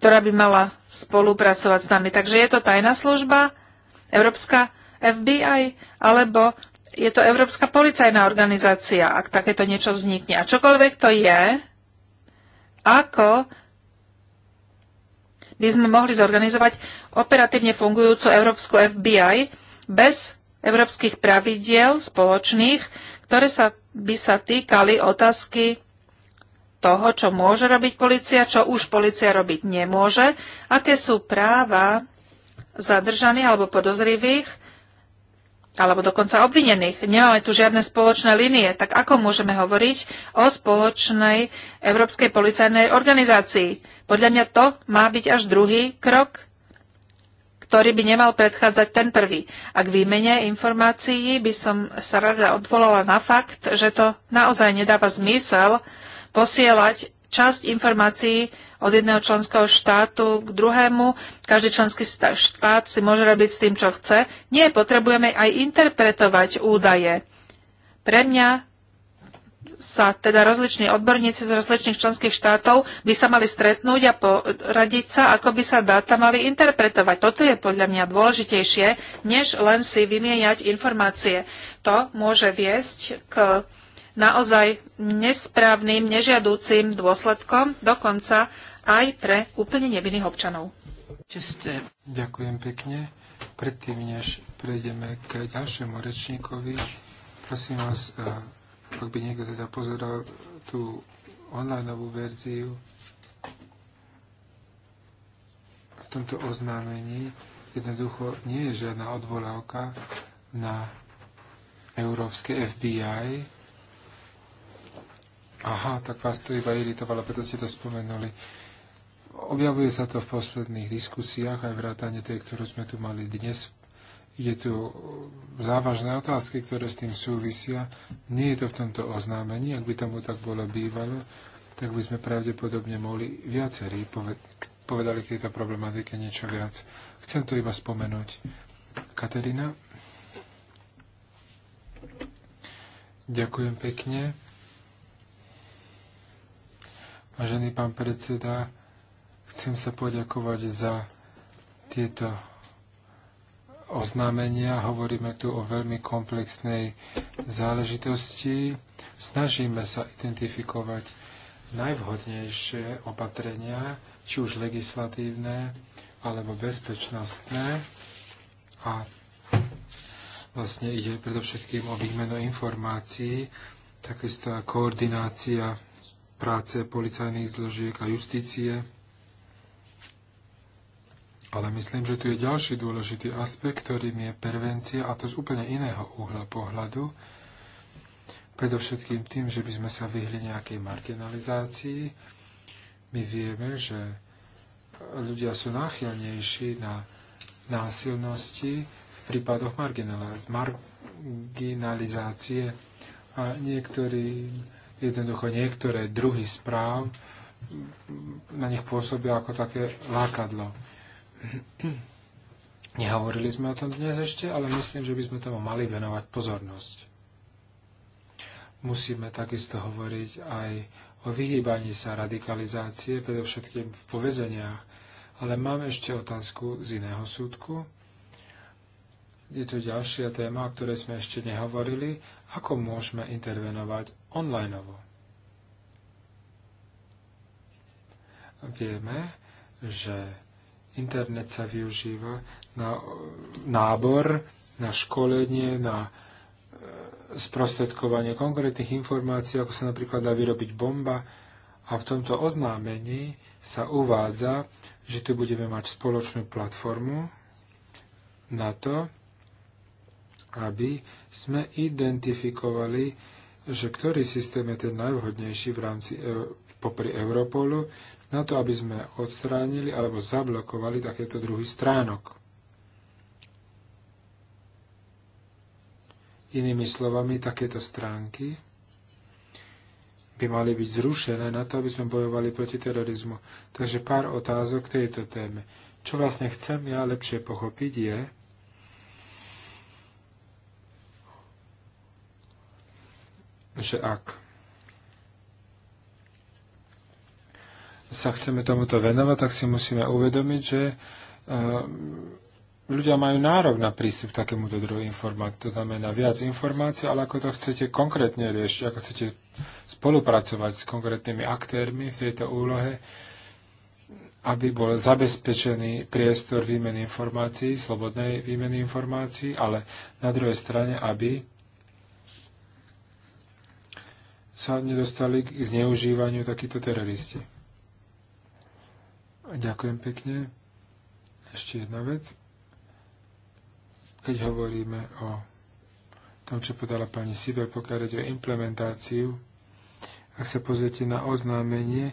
ktorá by mala spolupracovať s nami. Takže je to tajná služba, Európska FBI, alebo je to Európska policajná organizácia, ak takéto niečo vznikne. A čokoľvek to je, ako by sme mohli zorganizovať operatívne fungujúcu Európsku FBI bez európskych pravidiel spoločných, ktoré sa, by sa týkali otázky toho, čo môže robiť policia, čo už policia robiť nemôže, aké sú práva zadržaných alebo podozrivých, alebo dokonca obvinených. Nemáme tu žiadne spoločné linie, tak ako môžeme hovoriť o spoločnej Európskej policajnej organizácii? Podľa mňa to má byť až druhý krok, ktorý by nemal predchádzať ten prvý. Ak výmene informácií by som sa rada odvolala na fakt, že to naozaj nedáva zmysel posielať časť informácií od jedného členského štátu k druhému. Každý členský štát si môže robiť s tým, čo chce. Nie, potrebujeme aj interpretovať údaje. Pre mňa sa teda rozliční odborníci z rozličných členských štátov by sa mali stretnúť a poradiť sa, ako by sa dáta mali interpretovať. Toto je podľa mňa dôležitejšie, než len si vymieňať informácie. To môže viesť k naozaj nesprávnym, nežiadúcim dôsledkom, dokonca aj pre úplne nevinných občanov. Uh, Ďakujem pekne. Predtým, než prejdeme k ďalšiemu rečníkovi, prosím vás, uh, ak by niekto teda pozeral tú online verziu v tomto oznámení, jednoducho nie je žiadna odvolávka na európske FBI. Aha, tak vás to iba iritovalo, preto ste to spomenuli. Objavuje sa to v posledných diskusiách, aj vrátane tej, ktorú sme tu mali dnes. Je tu závažné otázky, ktoré s tým súvisia. Nie je to v tomto oznámení. Ak by tomu tak bolo bývalo, tak by sme pravdepodobne mohli viacerí povedali k tejto problematike niečo viac. Chcem to iba spomenúť. Katerina? Ďakujem pekne. Vážený pán predseda, Chcem sa poďakovať za tieto oznámenia. Hovoríme tu o veľmi komplexnej záležitosti. Snažíme sa identifikovať najvhodnejšie opatrenia, či už legislatívne alebo bezpečnostné. A vlastne ide predovšetkým o výmenu informácií, takisto koordinácia práce policajných zložiek a justície. Ale myslím, že tu je ďalší dôležitý aspekt, ktorým je prevencia, a to z úplne iného uhla pohľadu. Predovšetkým tým, že by sme sa vyhli nejakej marginalizácii. My vieme, že ľudia sú náchylnejší na násilnosti v prípadoch marginalizácie a niektorí, jednoducho niektoré druhy správ na nich pôsobia ako také lákadlo Nehovorili sme o tom dnes ešte, ale myslím, že by sme tomu mali venovať pozornosť. Musíme takisto hovoriť aj o vyhýbaní sa radikalizácie, predovšetkým v povezeniach. Ale mám ešte otázku z iného súdku. Je tu ďalšia téma, o ktorej sme ešte nehovorili. Ako môžeme intervenovať online? -ovo? Vieme, že Internet sa využíva na nábor, na školenie, na e, sprostredkovanie konkrétnych informácií, ako sa napríklad dá vyrobiť bomba. A v tomto oznámení sa uvádza, že tu budeme mať spoločnú platformu na to, aby sme identifikovali, že ktorý systém je ten najvhodnejší v rámci e popri Europolu na to, aby sme odstránili alebo zablokovali takéto druhý stránok. Inými slovami, takéto stránky by mali byť zrušené na to, aby sme bojovali proti terorizmu. Takže pár otázok k tejto téme. Čo vlastne chcem ja lepšie pochopiť je, že ak sa chceme tomuto venovať, tak si musíme uvedomiť, že eh, ľudia majú nárok na prístup k takémuto druhu informácií. To znamená viac informácií, ale ako to chcete konkrétne riešiť, ako chcete spolupracovať s konkrétnymi aktérmi v tejto úlohe, aby bol zabezpečený priestor výmeny informácií, slobodnej výmeny informácií, ale na druhej strane, aby sa nedostali k zneužívaniu takíto teroristi. Ďakujem pekne. Ešte jedna vec. Keď hovoríme o tom, čo podala pani Sibel, pokiaľ ide o implementáciu, ak sa pozriete na oznámenie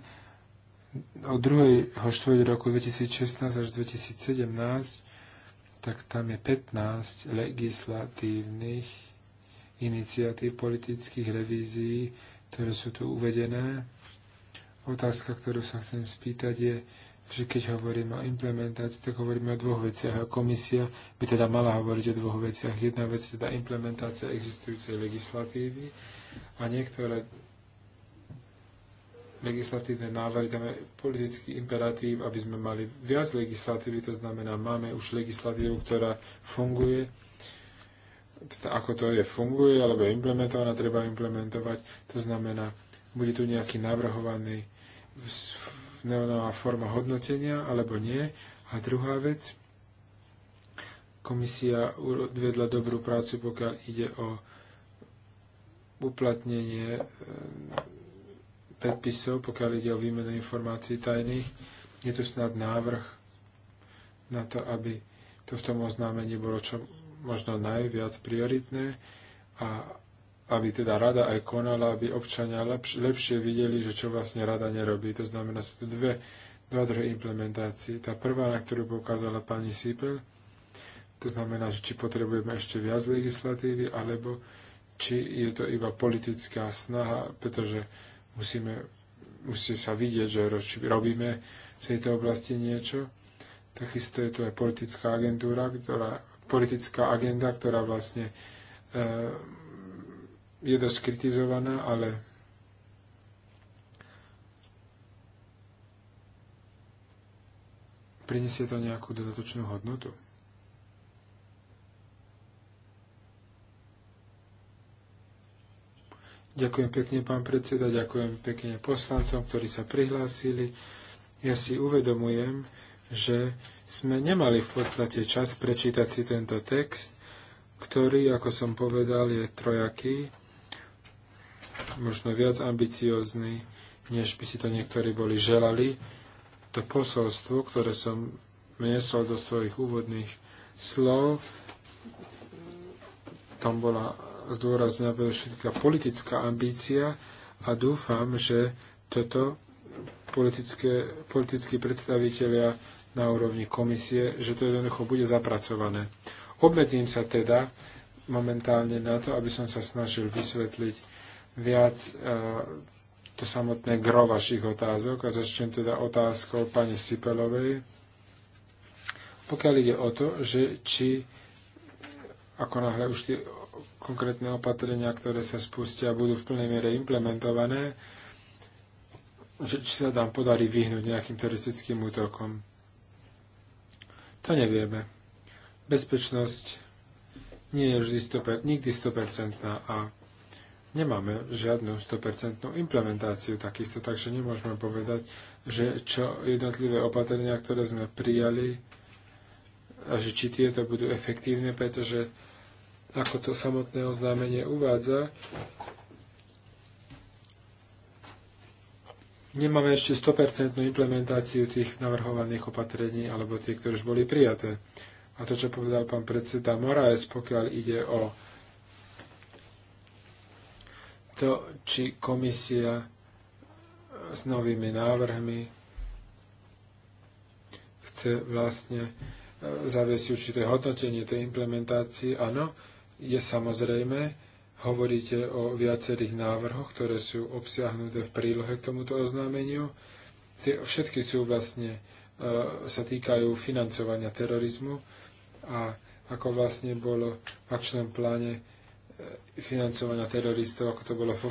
od 2. štvrť roku 2016 až 2017, tak tam je 15 legislatívnych iniciatív politických revízií, ktoré sú tu uvedené. Otázka, ktorú sa chcem spýtať, je, že keď hovoríme o implementácii, tak hovoríme o dvoch veciach. A komisia by teda mala hovoriť o dvoch veciach. Jedna vec je teda implementácia existujúcej legislatívy a niektoré legislatívne návrhy, tam je politický imperatív, aby sme mali viac legislatívy, to znamená, máme už legislatívu, ktorá funguje, teda ako to je, funguje, alebo je implementovaná, treba implementovať, to znamená, bude tu nejaký navrhovaný neonová forma hodnotenia alebo nie. A druhá vec, komisia odvedla dobrú prácu, pokiaľ ide o uplatnenie e, predpisov, pokiaľ ide o výmenu informácií tajných. Je tu snad návrh na to, aby to v tom oznámení bolo čo možno najviac prioritné a aby teda rada aj konala, aby občania lepš- lepšie videli, že čo vlastne rada nerobí. To znamená, sú tu dve, dva druhy implementácie. Tá prvá, na ktorú poukázala pani Sipel, to znamená, že či potrebujeme ešte viac legislatívy, alebo či je to iba politická snaha, pretože musíme, musí sa vidieť, že robíme v tejto oblasti niečo. Takisto je to aj politická agentúra, ktorá, politická agenda, ktorá vlastne e, je dosť kritizovaná, ale prinesie to nejakú dodatočnú hodnotu. Ďakujem pekne, pán predseda, ďakujem pekne poslancom, ktorí sa prihlásili. Ja si uvedomujem, že sme nemali v podstate čas prečítať si tento text, ktorý, ako som povedal, je trojaký možno viac ambiciózny, než by si to niektorí boli želali. To posolstvo, ktoré som vnesol do svojich úvodných slov, tam bola zdôrazná všetká politická ambícia a dúfam, že toto politické, politickí predstavitelia na úrovni komisie, že to jednoducho bude zapracované. Obmedzím sa teda momentálne na to, aby som sa snažil vysvetliť viac e, to samotné gro vašich otázok a začnem teda otázkou pani Sipelovej. Pokiaľ ide o to, že či ako náhle už tie konkrétne opatrenia, ktoré sa spustia, budú v plnej miere implementované, že či sa tam podarí vyhnúť nejakým teroristickým útokom. To nevieme. Bezpečnosť nie je vždy 100%, nikdy 100% a nemáme žiadnu 100% implementáciu takisto, takže nemôžeme povedať, že čo jednotlivé opatrenia, ktoré sme prijali, a že či tieto budú efektívne, pretože ako to samotné oznámenie uvádza, nemáme ešte 100% implementáciu tých navrhovaných opatrení alebo tých, ktoré už boli prijaté. A to, čo povedal pán predseda Moraes, pokiaľ ide o to, či komisia s novými návrhmi chce vlastne e, zaviesť určité hodnotenie tej implementácii. Áno, je samozrejme, hovoríte o viacerých návrhoch, ktoré sú obsiahnuté v prílohe k tomuto oznámeniu. Tie všetky sú vlastne, e, sa týkajú financovania terorizmu a ako vlastne bolo v akčnom pláne E, financovania teroristov, ako to bolo v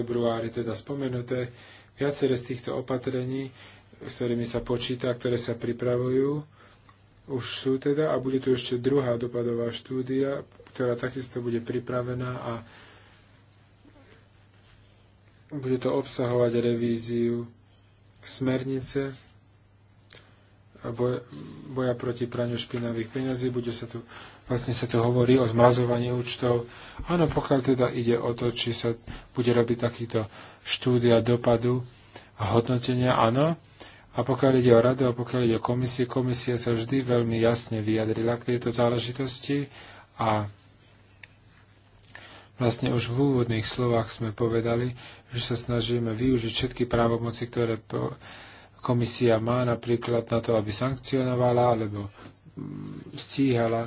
februári teda spomenuté. Viacere z týchto opatrení, s ktorými sa počíta, ktoré sa pripravujú, už sú teda a bude tu ešte druhá dopadová štúdia, ktorá takisto bude pripravená a bude to obsahovať revíziu smernice boja, boja proti praniu špinavých peňazí. Bude sa tu, vlastne sa tu hovorí o zmrazovaní účtov. Áno, pokiaľ teda ide o to, či sa bude robiť takýto štúdia dopadu a hodnotenia, áno. A pokiaľ ide o radu a pokiaľ ide o komisie, komisia sa vždy veľmi jasne vyjadrila k tejto záležitosti a Vlastne už v úvodných slovách sme povedali, že sa snažíme využiť všetky právomoci, ktoré po, komisia má napríklad na to, aby sankcionovala alebo mm, stíhala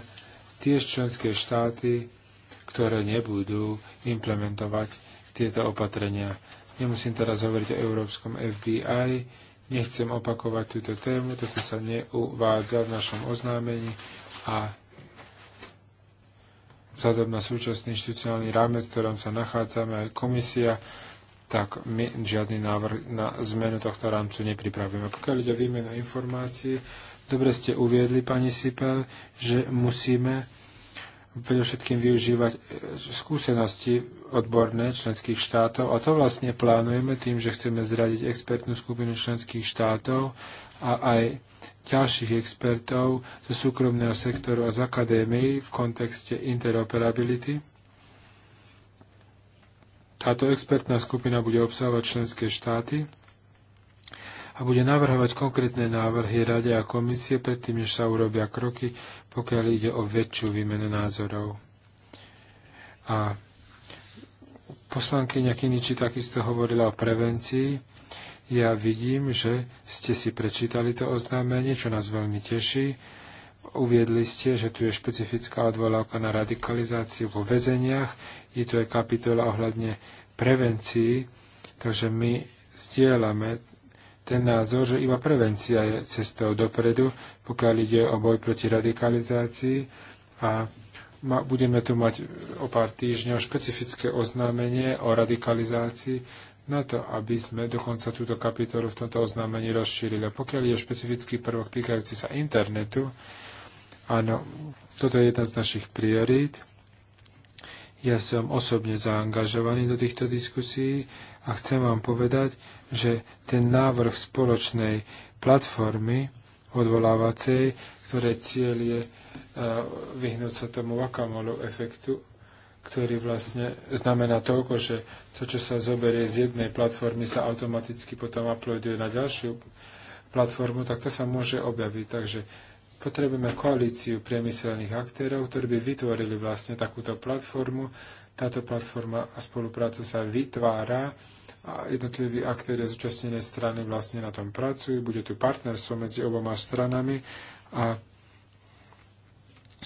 tie členské štáty, ktoré nebudú implementovať tieto opatrenia. Nemusím teraz hovoriť o európskom FBI, nechcem opakovať túto tému, toto sa neuvádza v našom oznámení a vzhľadom na súčasný inštitucionálny rámec, v ktorom sa nachádzame, aj komisia tak my žiadny návrh na zmenu tohto rámcu nepripravujeme. Pokiaľ ide o výmenu informácií, dobre ste uviedli, pani Sipel, že musíme predovšetkým využívať e, skúsenosti odborné členských štátov a to vlastne plánujeme tým, že chceme zradiť expertnú skupinu členských štátov a aj ďalších expertov zo súkromného sektoru a z akadémií v kontexte interoperability táto expertná skupina bude obsahovať členské štáty a bude navrhovať konkrétne návrhy Rade a komisie predtým, než sa urobia kroky, pokiaľ ide o väčšiu výmenu názorov. A poslankyňa Kiniči takisto hovorila o prevencii. Ja vidím, že ste si prečítali to oznámenie, čo nás veľmi teší uviedli ste, že tu je špecifická odvolávka na radikalizáciu vo väzeniach, je tu aj kapitola ohľadne prevencií, takže my zdieľame ten názor, že iba prevencia je cestou dopredu, pokiaľ ide o boj proti radikalizácii a ma, budeme tu mať o pár týždňov špecifické oznámenie o radikalizácii, na to, aby sme dokonca túto kapitolu v tomto oznámení rozšírili. A pokiaľ je špecifický prvok týkajúci sa internetu, Áno, toto je jedna z našich priorít. Ja som osobne zaangažovaný do týchto diskusí a chcem vám povedať, že ten návrh spoločnej platformy odvolávacej, ktoré cieľ je e, vyhnúť sa tomu vakamolu efektu, ktorý vlastne znamená toľko, že to, čo sa zoberie z jednej platformy, sa automaticky potom uploaduje na ďalšiu platformu, tak to sa môže objaviť. Takže Potrebujeme koalíciu priemyselných aktérov, ktorí by vytvorili vlastne takúto platformu. Táto platforma a spolupráca sa vytvára a jednotliví aktéry zúčastnené strany vlastne na tom pracujú. Bude tu partnerstvo medzi oboma stranami a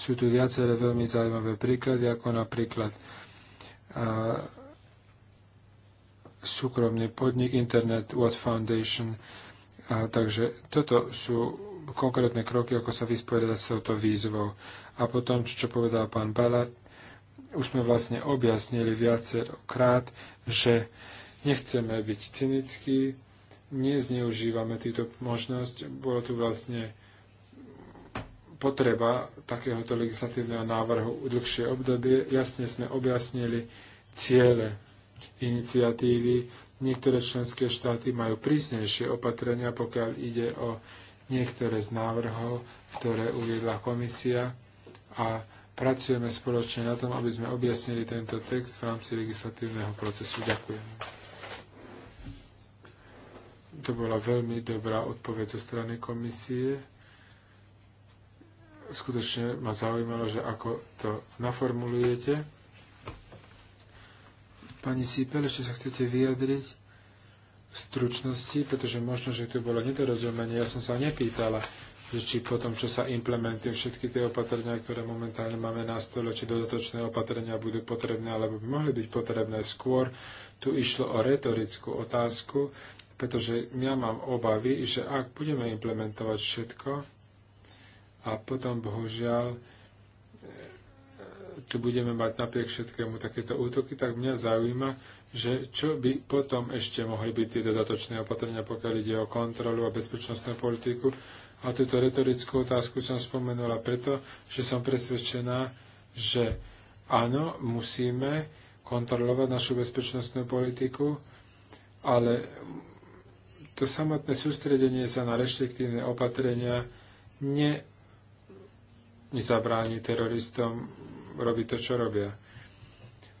sú tu viaceré veľmi zaujímavé príklady, ako napríklad a, súkromný podnik Internet What Foundation. A, takže toto sú konkrétne kroky, ako sa vysporiadať s touto výzvou. A potom, čo povedal pán Balat, už sme vlastne objasnili viacerokrát, že nechceme byť cynickí, nezneužívame túto možnosť. Bolo tu vlastne potreba takéhoto legislatívneho návrhu u dlhšie obdobie. Jasne sme objasnili ciele iniciatívy. Niektoré členské štáty majú prísnejšie opatrenia, pokiaľ ide o niektoré z návrhov, ktoré uviedla komisia a pracujeme spoločne na tom, aby sme objasnili tento text v rámci legislatívneho procesu. Ďakujem. To bola veľmi dobrá odpoveď zo strany komisie. Skutočne ma zaujímalo, že ako to naformulujete. Pani Sipel, ešte sa chcete vyjadriť? v stručnosti, pretože možno, že tu bolo nedorozumenie. Ja som sa nepýtala, že či potom, čo sa implementujú všetky tie opatrenia, ktoré momentálne máme na stole, či dodatočné opatrenia budú potrebné, alebo by mohli byť potrebné skôr. Tu išlo o retorickú otázku, pretože ja mám obavy, že ak budeme implementovať všetko a potom bohužiaľ tu budeme mať napriek všetkému takéto útoky, tak mňa zaujíma, že čo by potom ešte mohli byť tie dodatočné opatrenia, pokiaľ ide o kontrolu a bezpečnostnú politiku. A túto retorickú otázku som spomenula preto, že som presvedčená, že áno, musíme kontrolovať našu bezpečnostnú politiku, ale to samotné sústredenie sa na reštriktívne opatrenia ne, nezabráni teroristom robiť to, čo robia.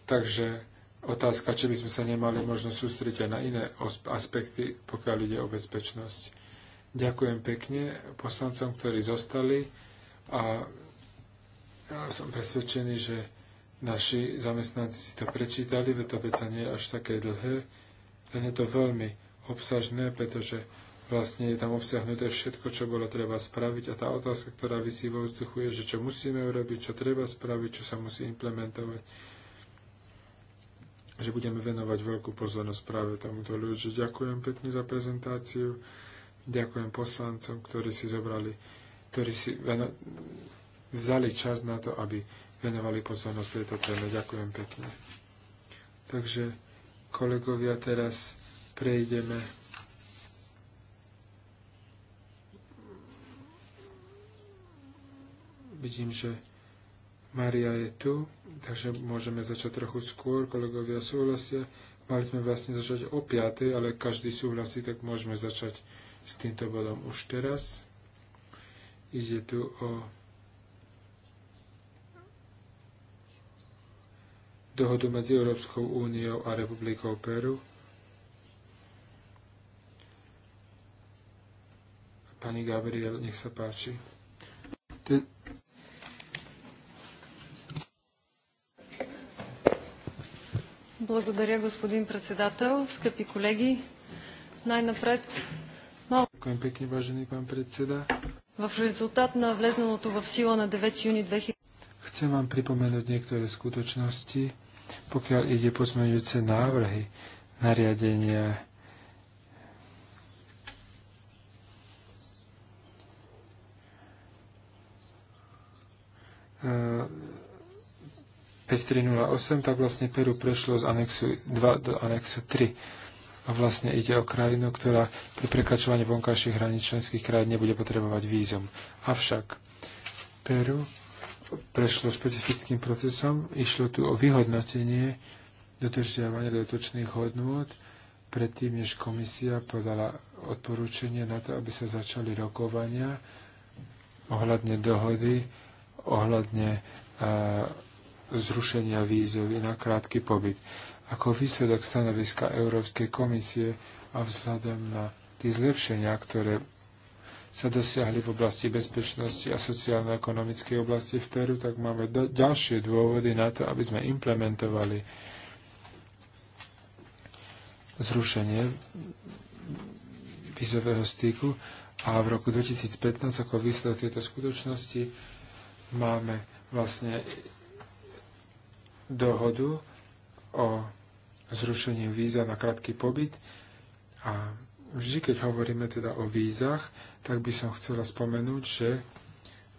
Takže otázka, či by sme sa nemali možno sústrediť aj na iné aspekty, pokiaľ ide o bezpečnosť. Ďakujem pekne poslancom, ktorí zostali a ja som presvedčený, že naši zamestnanci si to prečítali, veď to peca nie je až také dlhé, len je to veľmi obsažné, pretože vlastne je tam obsiahnuté všetko, čo bolo treba spraviť a tá otázka, ktorá vysí vo vzduchu je, že čo musíme urobiť, čo treba spraviť, čo sa musí implementovať že budeme venovať veľkú pozornosť práve tomuto ľudžu. Ďakujem pekne za prezentáciu, ďakujem poslancom, ktorí si zobrali, ktorí si veno, vzali čas na to, aby venovali pozornosť tejto téme. Ďakujem pekne. Takže, kolegovia, teraz prejdeme vidím, že Maria je tu, takže môžeme začať trochu skôr, kolegovia súhlasia. Mali sme vlastne začať o 5, ale každý súhlasí, tak môžeme začať s týmto bodom už teraz. Ide tu o dohodu medzi Európskou úniou a Republikou Peru. Pani Gabriel, nech sa páči. Благодаря, господин председател. Скъпи колеги, най-напред... Ďakujem pekne, vážený pán predseda. В резултат на влезналото в сила на 9 юни 2000... Chcem vám pripomenúť niektoré skutočnosti, pokiaľ ide pozmeňujúce návrhy nariadenia uh, 5308, tak vlastne Peru prešlo z anexu 2 do anexu 3. A vlastne ide o krajinu, ktorá pri prekračovaní vonkajších hraníc členských krajín nebude potrebovať vízum. Avšak Peru prešlo špecifickým procesom, išlo tu o vyhodnotenie dodržiavania dotočných hodnôt, predtým, než komisia podala odporúčanie na to, aby sa začali rokovania ohľadne dohody, ohľadne uh, zrušenia i na krátky pobyt. Ako výsledok stanoviska Európskej komisie a vzhľadom na tie zlepšenia, ktoré sa dosiahli v oblasti bezpečnosti a sociálno-ekonomickej oblasti v Peru, tak máme ďalšie dôvody na to, aby sme implementovali zrušenie vízového styku a v roku 2015 ako výsledok tejto skutočnosti máme vlastne dohodu o zrušení víza na krátky pobyt a vždy, keď hovoríme teda o vízach, tak by som chcela spomenúť, že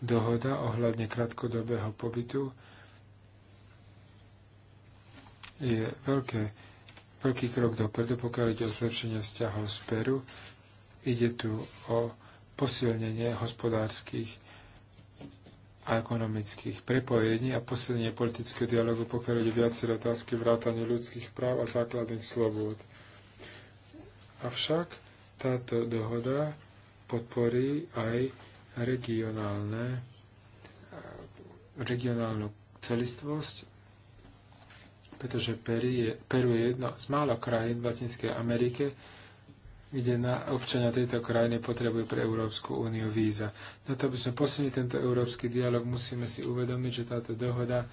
dohoda ohľadne krátkodobého pobytu je veľké, veľký krok dopredu, pokiaľ ide o zlepšenie vzťahov z Peru. Ide tu o posilnenie hospodárskych a ekonomických prepojení a posilnenie politického dialogu, pokiaľ ide viaceré otázky vrátane ľudských práv a základných slobôd. Avšak táto dohoda podporí aj regionálne, regionálnu celistvosť, pretože Peru je, Peru je jedna z mála krajín v Latinskej Amerike, kde na občania tejto krajiny potrebujú pre Európsku úniu víza. Na to, aby sme posunili tento európsky dialog, musíme si uvedomiť, že táto dohoda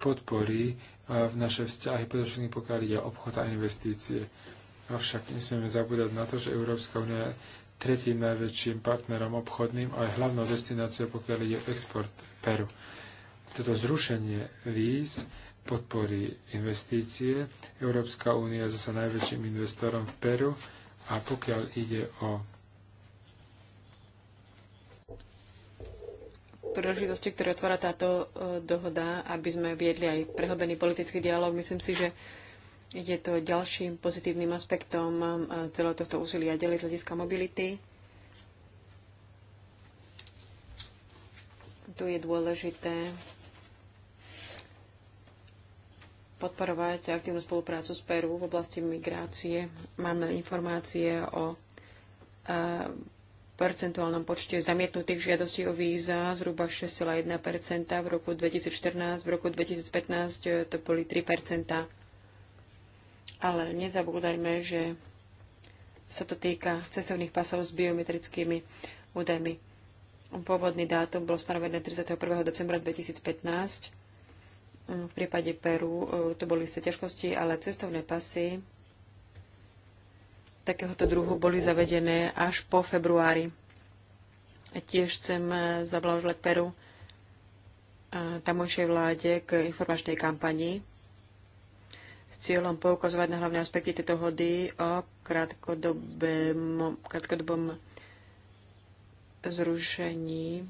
podporí v naše vzťahy, predovšetkým pokiaľ ide o obchod a investície. Avšak nesmieme zabúdať na to, že Európska únia je tretím najväčším partnerom obchodným a aj hlavnou destináciou, pokiaľ ide o export Peru. Toto zrušenie víz podporí investície. Európska únia je zase najväčším investorom v Peru a pokiaľ ide o príležitosti, ktoré otvára táto e, dohoda, aby sme viedli aj prehlbený politický dialog, myslím si, že je to ďalším pozitívnym aspektom e, celého tohto úsilia ďalej z hľadiska mobility. Tu je dôležité podporovať aktívnu spoluprácu s Peru v oblasti migrácie. Máme informácie o eh, percentuálnom počte zamietnutých žiadostí o víza zhruba 6,1 v roku 2014, v roku 2015 eh, to boli 3 Ale nezabúdajme, že sa to týka cestovných pasov s biometrickými údajmi. Pôvodný dátum bol stanovený 31. decembra 2015 v prípade Peru e, to boli ste ťažkosti, ale cestovné pasy takéhoto druhu boli zavedené až po februári. A tiež chcem e, zablahoželať Peru e, tamojšej vláde k informačnej kampanii s cieľom poukazovať na hlavné aspekty tejto hody o krátkodobom, krátkodobom zrušení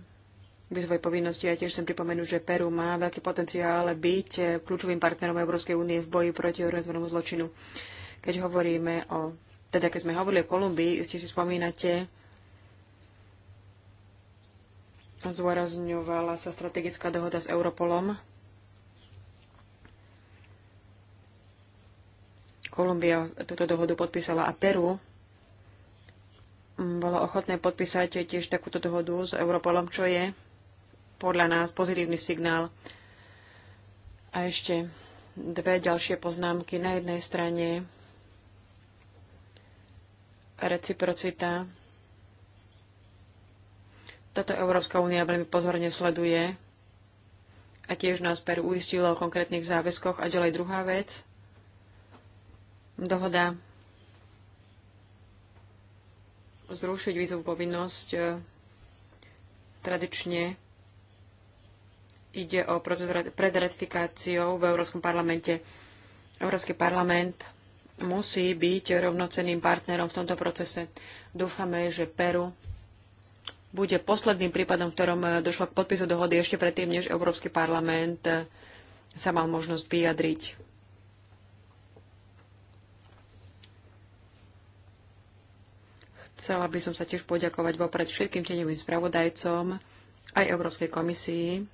by svoje povinnosti. Ja tiež chcem pripomenúť, že Peru má veľký potenciál byť eh, kľúčovým partnerom Európskej únie v boji proti organizovanému zločinu. Keď hovoríme o, teda keď sme hovorili o Kolumbii, ste si spomínate, zdôrazňovala sa strategická dohoda s Europolom. Kolumbia túto dohodu podpísala a Peru bolo ochotné podpísať tiež takúto dohodu s Europolom, čo je podľa nás pozitívny signál. A ešte dve ďalšie poznámky. Na jednej strane reciprocita. Toto Európska únia veľmi pozorne sleduje a tiež nás Peru uistilo o konkrétnych záväzkoch. A ďalej druhá vec. Dohoda zrušiť vízovú povinnosť eh, tradične ide o proces pred ratifikáciou v Európskom parlamente. Európsky parlament musí byť rovnocenným partnerom v tomto procese. Dúfame, že Peru bude posledným prípadom, v ktorom eh, došlo k podpisu dohody ešte predtým, než Európsky parlament eh, sa mal možnosť vyjadriť. Chcela by som sa tiež poďakovať vopred všetkým tenevým spravodajcom aj Európskej komisii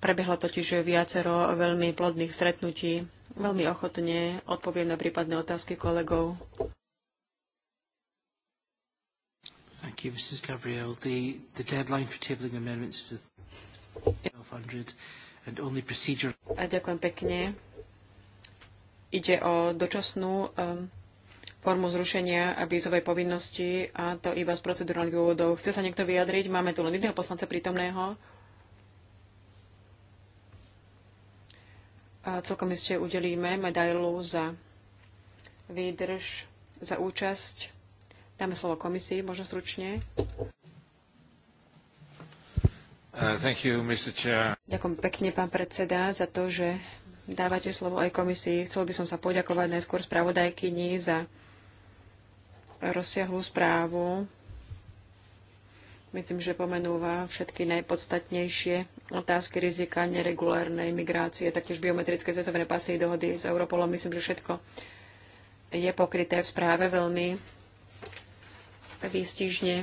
Prebehlo totiž viacero veľmi plodných stretnutí. Veľmi ochotne odpoviem na prípadné otázky kolegov. Thank you, Mrs. Gabriel. The, the deadline for tabling amendments is 1200 and only procedure. A ďakujem pekne. Ide o dočasnú um, formu zrušenia a vízovej povinnosti a to iba z procedurálnych dôvodov. Chce sa niekto vyjadriť? Máme tu len jedného poslanca prítomného. a celkom iste udelíme medailu za výdrž, za účasť. Dáme slovo komisii, možno stručne. Uh, you, Ďakujem pekne, pán predseda, za to, že dávate slovo aj komisii. Chcel by som sa poďakovať najskôr spravodajkyni za rozsiahlú správu. Myslím, že pomenúva všetky najpodstatnejšie otázky rizika neregulárnej migrácie, taktiež biometrické cestovné pasy, dohody s Europolom. Myslím, že všetko je pokryté v správe veľmi výstižne.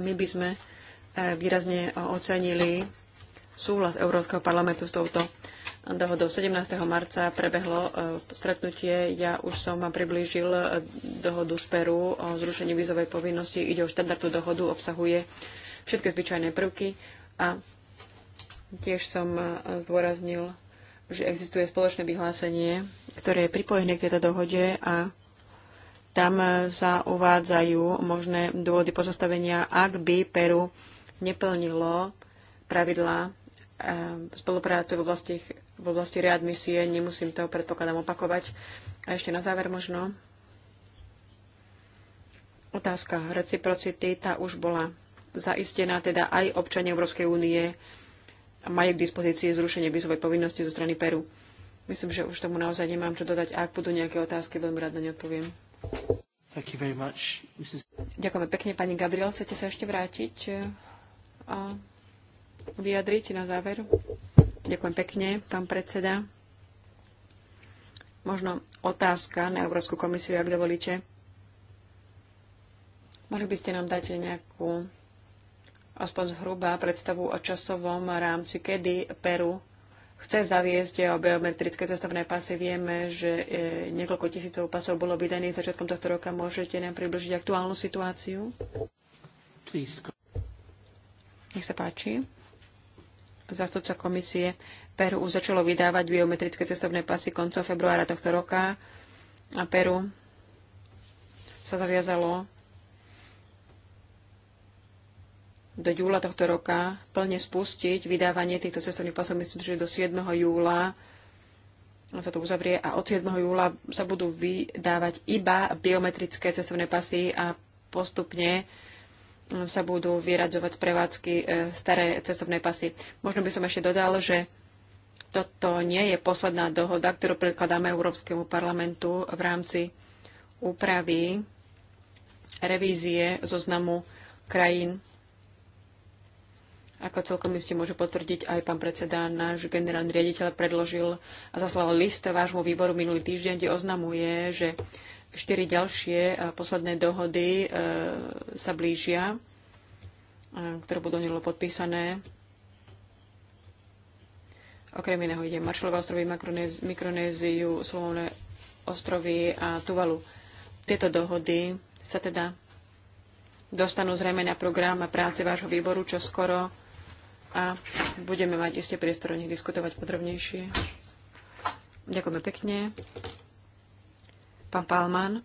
My by sme e, výrazne ocenili súhlas Európskeho parlamentu s touto dohodou. 17. marca prebehlo e, stretnutie. Ja už som vám priblížil e, dohodu z Peru o zrušení vízovej povinnosti. Ide o štandardnú dohodu, obsahuje všetky zvyčajné prvky a tiež som e, zdôraznil, že existuje spoločné vyhlásenie, ktoré je pripojené k tejto dohode a tam sa e, uvádzajú možné dôvody pozastavenia, ak by Peru neplnilo pravidlá e, spolupráce v oblasti, v oblasti readmisie. Nemusím to, predpokladám, opakovať. A ešte na záver možno otázka reciprocity, tá už bola zaistená teda aj občania Európskej únie majú k dispozícii zrušenie vízovej povinnosti zo strany Peru. Myslím, že už tomu naozaj nemám čo dodať. Ak budú nejaké otázky, veľmi rád na ne odpoviem. Thank you very much. Mrs. Ďakujeme pekne. Pani Gabriel, chcete sa ešte vrátiť eh, a vyjadriť na záver? Ďakujem pekne, pán predseda. Možno otázka na Európsku komisiu, ak dovolíte. Mohli by ste nám dať nejakú aspoň zhruba predstavu o časovom rámci, kedy Peru chce zaviesť o biometrické cestovné pasy. Vieme, že e, niekoľko tisícov pasov bolo vydaných začiatkom tohto roka. Môžete nám približiť aktuálnu situáciu? Nech sa páči. Zástupca komisie Peru už začalo vydávať biometrické cestovné pasy koncom februára tohto roka a Peru sa zaviazalo do júla tohto roka plne spustiť vydávanie týchto cestovných pasov. Myslím, že do 7. júla sa to uzavrie a od 7. júla sa budú vydávať iba biometrické cestovné pasy a postupne sa budú vyradzovať z prevádzky e, staré cestovné pasy. Možno by som ešte dodal, že toto nie je posledná dohoda, ktorú predkladáme Európskemu parlamentu v rámci úpravy revízie zoznamu krajín, ako celkom iste môže potvrdiť aj pán predseda, náš generálny riaditeľ predložil a zaslal list vášmu výboru minulý týždeň, kde oznamuje, že štyri ďalšie eh, posledné dohody eh, sa blížia, eh, ktoré budú nedlo podpísané. Okrem iného ide Maršalové ostrovy, Mikronéziu, Slovovné ostrovy a Tuvalu. Tieto dohody sa teda dostanú zrejme na program a práce vášho výboru, čo skoro a budeme mať iste priestor o nich diskutovať podrobnejšie. Ďakujeme pekne. Pán Palman.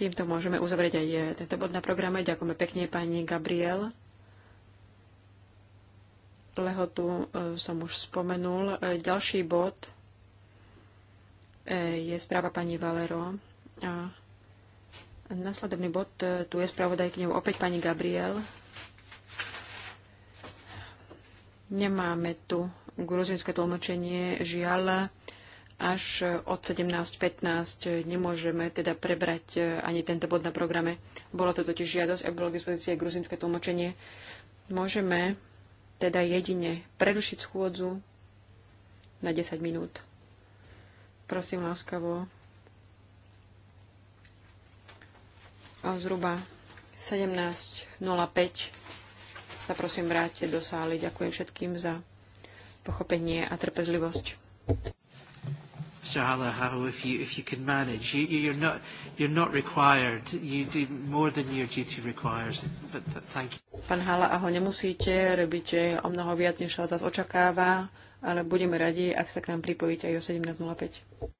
Týmto môžeme uzavrieť aj eh, tento bod na programe. Ďakujeme pekne pani Gabriel. Lehotu eh, som už spomenul. Eh, ďalší bod je správa pani Valero. A Nasledovný bod, e, tu je spravodajkňou opäť pani Gabriel. Nemáme tu gruzinské tlmočenie, žiaľ, až od 17.15 nemôžeme teda prebrať e, ani tento bod na programe. Bolo to totiž žiadosť aby bolo k dispozícii gruzinské tlmočenie. Môžeme teda jedine prerušiť schôdzu na 10 minút. Prosím láskavo. zhruba 17.05 sa prosím vráte do sály. Ďakujem všetkým za pochopenie a trpezlivosť. Mr. Alaharu, if you, if you can manage, you, you're, not, you're not required. You do more than your duty requires, but th- thank you. Pán Hala, aho, nemusíte, robíte o mnoho viac, než sa od vás očakáva, ale budeme radi, ak sa k nám pripojíte aj o 17.05.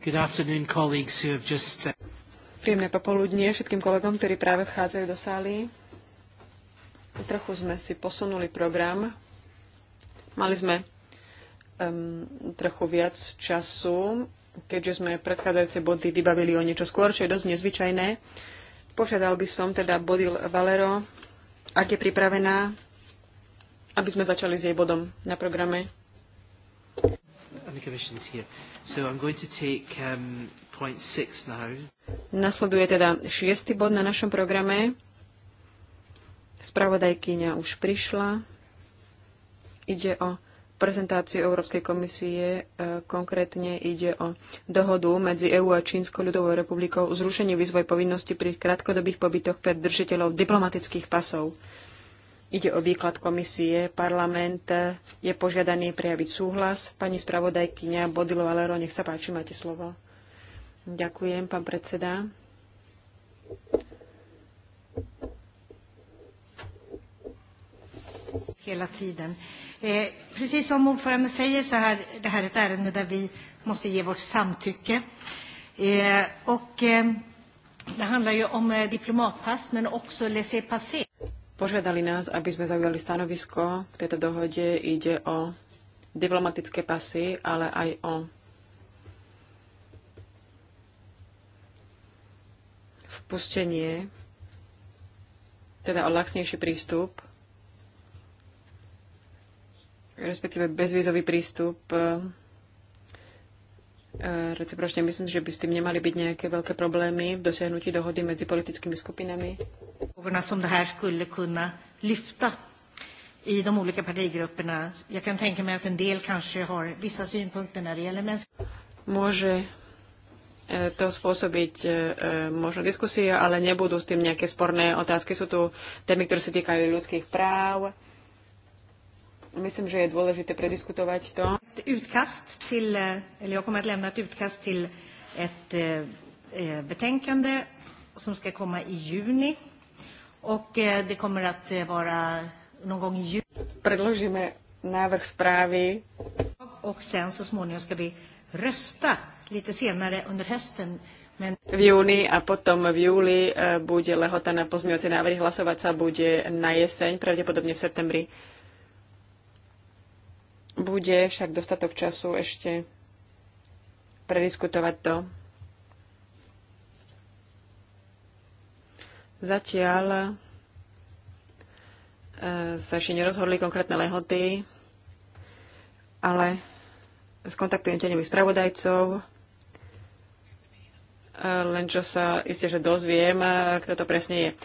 Good afternoon, colleagues who have just... Uh, Príjemné popoludnie všetkým kolegom, ktorí práve vchádzajú do sály. Trochu sme si posunuli program. Mali sme um, trochu viac času, keďže sme predchádzajúce body vybavili o niečo skôr, čo je dosť nezvyčajné. Požiadal by som teda Bodil Valero, ak je pripravená, aby sme začali s jej bodom na programe and the Commission's here. So I'm going to take um, point six now. Nasleduje teda šiestý bod na našom programe. Spravodajkyňa už prišla. Ide o prezentáciu Európskej komisie. E, konkrétne ide o dohodu medzi EÚ a Čínskou ľudovou republikou o zrušení výzvoj povinnosti pri krátkodobých pobytoch pre držiteľov diplomatických pasov. Ide o výklad komisie. Parlament je požiadaný prejaviť súhlas. Pani spravodajkyňa Bodilo Valero, nech sa páči, máte slovo. Ďakujem, pán predseda. Hela tiden. Eh, precis som ordförande säger så här, det här är ett ärende där vi måste ge vårt samtycke. Eh, och eh, det handlar ju om eh, diplomatpass men också laissez-passer. Požiadali nás, aby sme zaujali stanovisko k tejto dohode. Ide o diplomatické pasy, ale aj o vpustenie, teda o laxnejší prístup, respektíve bezvízový prístup E, recipročne myslím, že by s tým nemali byť nejaké veľké problémy v dosiahnutí dohody medzi politickými skupinami. som det skulle kunna lyfta i de olika partigrupperna. Jag kan tänka mig att en del kanske har vissa synpunkter när det gäller mänskliga... Môže e, to spôsobiť e, možno diskusie, ale nebudú s tým nejaké sporné otázky. Sú tu témy, ktoré sa týkajú ľudských práv. Myslím, že je dôležité prediskutovať to utkast till, eh, eller jag kommer att lämna ett utkast till ett eh, eh, betänkande som ska komma i juni. Och det kommer att vara någon gång i juni. Och sen så småningom ska vi rösta lite senare under hösten. Men... V júni a potom v júli bude lehota na pozmiňovacie návrhy. Hlasovať sa bude na jeseň, pravdepodobne v septembri. Bude však dostatok času ešte prediskutovať to. Zatiaľ e, sa ešte nerozhodli konkrétne lehoty, ale skontaktujem tenových spravodajcov len čo sa isté, že dozviem, kto to presne je. E,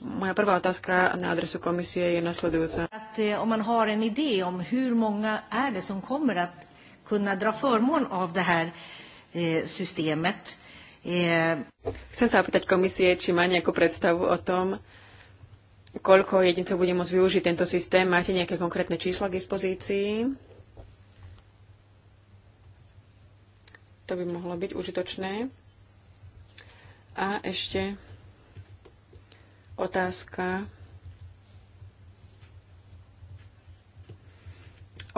moja prvá otázka na adresu komisie je nasledujúca. E, man har en idé om hur många är det som kommer att kunna dra förmån av det här e, systemet? Chcem sa opýtať komisie, či má nejakú predstavu o tom, koľko jedincov bude môcť využiť tento systém. Máte nejaké konkrétne čísla k dispozícii? To by mohlo byť užitočné. A ešte otázka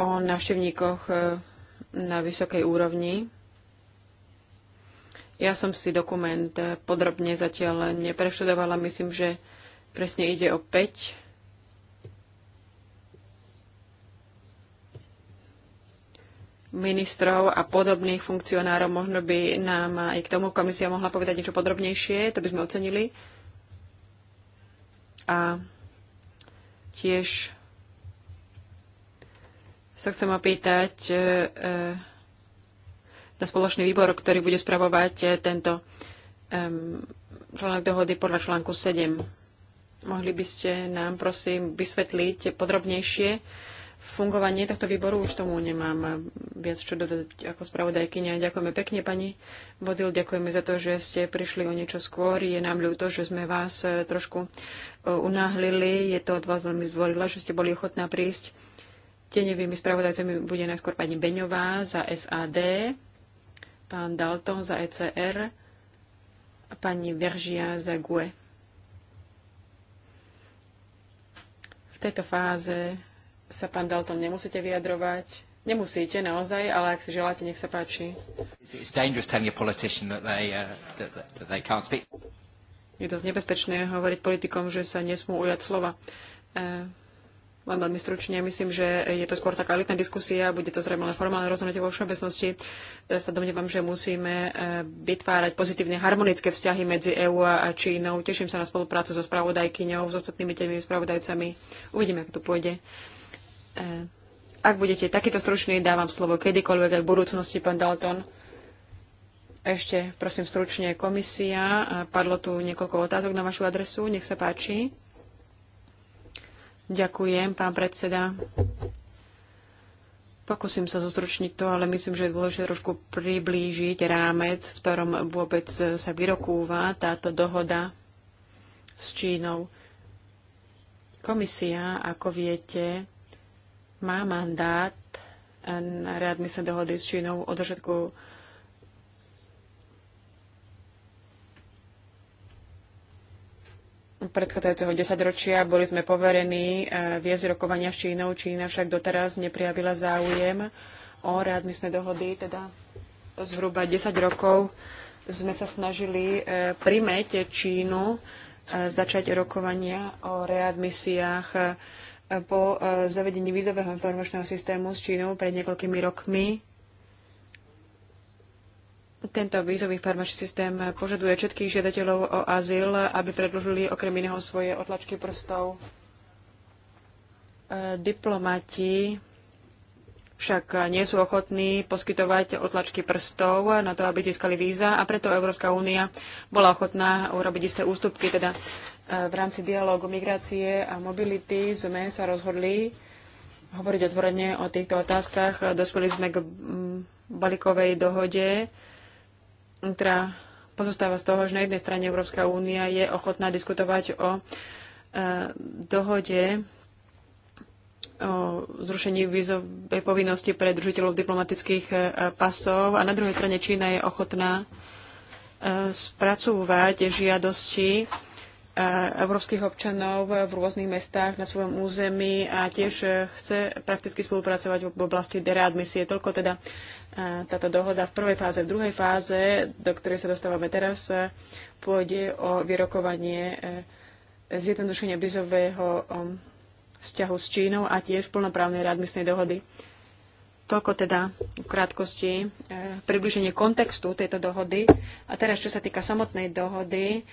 o návštevníkoch e, na vysokej úrovni. Ja som si dokument podrobne zatiaľ nepreštudovala. Myslím, že presne ide o 5 ministrov a podobných funkcionárov. Možno by nám aj k tomu komisia mohla povedať niečo podrobnejšie, to by sme ocenili. A tiež sa chcem opýtať e, e, na spoločný výbor, ktorý bude spravovať e, tento článok dohody podľa článku 7. Mohli by ste nám, prosím, vysvetliť podrobnejšie, fungovanie tohto výboru už tomu nemám viac čo dodať ako spravodajkynia. Ďakujeme pekne, pani Bodil, ďakujeme za to, že ste prišli o niečo skôr. Je nám ľúto, že sme vás eh, trošku eh, unáhlili. Je to od vás veľmi zvolila, že ste boli ochotná prísť. Tenevými spravodajcami bude najskôr pani Beňová za SAD, pán Dalton za ECR a pani Veržia za GUE. V tejto fáze sa, pán Dalton, nemusíte vyjadrovať. Nemusíte, naozaj, ale ak si želáte, nech sa páči. Uh, je dosť nebezpečné hovoriť politikom, že sa nesmú ujať slova. Eh, len veľmi stručne, myslím, že je to skôr taká elitná diskusia, bude to zrejme len formálne rozhodnutie vo všeobecnosti. Ja eh, sa domnievam, že musíme eh, vytvárať pozitívne harmonické vzťahy medzi EÚ a Čínou. Teším sa na spoluprácu so spravodajkyňou, s so ostatnými tými spravodajcami. Uvidíme, ako to pôjde. Eh, ak budete takýto stručný, dávam slovo kedykoľvek aj v budúcnosti, pán Dalton. Ešte, prosím, stručne komisia. Padlo tu niekoľko otázok na vašu adresu. Nech sa páči. Ďakujem, pán predseda. Pokúsim sa zostručniť to, ale myslím, že je dôležité trošku priblížiť rámec, v ktorom vôbec sa vyrokúva táto dohoda s Čínou. Komisia, ako viete, má mandát na readmisné dohody s Čínou od začiatku predchádzajúceho desaťročia boli sme poverení eh, viesť rokovania s Čínou. Čína však doteraz neprijavila záujem o readmisné dohody, teda zhruba 10 rokov sme sa snažili eh, primeť Čínu eh, začať rokovania o readmisiách po e, zavedení vízového informačného systému s Čínou pred niekoľkými rokmi tento vízový informačný systém požaduje všetkých žiadateľov o azyl, aby predložili okrem iného svoje otlačky prstov. E, diplomati však nie sú ochotní poskytovať otlačky prstov na to, aby získali víza a preto Európska únia bola ochotná urobiť isté ústupky, teda v rámci dialógu migrácie a mobility sme sa rozhodli hovoriť otvorene o týchto otázkach. Dospeli sme k mm, balikovej dohode, ktorá pozostáva z toho, že na jednej strane Európska únia je ochotná diskutovať o e, dohode o zrušení vízovej povinnosti pre držiteľov diplomatických e, pasov a na druhej strane Čína je ochotná e, spracúvať žiadosti európskych občanov v rôznych mestách na svojom území a tiež eh, chce prakticky spolupracovať v oblasti readmisie. Toľko teda eh, táto dohoda v prvej fáze. V druhej fáze, do ktorej sa dostávame teraz, eh, pôjde o vyrokovanie zjednodušenia bizového vzťahu s Čínou a tiež plnoprávnej readmisnej dohody. Toľko teda v krátkosti približenie kontextu tejto dohody. A teraz, čo sa týka samotnej dohody,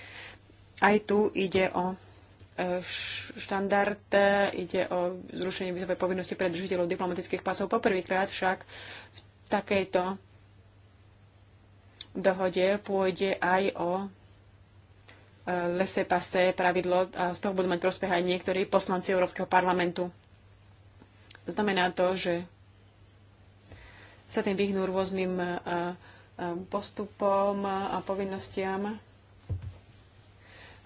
aj tu ide o e, štandard, e, ide o zrušenie vizovej povinnosti pre držiteľov diplomatických pasov. Poprvýkrát však v takejto dohode pôjde aj o e, lese pase pravidlo a z toho budú mať prospech aj niektorí poslanci Európskeho parlamentu. Znamená to, že sa tým vyhnú rôznym postupom a povinnostiam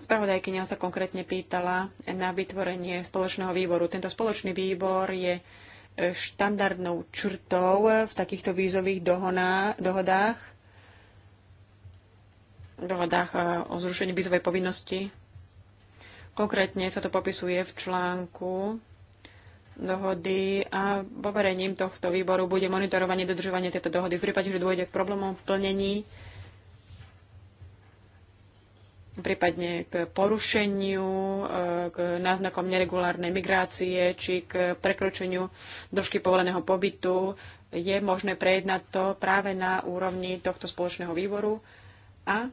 Spravodajkynia sa konkrétne pýtala na vytvorenie spoločného výboru. Tento spoločný výbor je e, štandardnou črtou v takýchto vízových dohoná, dohodách, dohodách e, o zrušení vízovej povinnosti. Konkrétne sa to popisuje v článku dohody a poverením tohto výboru bude monitorovanie dodržovanie tejto dohody. V prípade, že dôjde k problémom v plnení, prípadne k porušeniu, k náznakom neregulárnej migrácie či k prekročeniu dĺžky povoleného pobytu, je možné prejednať to práve na úrovni tohto spoločného výboru a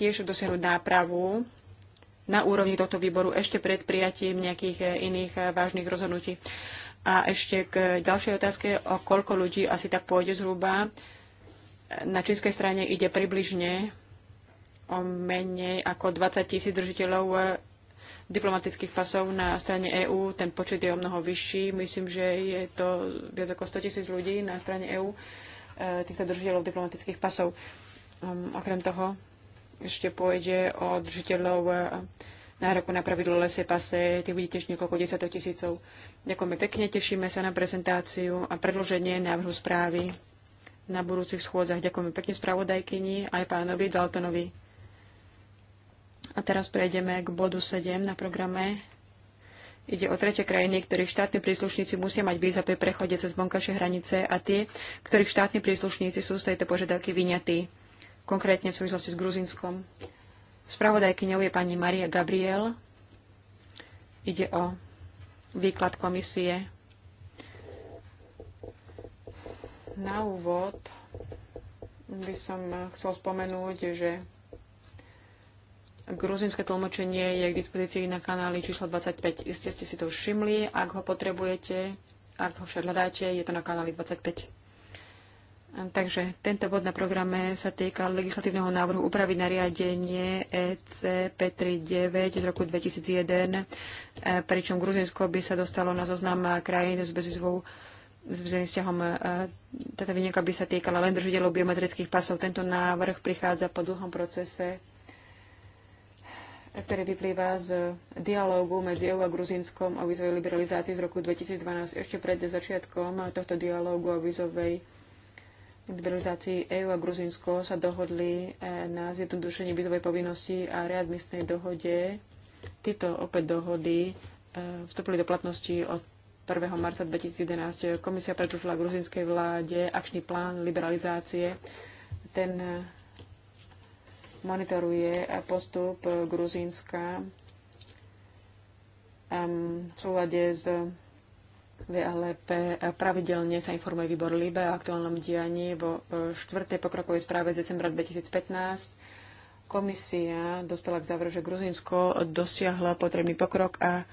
tiež dosiahnuť nápravu na úrovni tohto výboru ešte pred prijatím nejakých iných vážnych rozhodnutí. A ešte k ďalšej otázke, o koľko ľudí asi tak pôjde zhruba. Na čínskej strane ide približne o menej ako 20 tisíc držiteľov eh, diplomatických pasov na strane EÚ. Ten počet je o mnoho vyšší. Myslím, že je to viac ako 100 tisíc ľudí na strane EÚ, eh, týchto držiteľov diplomatických pasov. Um, okrem toho ešte pôjde o držiteľov eh, nároku na pravidlo lese pase, tých vidíte ešte niekoľko desatok tisícov. Ďakujeme pekne, tešíme sa na prezentáciu a predloženie návrhu správy na budúcich schôdzach. Ďakujeme pekne spravodajkyni aj pánovi Daltonovi. A teraz prejdeme k bodu 7 na programe. Ide o tretie krajiny, ktorých štátni príslušníci musia mať víza pri prechode cez vonkajšie hranice a tie, ktorých štátni príslušníci sú z tejto požiadavky vyňatí, konkrétne v súvislosti s Gruzinskom. Spravodajkyňou je pani Maria Gabriel. Ide o výklad komisie. Na úvod by som chcel spomenúť, že Gruzinské tlmočenie je k dispozícii na kanáli číslo 25. Iste ste si to všimli. Ak ho potrebujete, ak ho však hľadáte, je to na kanáli 25. Takže tento bod na programe sa týka legislatívneho návrhu upraviť nariadenie EC 539 z roku 2001, e, pričom Gruzinsko by sa dostalo na zoznam krajín s bezvýzvou s vzťahom e, táto vynieka by sa týkala len držiteľov biometrických pasov. Tento návrh prichádza po dlhom procese ktorý vyplýva z dialógu medzi EU a Gruzinskom o vízovej liberalizácii z roku 2012. Ešte pred začiatkom tohto dialógu o vízovej liberalizácii EU a Gruzinsko sa dohodli eh, na zjednodušení vízovej povinnosti a readmisnej dohode. Tieto opäť dohody eh, vstúpili do platnosti od 1. marca 2011. Komisia predložila gruzinskej vláde akčný plán liberalizácie. Ten eh, monitoruje postup Gruzínska v súlade s VLP. Pravidelne sa informuje výbor LIBE o aktuálnom dianí vo e, štvrtej pokrokovej správe z decembra 2015. Komisia dospela k záveru, že Gruzínsko dosiahlo potrebný pokrok a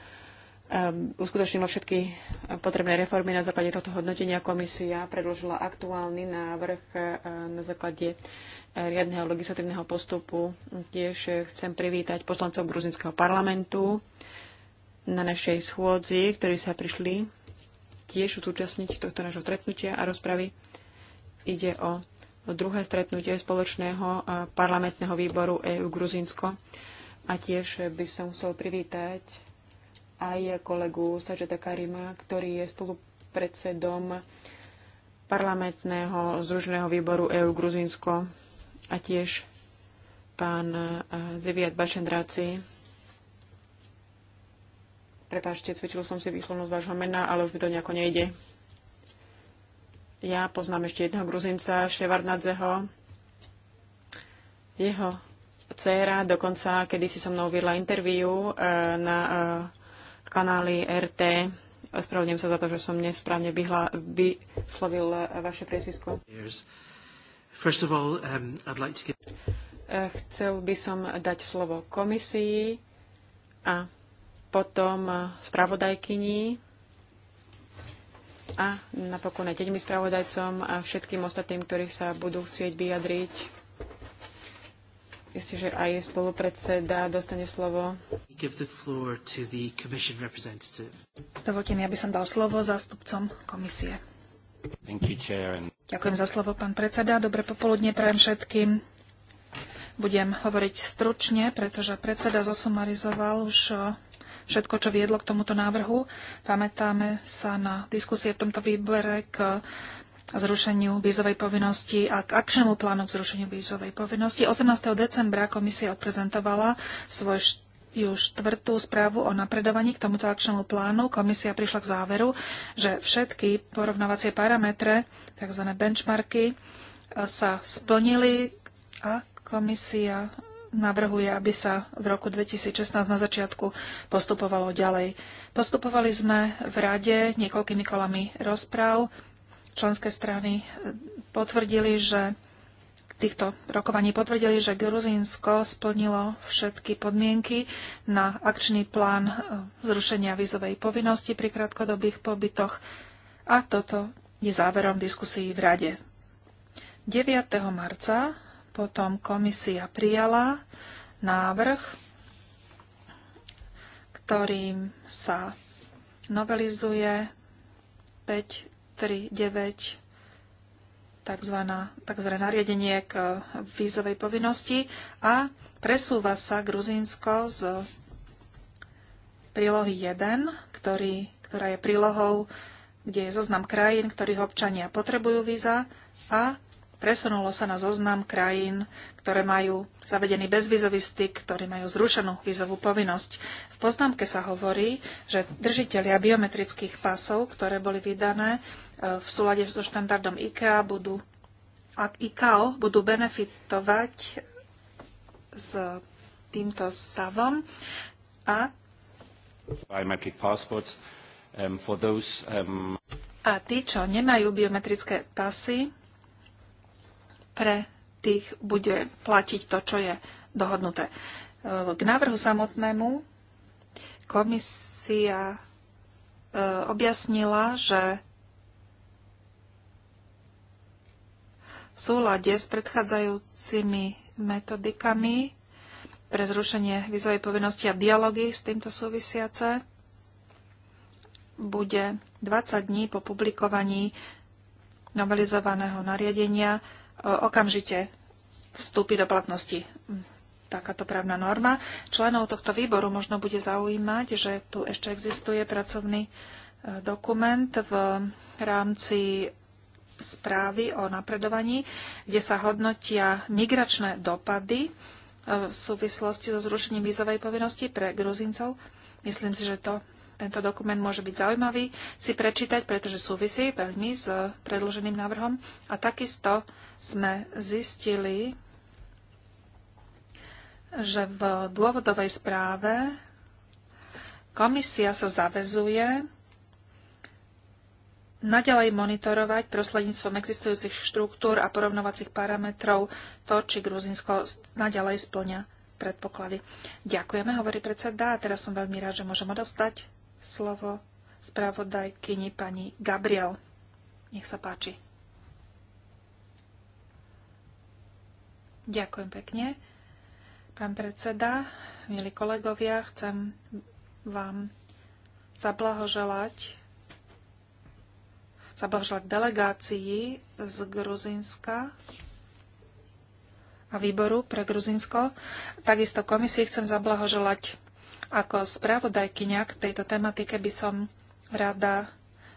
uskutočnilo všetky potrebné reformy. Na základe tohto hodnotenia komisia predložila aktuálny návrh e, na základe riadneho legislatívneho postupu. Tiež chcem privítať poslancov gruzinského parlamentu na našej schôdzi, ktorí sa prišli tiež zúčastniť tohto nášho stretnutia a rozpravy. Ide o druhé stretnutie spoločného parlamentného výboru EU Gruzinsko. A tiež by som chcel privítať aj kolegu Sažeta Karima, ktorý je spolupredsedom parlamentného združeného výboru EU Gruzinsko a tiež pán e, Ziviat Bačendráci. Prepáčte, cvičil som si výslovnosť vášho mena, ale už mi to nejako nejde. Ja poznám ešte jedného gruzinca, Ševardnadzeho. Jeho dcéra dokonca kedysi so mnou viedla interviu e, na e, kanáli RT. Ospravedlňujem sa za to, že som nesprávne vyslovil vaše priezvisko. Um, eh, chcel by som dať slovo komisii a potom eh, spravodajkyni a napokon aj tedmi spravodajcom a všetkým ostatným, ktorí sa budú chcieť vyjadriť. Isté, že aj spolupredseda dostane slovo. Dovolte mi, aby som dal slovo zástupcom komisie. You, Ďakujem za slovo, pán predseda. Dobre popoludne prajem všetkým. Budem hovoriť stručne, pretože predseda zosumarizoval už eh, všetko, čo viedlo k tomuto návrhu. Pamätáme sa na diskusie v tomto výbere k zrušeniu vízovej povinnosti a k akčnému plánu k zrušeniu vízovej povinnosti. 18. decembra komisia odprezentovala svoj už štvrtú správu o napredovaní k tomuto akčnému plánu komisia prišla k záveru, že všetky porovnávacie parametre, tzv. benchmarky, e, sa splnili a komisia navrhuje, aby sa v roku 2016 na začiatku postupovalo ďalej. Postupovali sme v rade niekoľkými kolami rozpráv. Členské strany potvrdili, že týchto rokovaní potvrdili, že Gruzínsko splnilo všetky podmienky na akčný plán e, zrušenia vízovej povinnosti pri krátkodobých pobytoch a toto je záverom diskusí v Rade. 9. marca potom komisia prijala návrh, ktorým sa novelizuje 539 tzv. nariadenie k eh, vízovej povinnosti a presúva sa Gruzínsko z prílohy 1, ktorý, ktorá je prílohou, kde je zoznam krajín, ktorých občania potrebujú víza a presunulo sa na zoznam krajín, ktoré majú zavedený bezvizový styk, ktorí majú zrušenú vízovú povinnosť. V poznámke sa hovorí, že držiteľia biometrických pasov, ktoré boli vydané v súlade so štandardom IKEA budú, ICAO budú benefitovať s týmto stavom a biometric passports um, for those um, a tí, čo nemajú biometrické pasy, pre tých bude platiť to, čo je dohodnuté. K návrhu samotnému komisia e, objasnila, že v súlade s predchádzajúcimi metodikami pre zrušenie vizovej povinnosti a dialógy s týmto súvisiace bude 20 dní po publikovaní novelizovaného nariadenia e, okamžite vstúpi do platnosti takáto právna norma. Členov tohto výboru možno bude zaujímať, že tu ešte existuje pracovný e, dokument v rámci správy o napredovaní, kde sa hodnotia migračné dopady e, v súvislosti so zrušením vízovej povinnosti pre Gruzincov. Myslím si, že to, tento dokument môže byť zaujímavý si prečítať, pretože súvisí veľmi s predloženým návrhom. A takisto sme zistili, že v dôvodovej správe komisia sa zavezuje naďalej monitorovať prostredníctvom existujúcich štruktúr a porovnovacích parametrov to, či Gruzinsko naďalej splňa predpoklady. Ďakujeme, hovorí predseda. A teraz som veľmi rád, že môžem odovstať slovo spravodajkyni pani Gabriel. Nech sa páči. Ďakujem pekne. Pán predseda, milí kolegovia, chcem vám zablahoželať k delegácii z Gruzinska a výboru pre Gruzinsko. Takisto komisii chcem zablahoželať ako spravodajkyňa k tejto tematike by som rada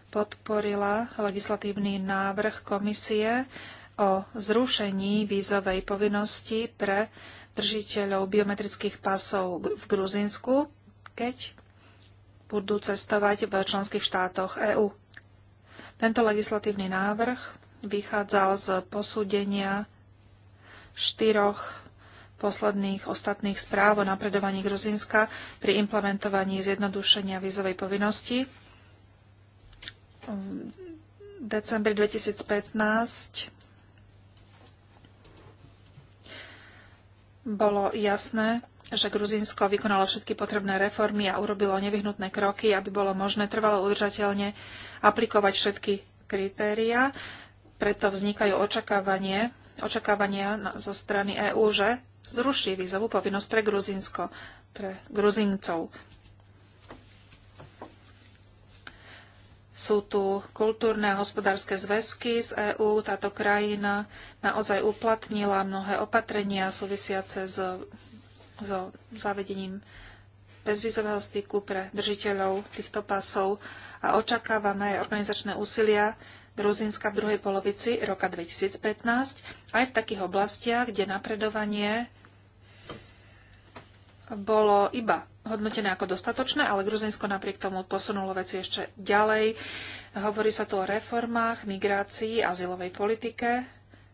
podporila legislatívny návrh komisie o zrušení vízovej povinnosti pre držiteľov biometrických pasov v Gruzinsku, keď budú cestovať v členských štátoch EÚ. Tento legislatívny návrh vychádzal z posúdenia štyroch posledných ostatných správ o napredovaní Gruzinska pri implementovaní zjednodušenia vízovej povinnosti. V decembri 2015 bolo jasné, že Gruzinsko vykonalo všetky potrebné reformy a urobilo nevyhnutné kroky, aby bolo možné trvalo udržateľne aplikovať všetky kritéria, preto vznikajú očakávanie, očakávania zo strany EÚ, že zruší vízovú povinnosť pre Gruzinsko, pre Gruzincov. Sú tu kultúrne a hospodárske zväzky z EÚ. Táto krajina naozaj uplatnila mnohé opatrenia súvisiace s, so zavedením bezvizového styku pre držiteľov týchto pasov a očakávame aj organizačné úsilia Gruzínska v druhej polovici roka 2015, aj v takých oblastiach, kde napredovanie bolo iba hodnotené ako dostatočné, ale Gruzinsko napriek tomu posunulo veci ešte ďalej. Hovorí sa tu o reformách, migrácii, azylovej politike,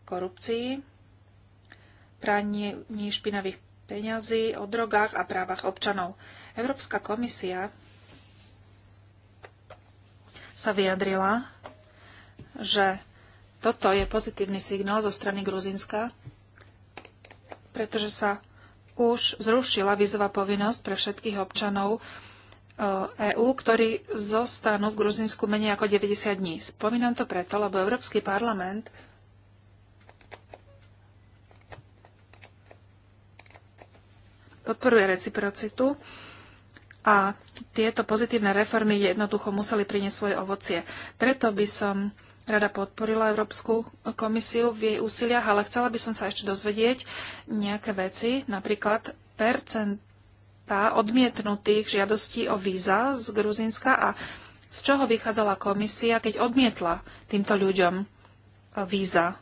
korupcii, praní špinavých peňazí, o drogách a právach občanov. Európska komisia sa vyjadrila, že toto je pozitívny signál zo strany Gruzinska, pretože sa už zrušila vízová povinnosť pre všetkých občanov EÚ, e ktorí zostanú v Gruzinsku menej ako 90 dní. Spomínam to preto, lebo Európsky parlament podporuje reciprocitu a tieto pozitívne reformy jednoducho museli priniesť svoje ovocie. Preto by som rada podporila Európsku komisiu v jej úsiliach, ale chcela by som sa ešte dozvedieť nejaké veci, napríklad percentá odmietnutých žiadostí o víza z Gruzínska a z čoho vychádzala komisia, keď odmietla týmto ľuďom e, víza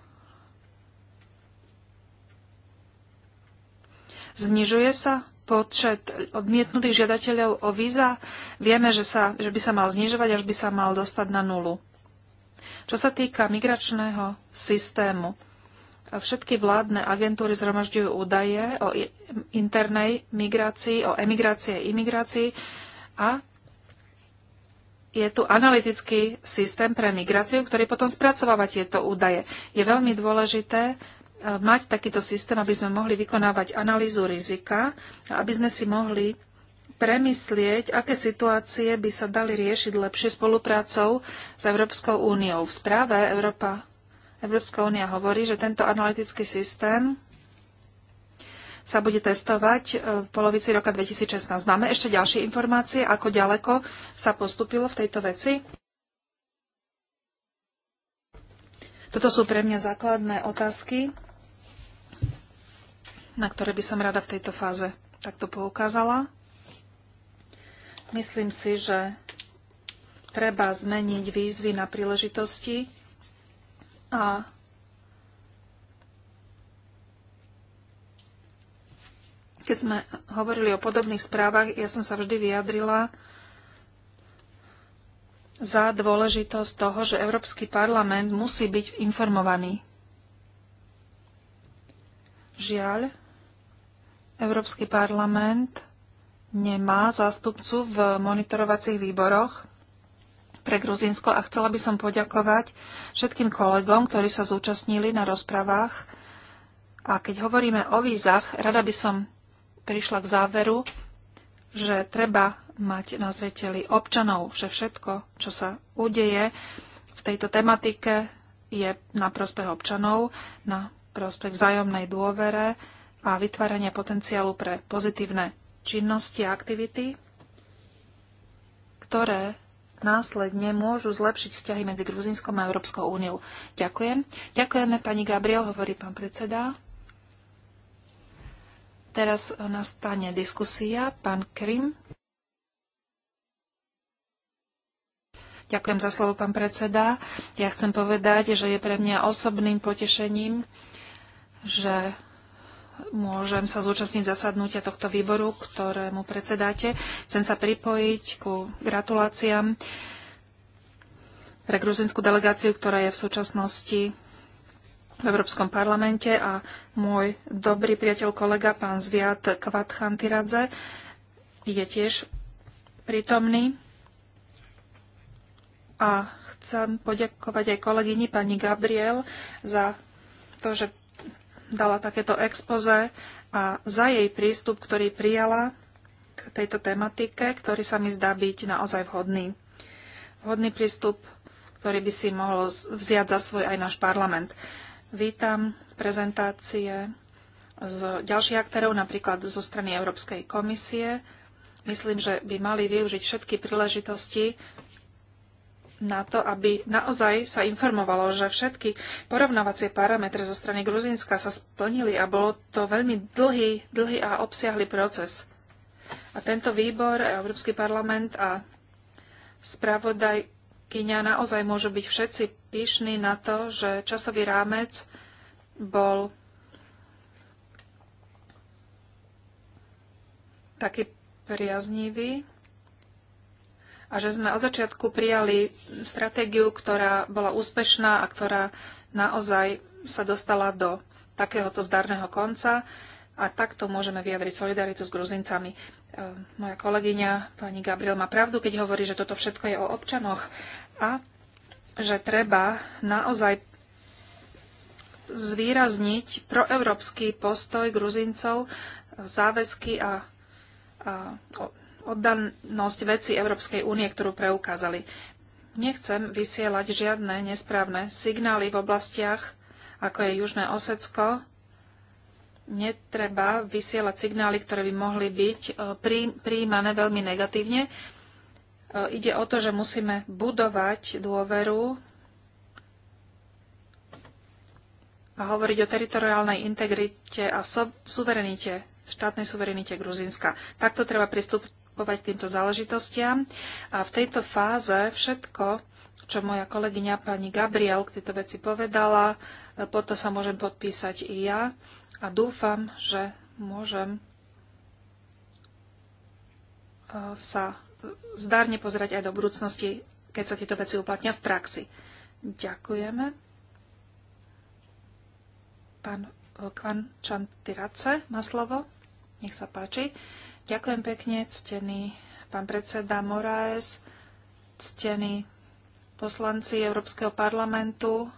Znižuje sa počet odmietnutých žiadateľov o víza vieme, že, sa, že by sa mal znižovať, až by sa mal dostať na nulu. Čo sa týka migračného systému, všetky vládne agentúry zhromažďujú údaje o internej migrácii, o emigrácii a imigrácii a je tu analytický systém pre migráciu, ktorý potom spracováva tieto údaje. Je veľmi dôležité mať takýto systém, aby sme mohli vykonávať analýzu rizika a aby sme si mohli premyslieť, aké situácie by sa dali riešiť lepšie spoluprácou s Európskou úniou. V správe Európa, Európska únia hovorí, že tento analytický systém sa bude testovať e, v polovici roka 2016. Máme ešte ďalšie informácie, ako ďaleko sa postupilo v tejto veci? Toto sú pre mňa základné otázky na ktoré by som rada v tejto fáze takto poukázala. Myslím si, že treba zmeniť výzvy na príležitosti a keď sme hovorili o podobných správach, ja som sa vždy vyjadrila za dôležitosť toho, že Európsky parlament musí byť informovaný. Žiaľ, Európsky parlament nemá zástupcu v monitorovacích výboroch pre Gruzinsko a chcela by som poďakovať všetkým kolegom, ktorí sa zúčastnili na rozprávach. A keď hovoríme o vízach, rada by som prišla k záveru, že treba mať na zreteli občanov, že všetko, čo sa udeje v tejto tematike, je na prospech občanov, na prospech vzájomnej dôvere a vytvárania potenciálu pre pozitívne činnosti a aktivity, ktoré následne môžu zlepšiť vzťahy medzi Gruzinskom a Európskou úniou. Ďakujem. Ďakujeme pani Gabriel, hovorí pán predseda. Teraz nastane diskusia. Pán Krim. Ďakujem za slovo, pán predseda. Ja chcem povedať, že je pre mňa osobným potešením, že môžem sa zúčastniť zasadnutia tohto výboru, ktorému predsedáte. Chcem sa pripojiť ku gratuláciám pre gruzinskú delegáciu, ktorá je v súčasnosti v Európskom parlamente a môj dobrý priateľ kolega pán Zviat Kvatchantiradze je tiež prítomný. A chcem poďakovať aj kolegyni pani Gabriel za to, že dala takéto expoze a za jej prístup, ktorý prijala k tejto tematike, ktorý sa mi zdá byť naozaj vhodný. Vhodný prístup, ktorý by si mohol vziať za svoj aj náš parlament. Vítam prezentácie z ďalších aktérov, napríklad zo strany Európskej komisie. Myslím, že by mali využiť všetky príležitosti, na to, aby naozaj sa informovalo, že všetky porovnávacie parametre zo strany Gruzínska sa splnili a bolo to veľmi dlhý, dlhý a obsiahly proces. A tento výbor, Európsky parlament a spravodajkyňa naozaj môžu byť všetci píšni na to, že časový rámec bol taký priaznivý a že sme od začiatku prijali stratégiu, ktorá bola úspešná a ktorá naozaj sa dostala do takéhoto zdarného konca a takto môžeme vyjadriť solidaritu s Gruzincami. E, moja kolegyňa, pani Gabriel, má pravdu, keď hovorí, že toto všetko je o občanoch a že treba naozaj zvýrazniť proeurópsky postoj Gruzincov, záväzky a, a oddanosť veci Európskej únie, ktorú preukázali. Nechcem vysielať žiadne nesprávne signály v oblastiach, ako je Južné Osecko. Netreba vysielať signály, ktoré by mohli byť e, príjmané veľmi negatívne. E, ide o to, že musíme budovať dôveru a hovoriť o teritoriálnej integrite a suverenite, štátnej suverenite Gruzinska. Takto treba pristúpiť pristupovať k týmto záležitostiam. A v tejto fáze všetko, čo moja kolegyňa pani Gabriel k tejto veci povedala, e, potom sa môžem podpísať i ja a dúfam, že môžem e, sa zdárne pozerať aj do budúcnosti, keď sa tieto veci uplatnia v praxi. Ďakujeme. Pán Kvan Čantirace má slovo. Nech sa páči. Ďakujem pekne, ctený pán predseda Moraes, ctení poslanci Európskeho parlamentu.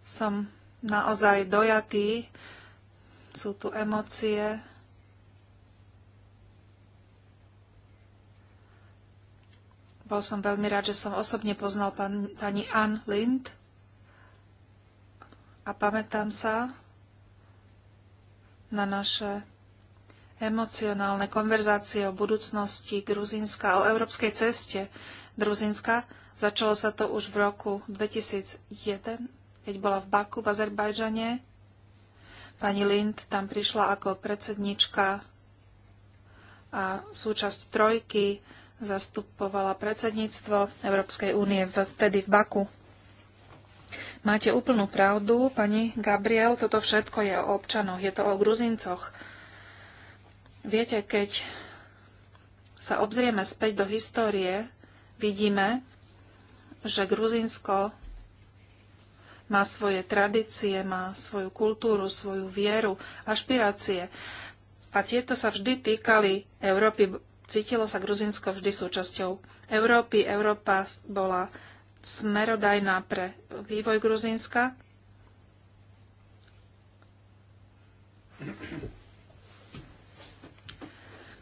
Som naozaj dojatý. Sú tu emócie. Bol som veľmi rád, že som osobne poznal pan, pani Ann Lind. A pamätám sa, na naše emocionálne konverzácie o budúcnosti Gruzínska, o európskej ceste Gruzínska. Začalo sa to už v roku 2001, keď bola v Baku v Azerbajdžane. Pani Lind tam prišla ako predsednička a súčasť trojky zastupovala predsedníctvo Európskej únie vtedy v Baku. Máte úplnú pravdu, pani Gabriel, toto všetko je o občanoch, je to o Gruzincoch. Viete, keď sa obzrieme späť do histórie, vidíme, že Gruzinsko má svoje tradície, má svoju kultúru, svoju vieru, ašpirácie. A tieto sa vždy týkali Európy. Cítilo sa Gruzinsko vždy súčasťou Európy. Európa bola smerodajná pre vývoj Gruzínska.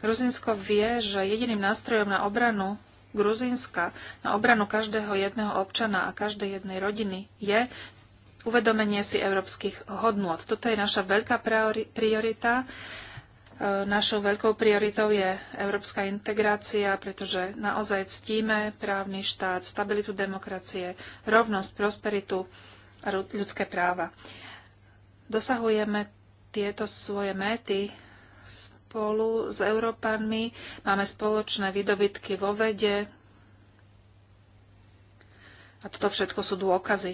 Gruzinsko vie, že jediným nástrojom na obranu Gruzínska, na obranu každého jedného občana a každej jednej rodiny je uvedomenie si európskych hodnôt. Toto je naša veľká priorita. Našou veľkou prioritou je európska integrácia, pretože naozaj ctíme právny štát, stabilitu demokracie, rovnosť, prosperitu a ľudské práva. Dosahujeme tieto svoje méty spolu s Európanmi. Máme spoločné vydobitky vo vede. A toto všetko sú dôkazy.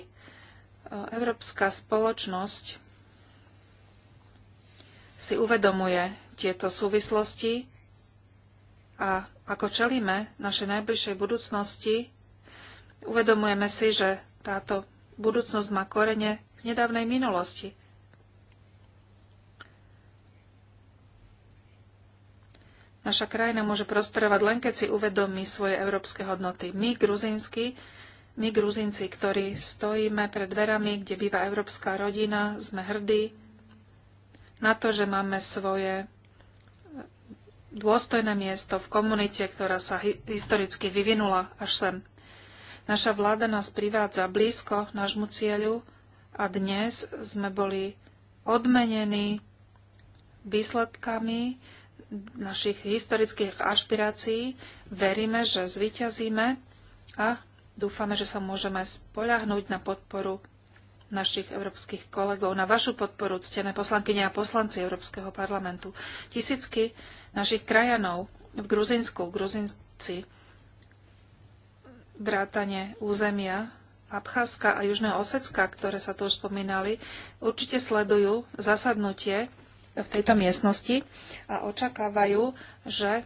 Európska spoločnosť si uvedomuje tieto súvislosti a ako čelíme našej najbližšej budúcnosti, uvedomujeme si, že táto budúcnosť má korene v nedávnej minulosti. Naša krajina môže prosperovať len, keď si uvedomí svoje európske hodnoty. My, gruzínsky, my, Gruzinci, ktorí stojíme pred dverami, kde býva európska rodina, sme hrdí na to, že máme svoje dôstojné miesto v komunite, ktorá sa hi- historicky vyvinula až sem. Naša vláda nás privádza blízko nášmu cieľu a dnes sme boli odmenení výsledkami našich historických ašpirácií. Veríme, že zvíťazíme a dúfame, že sa môžeme spoľahnúť na podporu našich európskych kolegov, na vašu podporu, ctené poslankyne a poslanci Európskeho parlamentu. Tisícky našich krajanov v Gruzinsku. Gruzinci vrátane územia Abcházska a Južného Osecka, ktoré sa tu už spomínali, určite sledujú zasadnutie v tejto miestnosti a očakávajú, že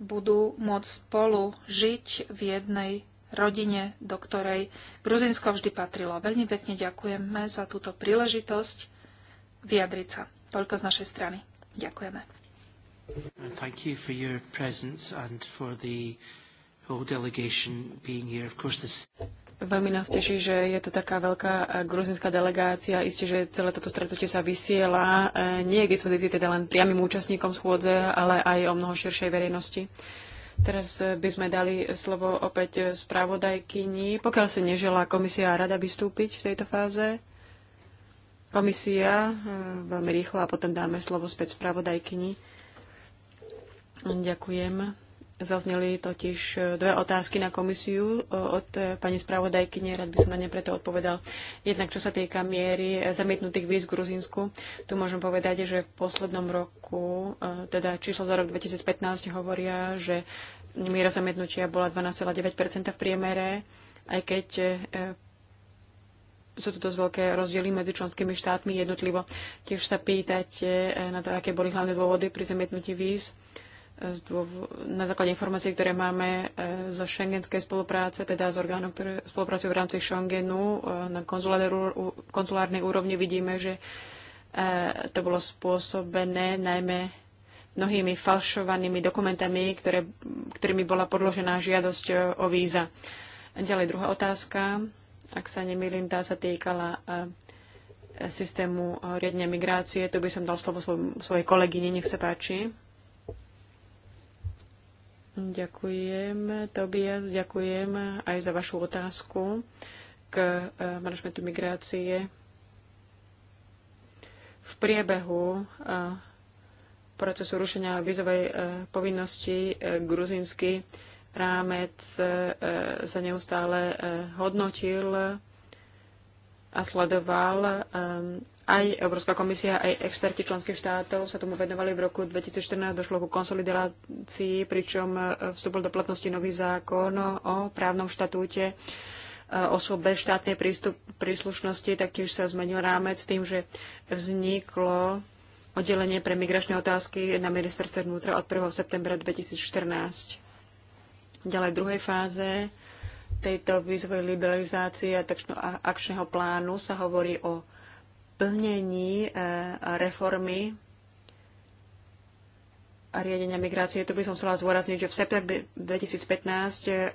budú môcť spolu žiť v jednej rodine, do ktorej Gruzinsko vždy patrilo. Veľmi pekne ďakujeme za túto príležitosť vyjadriť sa. Toľko z našej strany. Ďakujeme. Uh, thank you for your presence and for the whole delegation being here. Of course, this... Veľmi nás teší, že je to taká veľká uh, gruzinská delegácia. Isté, že celé toto stretnutie sa vysiela. Uh, nie je k dispozícii teda len priamým účastníkom schôdze, ale aj o mnoho širšej verejnosti. Teraz by sme dali slovo opäť spravodajkyni, pokiaľ sa nežela komisia a rada vystúpiť v tejto fáze. Komisia veľmi rýchlo a potom dáme slovo späť spravodajkyni. Ďakujem. Zazneli totiž e, dve otázky na komisiu e, od e, pani spravodajkyne, rád by som na ne preto odpovedal. Jednak čo sa týka miery zamietnutých víz v Gruzínsku, tu môžem povedať, že v poslednom roku, teda číslo za rok 2015 hovoria, že miera zamietnutia bola 12,9% v priemere, aj keď sú tu dosť veľké rozdiely medzi členskými štátmi jednotlivo. Tiež sa pýtate na to, aké boli hlavné dôvody pri zamietnutí víz na základe informácií, ktoré máme e, zo šengenskej spolupráce, teda z orgánov, ktoré spolupracujú v rámci Schengenu, e, na konzulárnej úrovni vidíme, že e, to bolo spôsobené najmä mnohými falšovanými dokumentami, ktoré, ktorými bola podložená žiadosť o víza. Ďalej druhá otázka, ak sa nemýlim, tá sa týkala systému riadne migrácie. Tu by som dal slovo svoj, svojej kolegyni, nech sa páči. Ďakujem, Tobias, ďakujem aj za vašu otázku k e, manažmentu migrácie. V priebehu e, procesu rušenia vizovej e, povinnosti gruzínsky rámec sa neustále hodnotil a sledoval aj Európska komisia, aj experti členských štátov sa tomu venovali. V roku 2014 došlo ku konsolidácii, pričom e, vstúpil do platnosti nový zákon o právnom štatúte e, osôb bez štátnej prístup, príslušnosti. Taktiež sa zmenil rámec tým, že vzniklo oddelenie pre migračné otázky na ministerstve vnútra od 1. septembra 2014. Ďalej v druhej fáze tejto výzvoj liberalizácie a akčného plánu sa hovorí o plnení eh, reformy a riadenia migrácie. Tu by som chcela zdôrazniť, že v septembri 2015 eh,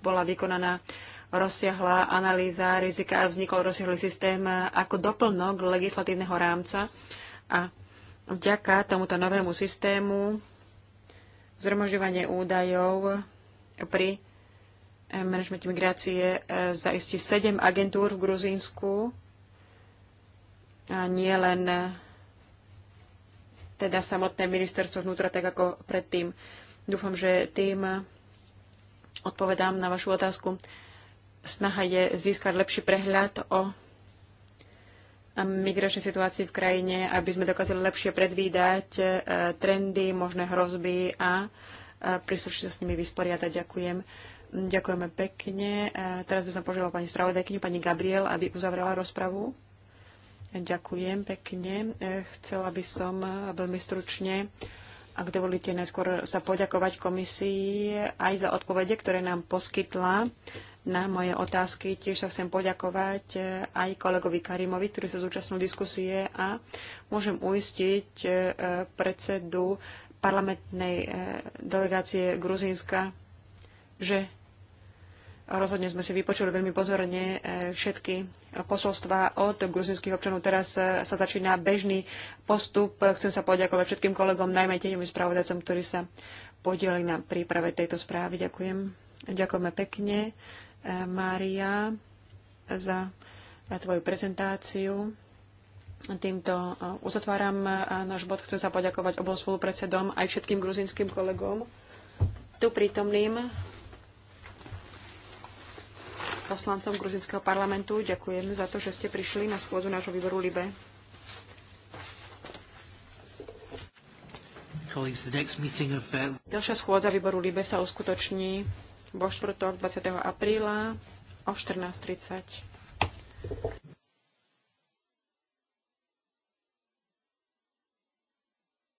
bola vykonaná rozsiahla analýza rizika a vznikol rozsiahly systém eh, ako doplnok legislatívneho rámca a vďaka tomuto novému systému zhromažďovanie údajov pri manažmente migrácie zaistí sedem agentúr v Gruzínsku, a nie len eh, teda samotné ministerstvo vnútra, tak ako predtým. Dúfam, že tým eh, odpovedám na vašu otázku. Snaha je získať lepší prehľad o migračnej situácii v krajine, aby sme dokázali lepšie predvídať eh, trendy, možné hrozby a príslušne sa s nimi vysporiadať. Ďakujem. Ďakujeme pekne. Teraz by som požiadala pani spravodajkyňu, pani Gabriel, aby uzavrela rozpravu. Ďakujem pekne. E, chcela by som e, veľmi stručne, ak dovolíte, najskôr sa poďakovať komisii aj za odpovede, ktoré nám poskytla na moje otázky. Tiež sa chcem poďakovať e, aj kolegovi Karimovi, ktorý sa zúčastnil diskusie a môžem uistiť predsedu parlamentnej delegácie Gruzínska, že rozhodne sme si vypočuli veľmi pozorne všetky posolstva od gruzinských občanov. Teraz e, sa začína bežný postup. Chcem sa poďakovať všetkým kolegom, najmä tieňovým spravodajcom, ktorí sa podielili na príprave tejto správy. Ďakujem. Ďakujeme pekne, e, Mária, za e, tvoju prezentáciu. Týmto uzatváram náš bod. Chcem sa poďakovať obom spolupredsedom aj všetkým gruzinským kolegom tu prítomným poslancom gruzinského parlamentu. Ďakujem za to, že ste prišli na schôdzu nášho výboru LIBE. Uh, Ďalšia schôdza výboru LIBE sa uskutoční vo štvrtok 20. apríla o 14.30.